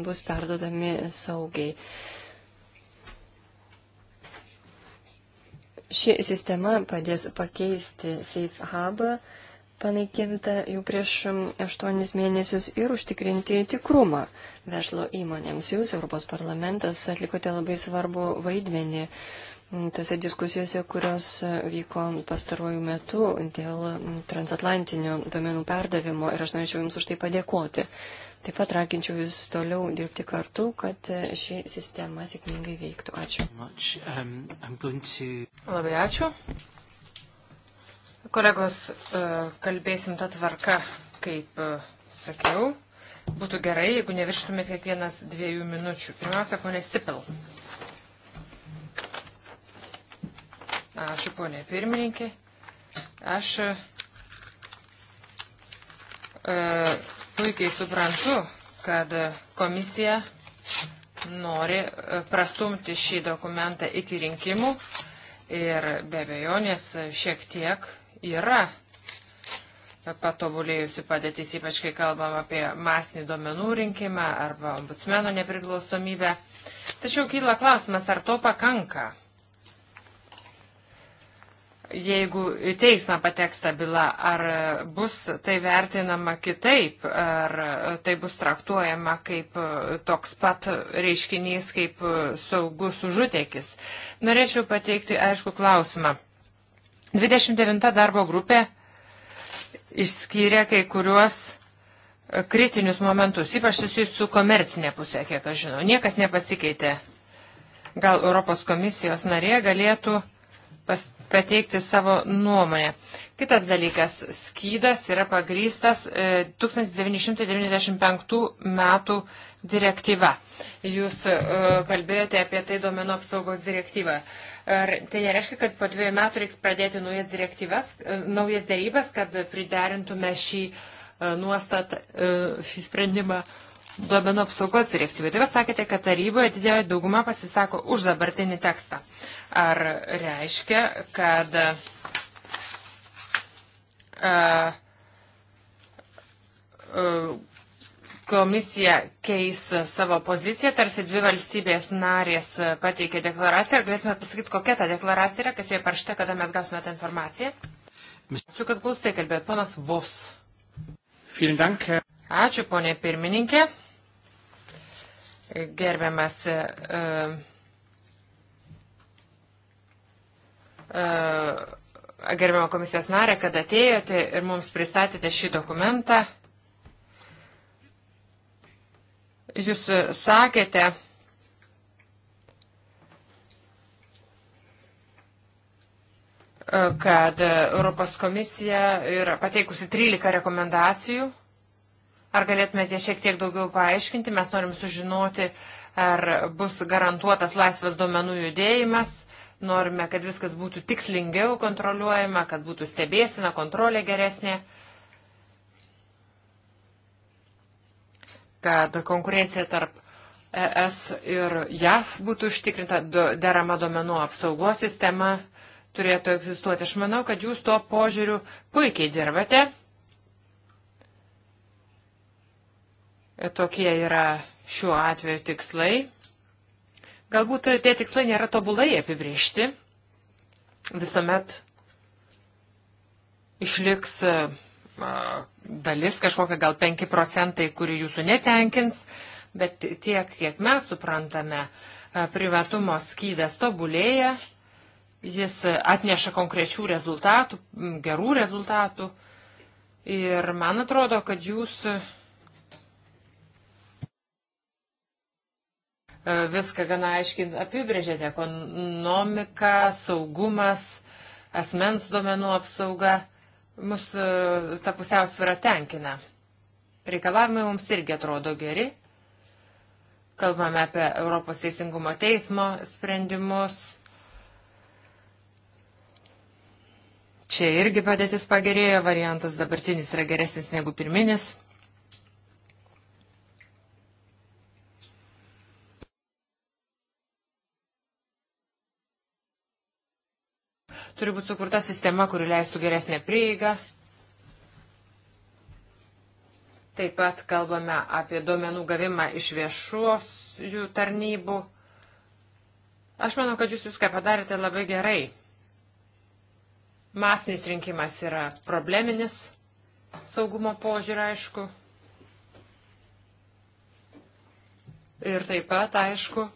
bus perdodami saugiai. Ši sistema padės pakeisti Safe Hubą panaikinta jau prieš um, aštuonis mėnesius ir užtikrinti tikrumą verslo įmonėms. Jūs, Europos parlamentas, atlikote labai svarbu vaidmenį mm, tose diskusijose, kurios e, vyko pastaruoju metu dėl mm, transatlantinių domenų perdavimo ir aš norėčiau Jums už tai padėkoti. Taip pat raginčiau Jūs toliau dirbti kartu, kad ši sistema sėkmingai veiktų. Ačiū. Um, Labai ačiū. Kolegos, e, kalbėsim tą tvarką, kaip e, sakiau. Būtų gerai, jeigu nevirštumėt kiekvienas dviejų minučių. Pirmiausia, ponė Sipil. Ačiū, ponė pirmininkė. Aš. Uh, Puikiai suprantu, kad komisija nori e, prastumti šį dokumentą iki rinkimų ir be abejonės šiek tiek yra patobulėjusi padėtis, ypač kai kalbam apie masinį duomenų rinkimą arba ombudsmeno nepriklausomybę. Tačiau kyla klausimas, ar to pakanka? jeigu į teismą pateks ta byla, ar bus tai vertinama kitaip, ar tai bus traktuojama kaip e, toks pat reiškinys, kaip e, saugus užutėkis. Norėčiau pateikti aišku klausimą. 29 darbo grupė išskyrė kai kuriuos e, kritinius momentus, ypač susijusius su komercinė pusė, kiek aš žinau. Niekas nepasikeitė. Gal Europos komisijos narė galėtų pas, pateikti savo nuomonę. Kitas dalykas, skydas yra pagrystas 1995 e, metų direktyva. Jūs e, kalbėjote apie tai duomenų apsaugos direktyvą. Ar tai nereiškia, kad po dviejų metų reiks pradėti naujas direktyvas, e, naujas darybas, kad priderintume šį nuostatą, šį sprendimą duomenų apsaugos direktyvai. Taip pat sakėte, kad taryboje didėjo dauguma pasisako už dabartinį tekstą. Ar reiškia, kad uh, uh, komisija keis savo poziciją, tarsi dvi valstybės narės pateikė deklaraciją. Ar galėtume pasakyti, kokia ta deklaracija yra, kas joje parašta, kada mes gausime tą informaciją? Ačiū, kad klausai kalbėt, ponas Vos. Vielen Dank, Herr Ačiū, ponė pirmininkė. Gerbiamas uh, uh, gerbiamo komisijos narė, kad atėjote ir mums pristatėte šį dokumentą. Jūs sakėte, e, kad Europos komisija yra pateikusi 13 rekomendacijų Ar galėtumėte šiek tiek daugiau paaiškinti? Mes norim sužinoti, ar bus garantuotas laisvas duomenų judėjimas. Norime, kad viskas būtų tikslingiau kontroliuojama, kad būtų stebėsina, kontrolė geresnė, kad konkurencija tarp ES ir JAF būtų užtikrinta derama duomenų apsaugos sistema turėtų egzistuoti. Aš manau, kad jūs tuo požiūriu puikiai dirbate Tokie yra šiuo atveju tikslai. Galbūt tie tikslai nėra tobulai apibriešti. Visuomet išliks dalis kažkokia gal 5 procentai, kuri jūsų netenkins, bet tiek, kiek mes suprantame, privatumo skydas tobulėja, jis atneša konkrečių rezultatų, gerų rezultatų ir man atrodo, kad jūs E, viską gana aiškiai apibrėžėte - ekonomika, saugumas, asmens duomenų apsauga. Mus e, ta pusiausvyrą tenkina. Reikalavimai mums irgi atrodo geri. Kalbame apie Europos Teisingumo teismo sprendimus. Čia irgi padėtis pagerėjo, variantas dabartinis yra geresnis negu pirminis. Turi būti sukurta sistema, kuri leistų geresnę prieigą. Taip pat kalbame apie duomenų gavimą iš viešos jų tarnybų. Aš manau, kad jūs viską padarėte labai gerai. Masinis rinkimas yra probleminis, saugumo požiūrė aišku. Ir taip pat, aišku,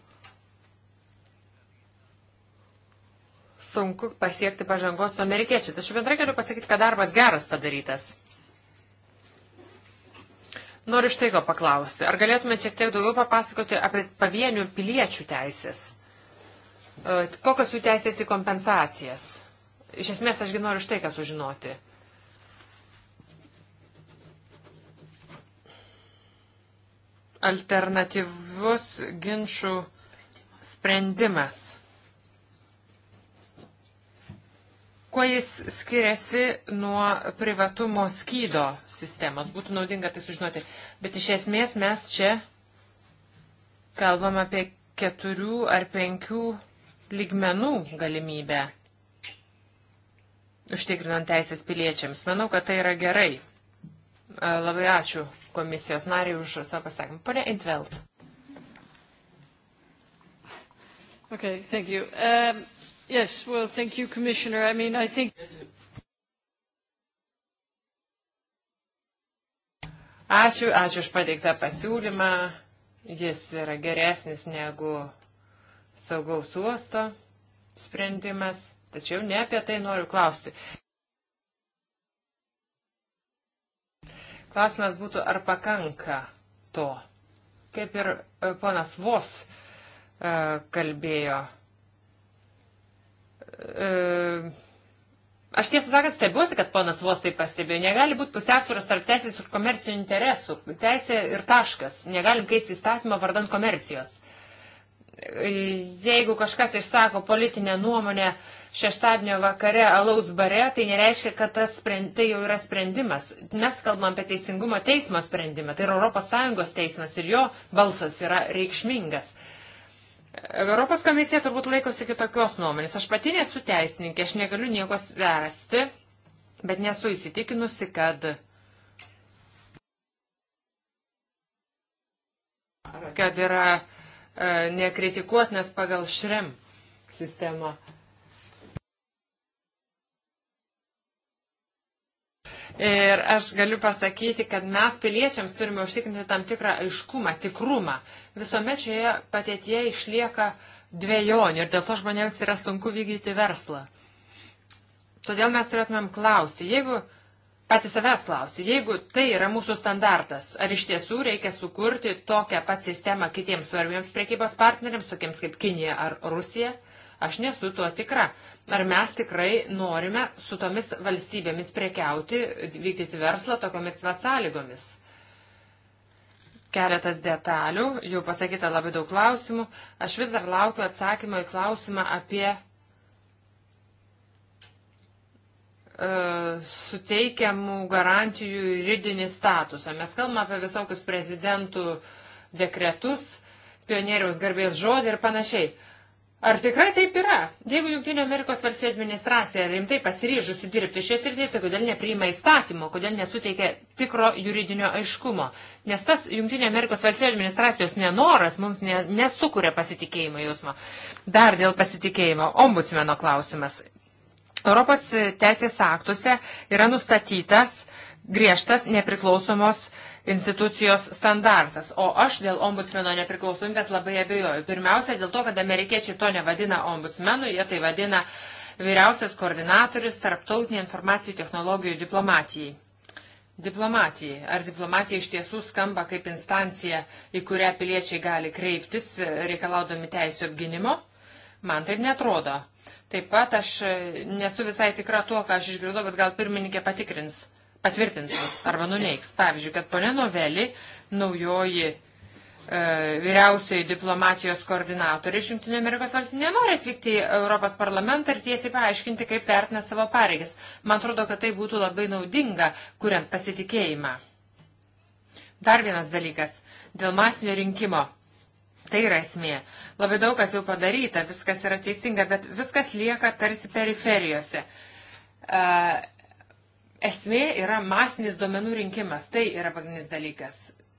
sunku pasiekti pažangos su amerikiečiais. Tačiau bendrai galiu pasakyti, kad darbas geras padarytas. Noriu štai ko paklausti. Ar galėtumėte šiek tiek daugiau papasakoti apie pavienių piliečių teisės? E, kokios jų teisės į kompensacijas? Iš esmės, ašgi noriu štai ką sužinoti. Alternatyvus ginčių sprendimas. Kuo jis skiriasi nuo privatumo skydo sistemos? Būtų naudinga tai sužinoti. Bet iš esmės mes čia kalbam apie keturių ar penkių lygmenų galimybę užtikrinant teisės piliečiams. Manau, kad tai yra gerai. Labai ačiū komisijos nariai už savo pasakymą. Pone Intveld. Okay, thank you. Um... Yes, well, thank you, Commissioner. I mean, I think... Ačiū, ačiū už pateiktą pasiūlymą. Jis yra geresnis negu saugaus uosto sprendimas, tačiau ne apie tai noriu klausti. Klausimas būtų, ar pakanka to. Kaip ir e, ponas Vos e, kalbėjo Aš tiesą sakant, stebiuosi, kad ponas vos tai pastebėjo. Negali būti pusiausvėros tarp teisės ir komercinių interesų. Teisė ir taškas. Negalim keisti įstatymą vardant komercijos. Jeigu kažkas išsako politinę nuomonę šeštadienio vakare alaus bare, tai nereiškia, kad tas sprend, tai jau yra sprendimas. Mes kalbam apie teisingumo teismo sprendimą. Tai yra ES teismas ir jo balsas yra reikšmingas. Europos komisija turbūt laikosi kitokios nuomonės. Aš pati nesu teisininkė, aš negaliu nieko sversti, bet nesu įsitikinusi, kad, kad yra e, nekritikuotinas pagal šrem sistemą. Ir aš galiu pasakyti, kad mes piliečiams turime užtikrinti tam tikrą aiškumą, tikrumą. Visuomet šioje patėtie išlieka dviejonių ir dėl to žmonėms yra sunku vykdyti verslą. Todėl mes turėtumėm klausti, jeigu patys savęs klausti, jeigu tai yra mūsų standartas, ar iš tiesų reikia sukurti tokią pat sistemą kitiems svarbiems priekybos partneriams, tokiems kaip Kinija ar Rusija, Aš nesu tuo tikra. Ar mes tikrai norime su tomis valstybėmis prekiauti, vykdyti verslą tokiamis sąlygomis? Keletas detalių, jau pasakyta labai daug klausimų. Aš vis dar laukiu atsakymą į klausimą apie e, suteikiamų garantijų juridinį statusą. Mes kalbame apie visokius prezidentų dekretus, pionieriaus garbės žodį ir panašiai. E, Ar tikrai taip yra? Jeigu Junktinio Amerikos valstybių administracija rimtai pasiryžusi dirbti šią sritį, tai kodėl nepriima įstatymo, kodėl nesuteikia tikro juridinio aiškumo? Nes tas Junktinio Amerikos valstybių administracijos nenoras mums ne, nesukuria pasitikėjimo jausmo. Dar dėl pasitikėjimo. Ombudsmeno klausimas. Europos teisės aktuose yra nustatytas griežtas nepriklausomos uh, institucijos standartas. O aš dėl ombudsmeno nepriklausomybės labai abejoju. Pirmiausia, dėl to, kad amerikiečiai to nevadina ombudsmenu, jie tai vadina vyriausias koordinatorius tarptautinė informacijų technologijų diplomatijai. Diplomatijai. Ar diplomatija iš tiesų skamba kaip instancija, į kurią piliečiai gali kreiptis, reikalaudami teisų apginimo? Man taip netrodo. Taip pat aš nesu visai tikra tuo, ką aš išgirdau, bet gal pirmininkė patikrins patvirtins arba nuneiks. Pavyzdžiui, kad ponė Noveli, naujoji e, vyriausioji diplomatijos koordinatorė iš Junktinio Amerikos valstybių nenori atvykti į Europos parlamentą ir tiesiai paaiškinti, kaip vertina savo pareigas. Man atrodo, kad tai būtų labai naudinga, kuriant pasitikėjimą. Dar vienas dalykas - dėl masinio rinkimo. Tai yra esmė. Labai daug kas jau padaryta, viskas yra teisinga, bet viskas lieka tarsi periferijose. Uh, esmė yra masinis duomenų rinkimas. Tai yra pagrindinis dalykas.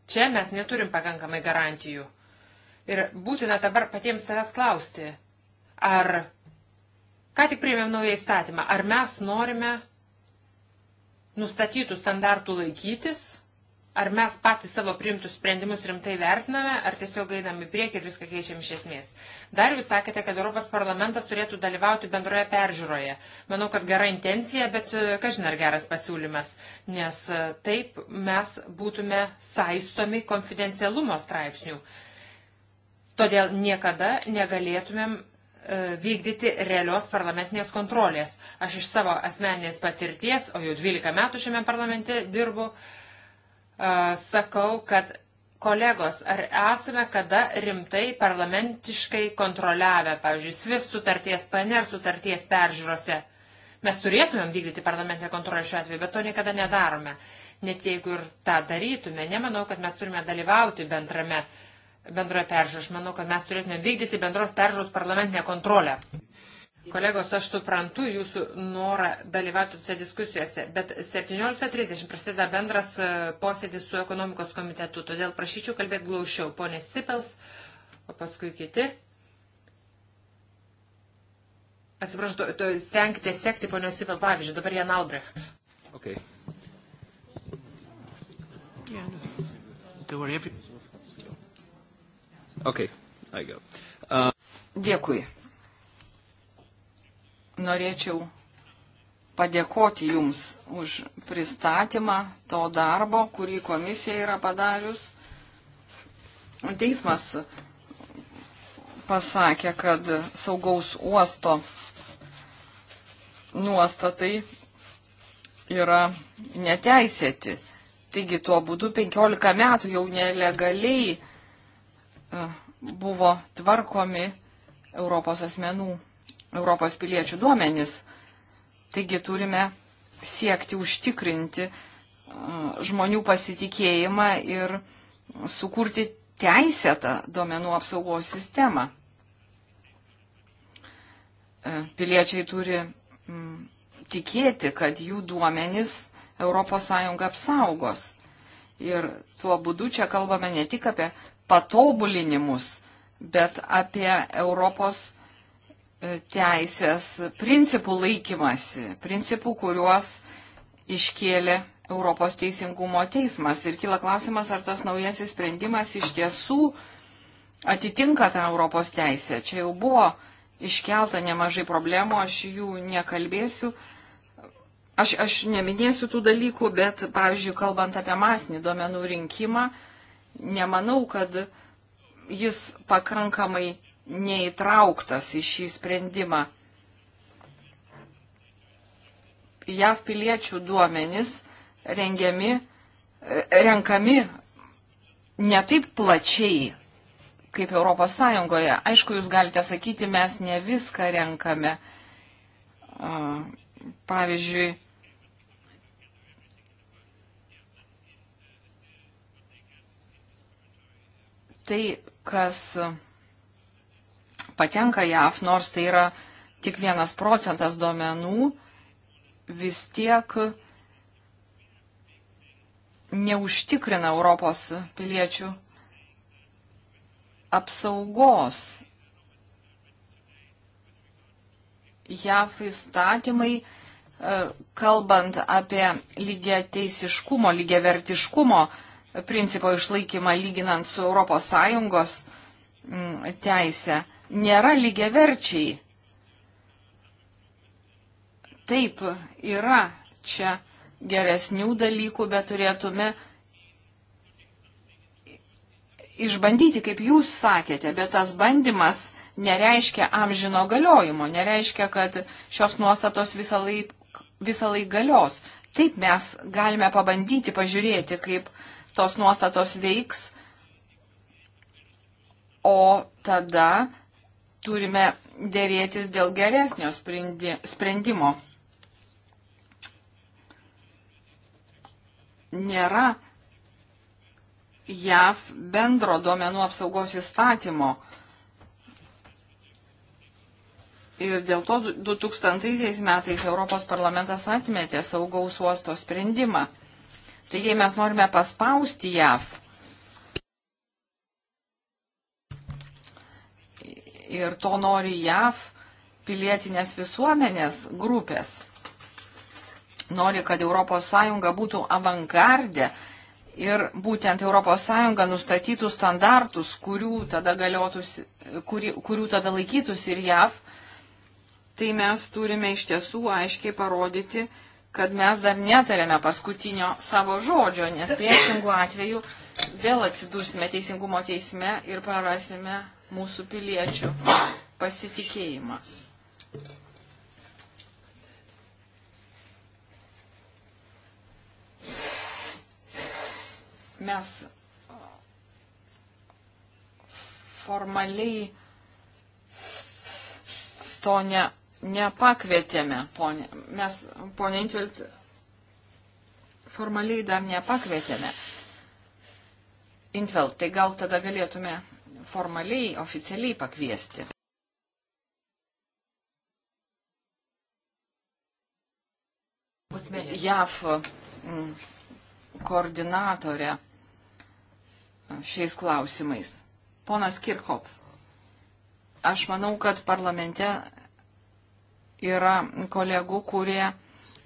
Čia mes neturim pakankamai garantijų. Ir būtina dabar patiems savęs klausti, ar ką tik priėmėm naują įstatymą, ar mes norime nustatytų standartų laikytis ar mes patys savo priimtus sprendimus rimtai vertiname, ar tiesiog einame į priekį ir viską keičiam iš esmės. Dar jūs sakėte, kad Europos parlamentas turėtų dalyvauti bendroje peržiūroje. Manau, kad gera intencija, bet e, kažin ar geras pasiūlymas, nes e, taip mes būtume saistomi konfidencialumo straipsnių. Todėl niekada negalėtumėm e, vykdyti realios parlamentinės kontrolės. Aš iš savo asmeninės patirties, o jau 12 metų šiame parlamente dirbu, uh, sakau, kad kolegos, ar esame kada rimtai parlamentiškai kontroliavę, pavyzdžiui, SWIFT sutarties, PNR sutarties peržiūrose? Mes turėtumėm vykdyti parlamentinę kontrolę šiuo atveju, bet to niekada nedarome. Net jeigu ir tą darytume, nemanau, kad mes turime dalyvauti bendrame, bendroje peržiūroje. Aš manau, kad mes turėtume vykdyti bendros peržiūros parlamentinę kontrolę. Kolegos, aš suprantu jūsų norą dalyvauti tose diskusijose, bet 17.30 prasideda bendras e, posėdis su ekonomikos komitetu, todėl prašyčiau kalbėti glaušiau. Pone Sipels, o paskui kiti. Atsiprašau, stengti sekti ponios Sipel pavyzdžių, dabar Jan Albrecht. Okay. Yeah. They were every... Okay, I go. Uh... Dėkui norėčiau padėkoti Jums už pristatymą to darbo, kurį komisija yra padarius. Teismas pasakė, kad saugaus uosto nuostatai yra neteisėti. Taigi tuo būdu 15 metų jau nelegaliai e, buvo tvarkomi Europos asmenų Europos piliečių duomenys. Taigi turime siekti užtikrinti uh, žmonių pasitikėjimą ir sukurti teisėtą duomenų apsaugos sistemą. Uh, piliečiai turi mm, tikėti, kad jų duomenys ES apsaugos. Ir tuo būdu čia kalbame ne tik apie patobulinimus, bet apie Europos teisės principų laikymasi, principų, kuriuos iškėlė Europos teisingumo teismas. Ir kyla klausimas, ar tas naujasis sprendimas iš tiesų atitinka tą Europos teisę. Čia jau buvo iškelta nemažai problemų, aš jų nekalbėsiu. Aš, aš neminėsiu tų dalykų, bet, pavyzdžiui, kalbant apie masinį duomenų rinkimą, nemanau, kad jis pakankamai neįtrauktas į šį sprendimą. JAV piliečių duomenys rengiami, e, renkami ne taip plačiai kaip Europos Sąjungoje. Aišku, jūs galite sakyti, mes ne viską renkame. Pavyzdžiui, tai, kas patenka JAF, nors tai yra tik vienas procentas duomenų, vis tiek neužtikrina Europos piliečių apsaugos. JAF įstatymai, e, kalbant apie lygia teisiškumo, lygia vertiškumo principo išlaikymą lyginant su ES mm, teisė, nėra lygiaverčiai. Taip, yra čia geresnių dalykų, bet turėtume išbandyti, kaip jūs sakėte, bet tas bandymas nereiškia amžino galiojimo, nereiškia, kad šios nuostatos visą laiką visą laiką galios. Taip mes galime pabandyti pažiūrėti, kaip tos nuostatos veiks, o tada turime dėrėtis dėl geresnio sprendimo. Nėra JAV bendro duomenų apsaugos įstatymo. Ir dėl to 2000 metais Europos parlamentas atmetė saugaus uosto sprendimą. Tai jei mes norime paspausti JAV, ir to nori JAV pilietinės visuomenės grupės. Nori, kad ES būtų avangardė ir būtent ES nustatytų standartus, kurių tada, galiotus, kuri, kurių tada laikytųsi ir JAV, tai mes turime iš tiesų aiškiai parodyti, kad mes dar netarėme paskutinio savo žodžio, nes priešingų atveju vėl atsidūsime teisingumo teisme ir prarasime mūsų piliečių pasitikėjimą. Mes formaliai to ne, nepakvietėme. Ponė, mes, ponė Intvelt, formaliai dar nepakvietėme. Intvelt, tai gal tada galėtume formaliai, oficialiai pakviesti. JAF mm, koordinatorė e, šiais klausimais. Ponas Kirchhoff, aš manau, kad parlamente yra kolegų, kurie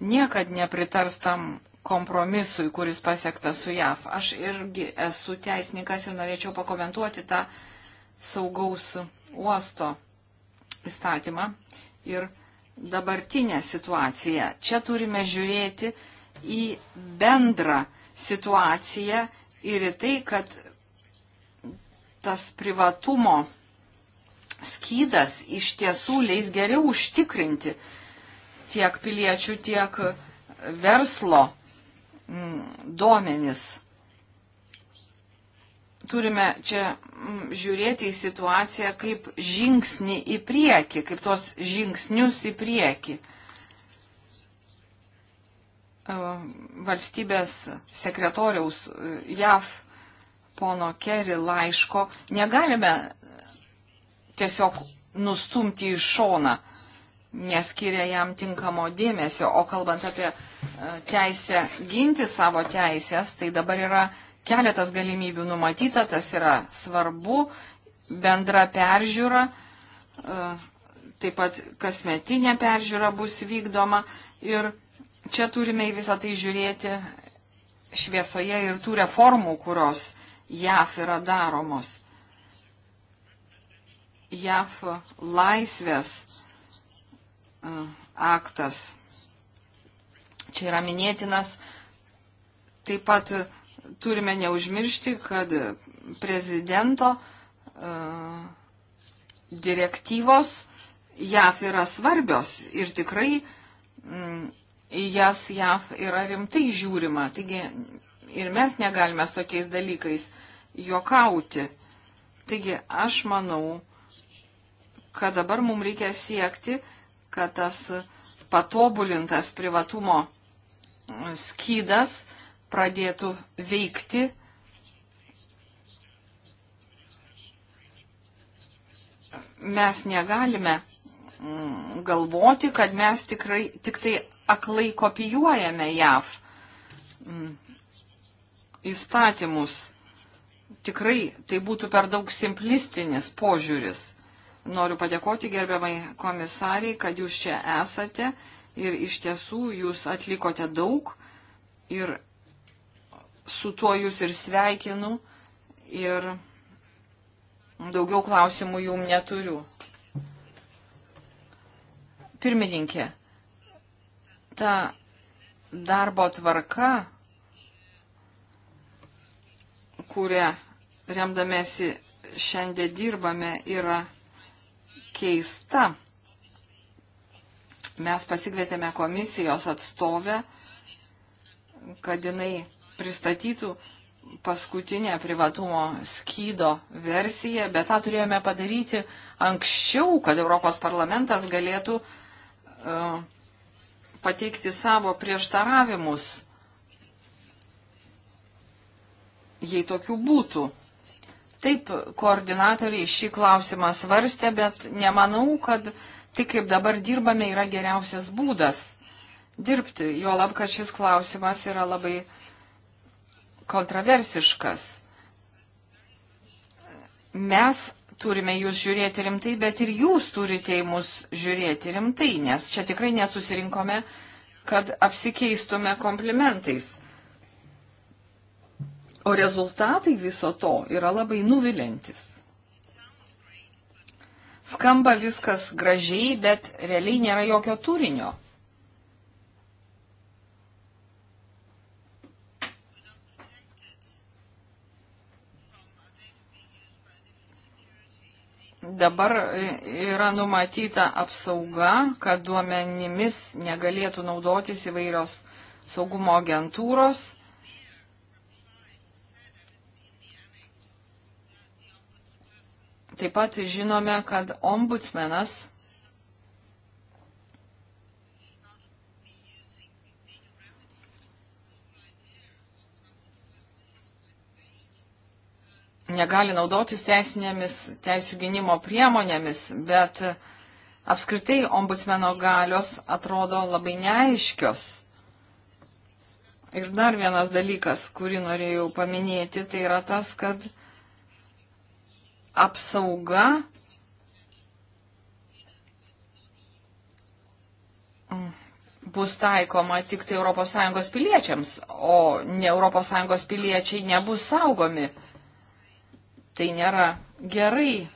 niekad nepritars tam kompromisui, kuris pasiektas su JAF. Aš irgi esu teisininkas ir norėčiau pakomentuoti tą saugaus uosto įstatymą ir dabartinę situaciją. Čia turime žiūrėti į bendrą situaciją ir į tai, kad tas privatumo skydas iš tiesų leis geriau užtikrinti tiek piliečių, tiek verslo mm, duomenis turime čia mm, žiūrėti į situaciją kaip žingsnį į priekį, kaip tuos žingsnius į priekį. E, valstybės sekretoriaus e, JAV pono Kerry laiško negalime tiesiog nustumti į šoną, neskiria jam tinkamo dėmesio. O kalbant apie e, teisę ginti savo teisės, tai dabar yra keletas galimybių numatyta, tas yra svarbu, bendra peržiūra, e, taip pat kasmetinė peržiūra bus vykdoma ir čia turime į visą tai žiūrėti šviesoje ir tų reformų, kurios JAF yra daromos. JAF laisvės e, aktas čia yra minėtinas, taip pat turime neužmiršti, kad prezidento uh, direktyvos JAF yra svarbios ir tikrai mm, į jas JAF yra rimtai žiūrima. Taigi ir mes negalime su tokiais dalykais juokauti. Taigi aš manau, kad dabar mums reikia siekti, kad tas patobulintas privatumo skydas uh, pradėtų veikti. Mes negalime mm, galvoti, kad mes tikrai, tik tai aklai kopijuojame JAV mm, įstatymus. Tikrai tai būtų per daug simplistinis požiūris. Noriu padėkoti gerbiamai komisariai, kad jūs čia esate ir iš tiesų jūs atlikote daug ir su tuo jūs ir sveikinu ir daugiau klausimų jum neturiu. Pirmininkė, ta darbo tvarka, kurią remdamėsi šiandien dirbame, yra keista. Mes pasikvietėme komisijos atstovę, kad jinai pristatytų paskutinę privatumo skydo versiją, bet tą turėjome padaryti anksčiau, kad Europos parlamentas galėtų uh, pateikti savo prieštaravimus, jei tokių būtų. Taip, koordinatoriai šį klausimą svarstė, bet nemanau, kad tik kaip dabar dirbame yra geriausias būdas dirbti, juolab, kad šis klausimas yra labai uh, kontroversiškas. Mes turime jūs žiūrėti rimtai, bet ir jūs turite į mus žiūrėti rimtai, nes čia tikrai nesusirinkome, kad apsikeistume komplimentais. O rezultatai viso to yra labai nuvilintis. Skamba viskas gražiai, bet realiai nėra jokio turinio. dabar yra numatyta apsauga, kad duomenimis negalėtų naudotis įvairios saugumo agentūros. Taip pat žinome, kad ombudsmenas negali naudotis teisinėmis teisų gynimo priemonėmis, bet apskritai ombudsmeno galios atrodo labai neaiškios. Ir dar vienas dalykas, kurį norėjau paminėti, tai yra tas, kad apsauga bus taikoma tik tai ES piliečiams, o ne ES piliečiai nebus saugomi. Tai nėra gerai.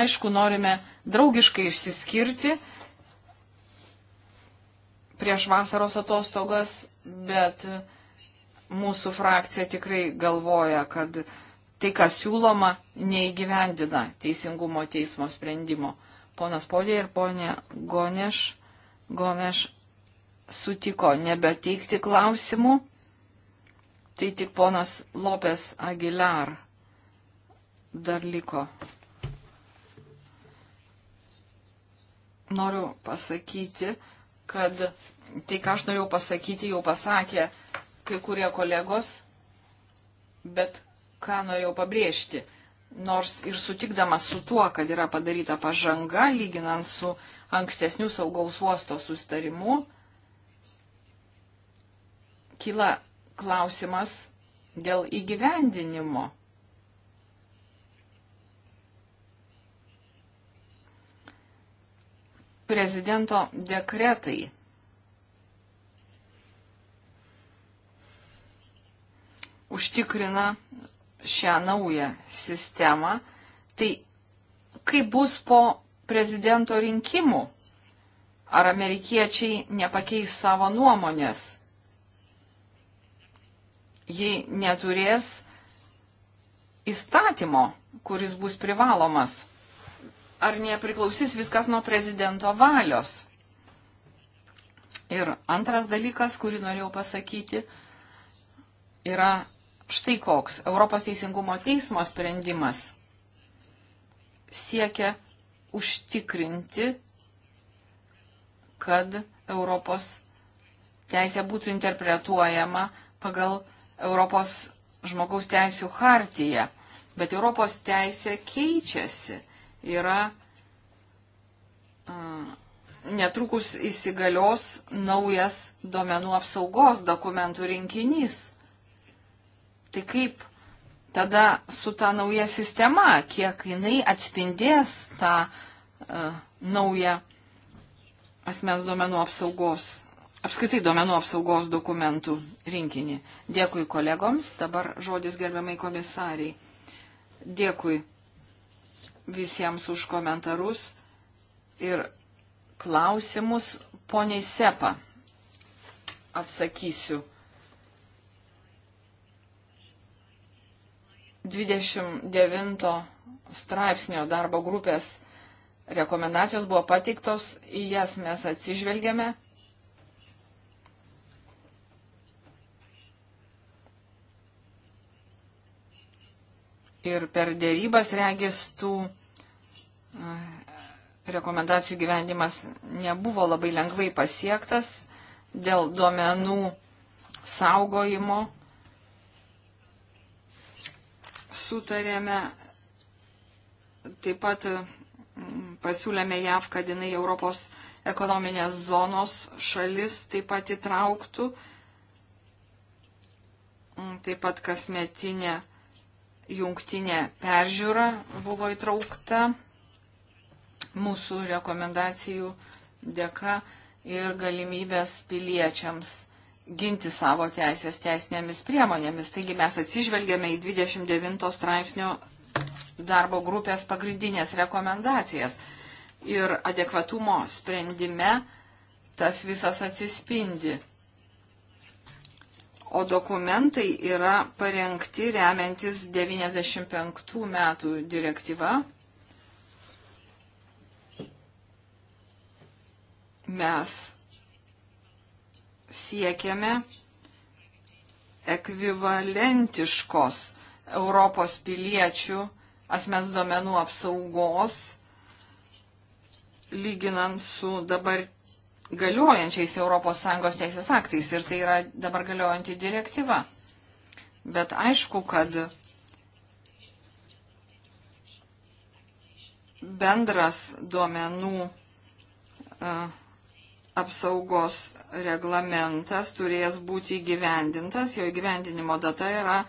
Aišku, norime draugiškai išsiskirti prieš vasaros atostogas, bet mūsų frakcija tikrai galvoja, kad tai, kas siūloma, neįgyvendina teisingumo teismo sprendimo. Ponas Podė ir ponė Goneš, Gomeš sutiko nebeteikti klausimų. Tai tik ponas Lopes Aguilar dar liko. Noriu pasakyti, kad tai, ką aš norėjau pasakyti, jau pasakė kai kurie kolegos, bet ką norėjau pabrėžti. Nors ir sutikdamas su tuo, kad yra padaryta pažanga, lyginant su ankstesniu saugaus uosto sustarimu, kyla klausimas dėl įgyvendinimo. Prezidento dekretai. Užtikrina šią naują sistemą. Tai kaip bus po prezidento rinkimų? Ar amerikiečiai nepakeis savo nuomonės? jei neturės įstatymo, kuris bus privalomas? Ar nepriklausys viskas nuo prezidento valios? Ir antras dalykas, kurį norėjau pasakyti, yra štai koks. Europos teisingumo teismo sprendimas siekia užtikrinti, kad Europos teisė būtų interpretuojama pagal Europos žmogaus teisų hartiją, bet Europos teisė keičiasi. Yra mm, netrukus įsigalios naujas duomenų apsaugos dokumentų rinkinys. Tai kaip tada su ta nauja sistema, kiek jinai atspindės tą uh, naują asmens duomenų apsaugos apskritai duomenų apsaugos dokumentų rinkinį. Dėkui kolegoms, dabar žodis gerbiamai komisariai. Dėkui visiems už komentarus ir klausimus. Poniai Sepa atsakysiu. 29 straipsnio darbo grupės rekomendacijos buvo pateiktos, į jas mes atsižvelgėme ir per dėrybas regis tų rekomendacijų gyvendimas nebuvo labai lengvai pasiektas dėl duomenų saugojimo. Sutarėme, taip pat pasiūlėme JAV, kad jinai Europos ekonominės zonos šalis taip pat įtrauktų. Taip pat kasmetinė jungtinė peržiūra buvo įtraukta mūsų rekomendacijų dėka ir galimybės piliečiams ginti savo teisės teisinėmis priemonėmis. Taigi mes atsižvelgėme į 29 straipsnio darbo grupės pagrindinės rekomendacijas. Ir adekvatumo sprendime tas visas atsispindi o dokumentai yra parengti remiantis 95 metų direktyva. Mes siekiame ekvivalentiškos Europos piliečių asmens duomenų apsaugos lyginant su dabartiniu galiojančiais ES teisės aktais ir tai yra dabar galiojanti direktyva. Bet aišku, kad bendras duomenų e, apsaugos reglamentas turės būti įgyvendintas, jo įgyvendinimo data yra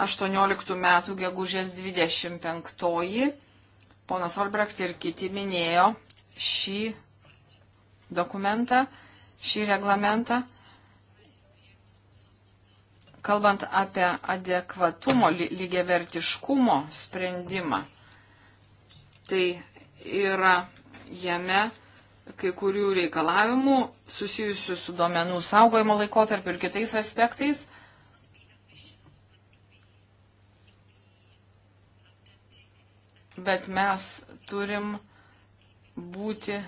18 metų gegužės 25. Ponas Olbrecht ir kiti minėjo šį dokumentą, šį reglamentą. Kalbant apie adekvatumo, lygiavertiškumo sprendimą, tai yra jame kai kurių reikalavimų susijusių su duomenų saugojimo laikotarpiu ir kitais aspektais. Bet mes turim būti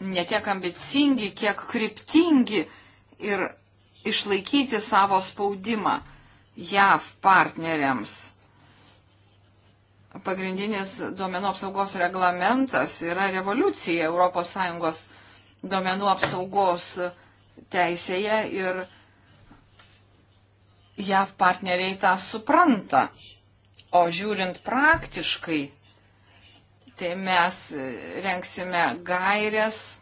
netiek ambicingi, kiek kryptingi ir išlaikyti savo spaudimą JAV partneriams. Pagrindinis duomenų apsaugos reglamentas yra revoliucija ES duomenų apsaugos teisėje ir JAV partneriai tą supranta. O žiūrint praktiškai, tai mes renksime gairias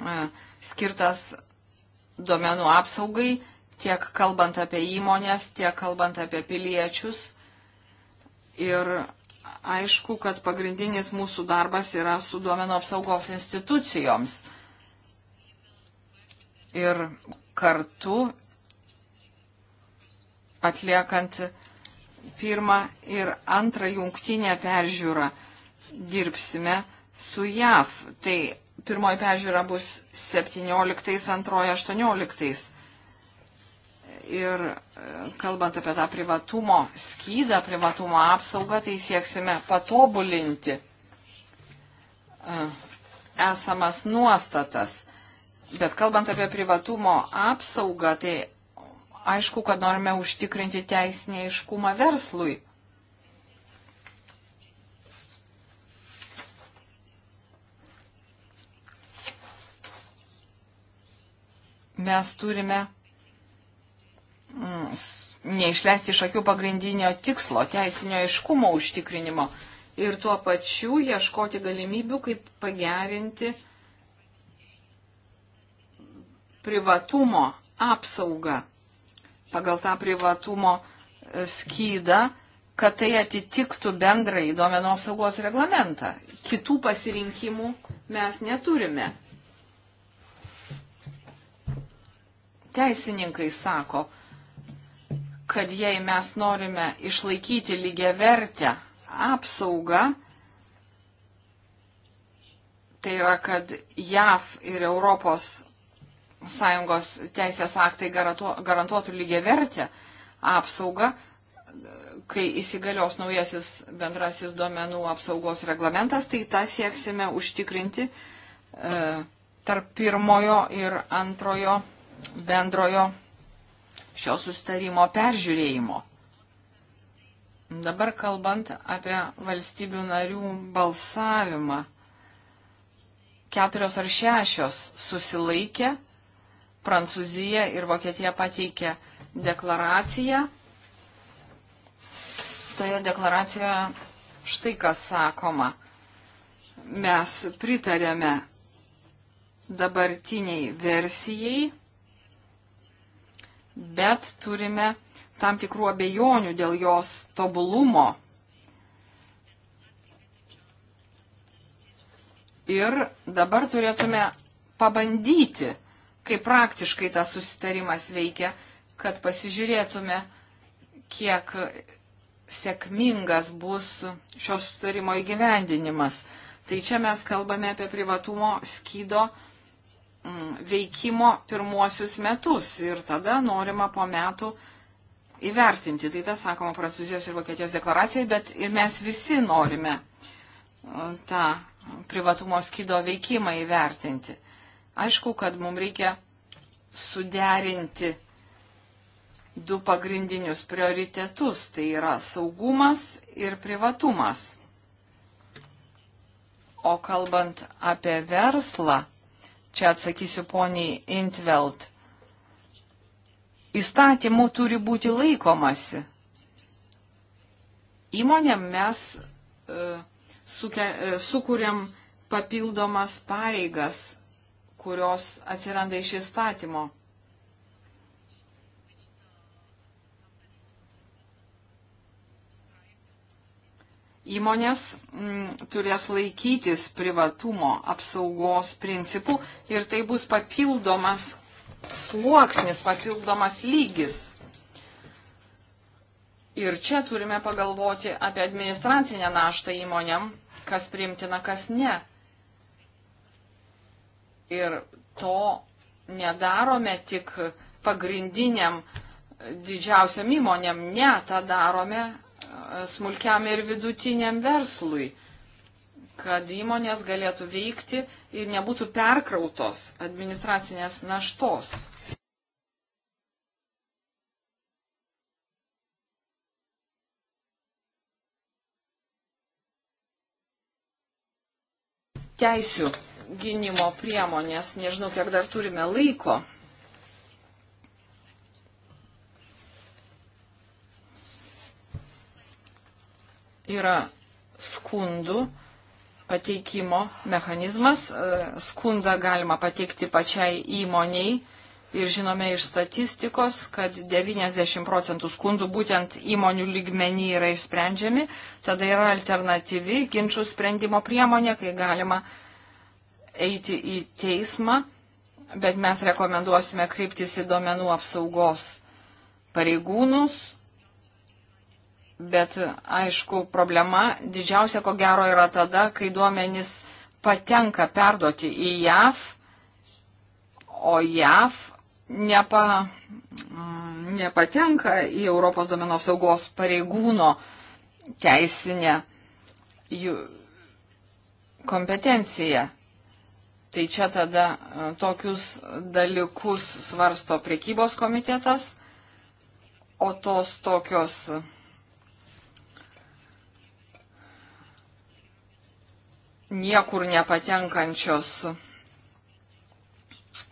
e, skirtas duomenų apsaugai, tiek kalbant apie įmonės, tiek kalbant apie piliečius. Ir aišku, kad pagrindinis mūsų darbas yra su duomenų apsaugos institucijoms. Ir kartu atliekant pirmą ir antrą jungtinę peržiūrą dirbsime su JAV. Tai pirmoji peržiūra bus 17, antroji 18. Ir e, kalbant apie tą privatumo skydą, privatumo apsaugą, tai sieksime patobulinti e, esamas nuostatas. Bet kalbant apie privatumo apsaugą, tai aišku, kad norime užtikrinti teisinį aiškumą verslui. mes turime mm, neišleisti iš akių pagrindinio tikslo, teisinio aiškumo užtikrinimo ir tuo pačiu ieškoti galimybių, kaip pagerinti privatumo apsaugą pagal tą privatumo e, skydą, kad tai atitiktų bendrai duomenų apsaugos reglamentą. Kitų pasirinkimų mes neturime. teisininkai sako, kad jei mes norime išlaikyti lygiai vertę apsaugą, tai yra, kad JAV ir Europos Sąjungos teisės aktai garantuotų lygiai vertę apsaugą, kai įsigalios naujasis bendrasis duomenų apsaugos reglamentas, tai tą sieksime užtikrinti e, tarp pirmojo ir antrojo bendrojo šio sustarimo peržiūrėjimo. Dabar kalbant apie valstybių narių balsavimą, keturios ar šešios susilaikė, Prancūzija ir Vokietija pateikė deklaraciją. Toje deklaracijoje štai kas sakoma. Mes pritarėme dabartiniai versijai bet turime tam tikrų abejonių dėl jos tobulumo. Ir dabar turėtume pabandyti, kaip praktiškai tas susitarimas veikia, kad pasižiūrėtume, kiek sėkmingas bus šio sutarimo įgyvendinimas. Tai čia mes kalbame apie privatumo skydo Mm, veikimo pirmuosius metus ir tada norima po metų įvertinti. Tai tas sakoma Prancūzijos ir Vokietijos deklaracijoje, bet ir mes visi norime e, tą privatumo skydo veikimą įvertinti. Aišku, kad mums reikia suderinti du pagrindinius prioritetus - tai yra saugumas ir privatumas. O kalbant apie verslą, Čia atsakysiu poniai Intveld. Įstatymų turi būti laikomasi. Įmonėm mes uh, suke, uh, sukūrėm papildomas pareigas, kurios atsiranda iš įstatymo. Įmonės m, mm, turės laikytis privatumo apsaugos principų ir tai bus papildomas sluoksnis, papildomas lygis. Ir čia turime pagalvoti apie administracinę naštą įmonėm, kas priimtina, kas ne. Ir to nedarome tik pagrindiniam didžiausiam įmonėm, ne, tą darome smulkiam ir vidutiniam verslui, kad įmonės galėtų veikti ir nebūtų perkrautos administracinės naštos. Teisių gynimo priemonės, nežinau, kiek dar turime laiko. yra skundų pateikimo mechanizmas. E, skundą galima pateikti pačiai įmoniai ir žinome iš statistikos, kad 90 procentų skundų būtent įmonių lygmenį yra išsprendžiami. Tada yra alternatyvi ginčių sprendimo priemonė, kai galima eiti į teismą, bet mes rekomenduosime kryptis į duomenų apsaugos pareigūnus Bet aišku, problema didžiausia ko gero yra tada, kai duomenys patenka perduoti į JAV, o JAV nepa, mm, nepatenka į Europos duomenų apsaugos pareigūno teisinę kompetenciją. Tai čia tada e, tokius dalykus svarsto priekybos komitetas, o tos tokios niekur nepatenkančios,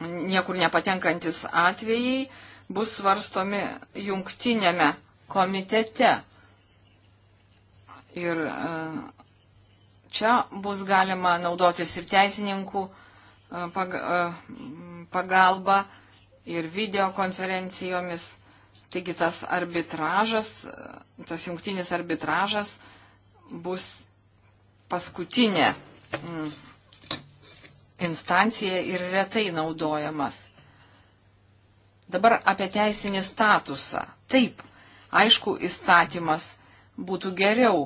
niekur nepatenkantis atvejai bus svarstomi jungtinėme komitete. Ir e, čia bus galima naudotis ir teisininkų e, e, pagalba, ir videokonferencijomis. Taigi tas arbitražas, tas jungtinis arbitražas bus paskutinė mm, instancija ir retai naudojamas. Dabar apie teisinį statusą. Taip, aišku, įstatymas būtų geriau,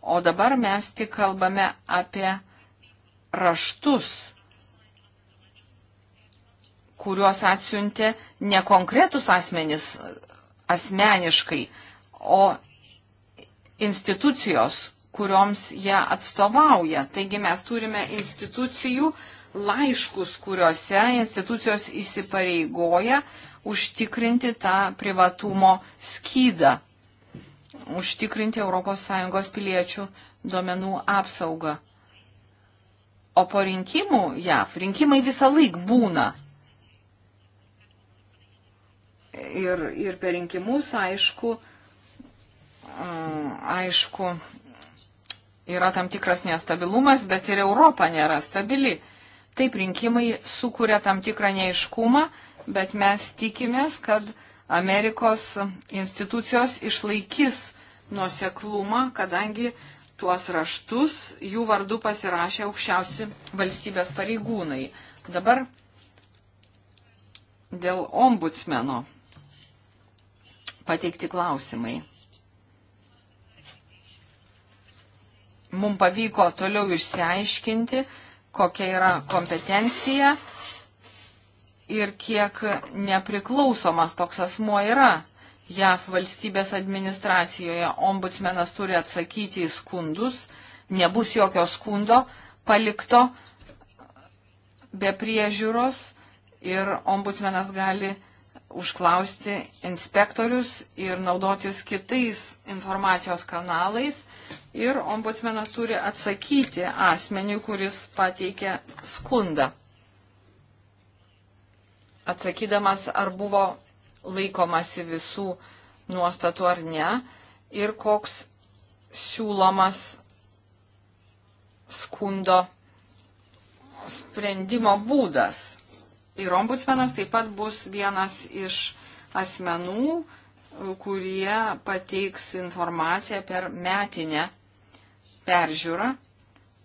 o dabar mes tik kalbame apie raštus, kuriuos atsiuntė ne konkretus asmenys asmeniškai, o institucijos, kurioms jie atstovauja. Taigi mes turime institucijų laiškus, kuriuose institucijos įsipareigoja užtikrinti tą privatumo skydą, užtikrinti ES piliečių duomenų apsaugą. O po rinkimų JAV rinkimai visą laik būna. Ir, ir per rinkimus, aišku, aišku, yra tam tikras nestabilumas, bet ir Europa nėra stabili. Taip rinkimai sukuria tam tikrą neiškumą, bet mes tikimės, kad Amerikos institucijos išlaikys nuoseklumą, kadangi tuos raštus jų vardu pasirašė aukščiausi valstybės pareigūnai. Dabar dėl ombudsmeno pateikti klausimai. mums pavyko toliau išsiaiškinti, kokia yra kompetencija ir kiek nepriklausomas toks asmuo yra. JAV valstybės administracijoje ombudsmenas turi atsakyti į skundus, nebus jokio skundo palikto be priežiūros ir ombudsmenas gali užklausti inspektorius ir naudotis kitais informacijos kanalais, ir ombudsmenas turi atsakyti asmeniui, kuris pateikė skundą. Atsakydamas, ar buvo laikomasi visų nuostatų ar ne ir koks siūlomas skundo sprendimo būdas. Ir ombudsmenas taip pat bus vienas iš asmenų, kurie pateiks informaciją per metinę peržiūrą,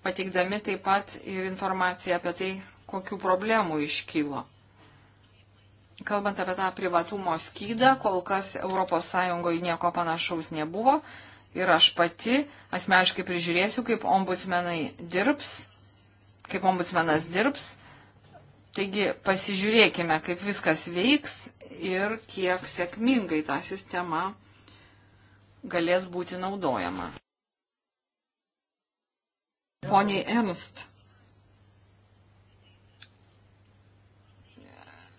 pateikdami taip pat ir informaciją apie tai, kokių problemų iškylo. Kalbant apie tą privatumo skydą, kol kas ES nieko panašaus nebuvo ir aš pati asmeniškai prižiūrėsiu, kaip ombudsmenai dirbs, kaip ombudsmenas dirbs. Taigi pasižiūrėkime, kaip viskas veiks ir kiek sėkmingai ta sistema galės būti naudojama. Poniai Ernst.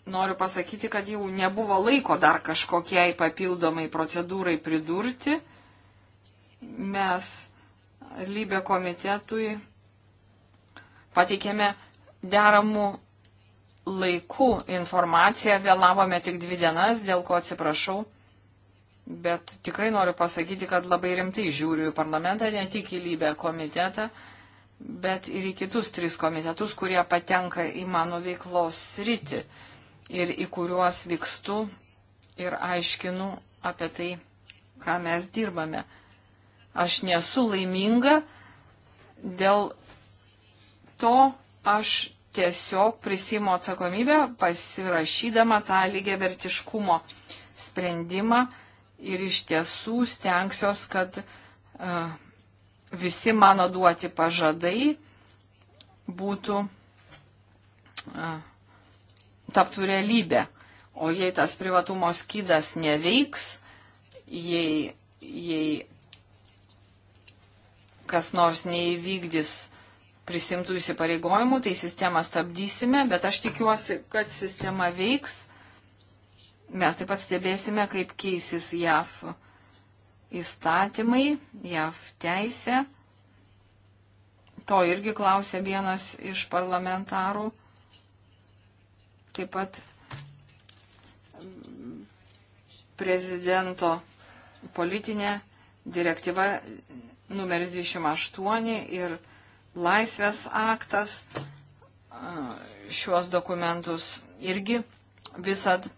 Noriu pasakyti, kad jau nebuvo laiko dar kažkokiai papildomai procedūrai pridurti. Mes lybė komitetui pateikėme deramų laikų informaciją, vėlavome tik dvi dienas, dėl ko atsiprašau. Bet tikrai noriu pasakyti, kad labai rimtai žiūriu į parlamentą, ne tik į lybę komitetą bet ir į kitus tris komitetus, kurie patenka į mano veiklos sritį ir į kuriuos vykstu ir aiškinu apie tai, ką mes dirbame. Aš nesu laiminga, dėl to aš tiesiog prisimo atsakomybę pasirašydama tą lygiai vertiškumo sprendimą ir iš tiesų stengsiuos, kad uh, visi mano duoti pažadai būtų taptų realybė. O jei tas privatumo skydas neveiks, jei, jei kas nors neįvykdys prisimtų įsipareigojimų, tai sistemą stabdysime, bet aš tikiuosi, kad sistema veiks. Mes taip pat stebėsime, kaip keisis JAF įstatymai, JAV teisė. To irgi klausė vienas iš parlamentarų. Taip pat prezidento politinė direktyva numeris 28 ir laisvės aktas šiuos dokumentus irgi visat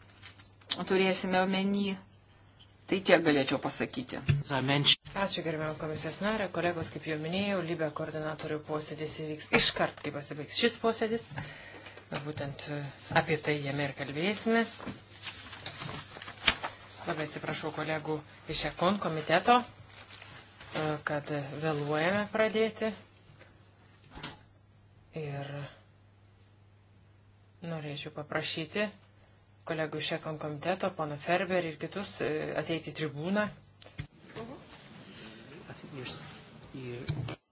turėsime omeny Tai tiek galėčiau pasakyti. Ačiū gerbiamą komisijos narę. Kolegos, kaip jau minėjau, Libė koordinatorių posėdis įvyks iškart, kai pasibaigs šis posėdis. Būtent e, apie tai jame ir kalbėsime. Labai atsiprašau kolegų iš Ekon komiteto, e, kad vėluojame pradėti. Ir norėčiau paprašyti kolegų iš Ekon komiteto, pono Ferber ir kitus e, ateiti į tribūną. Mhm. Uh -huh.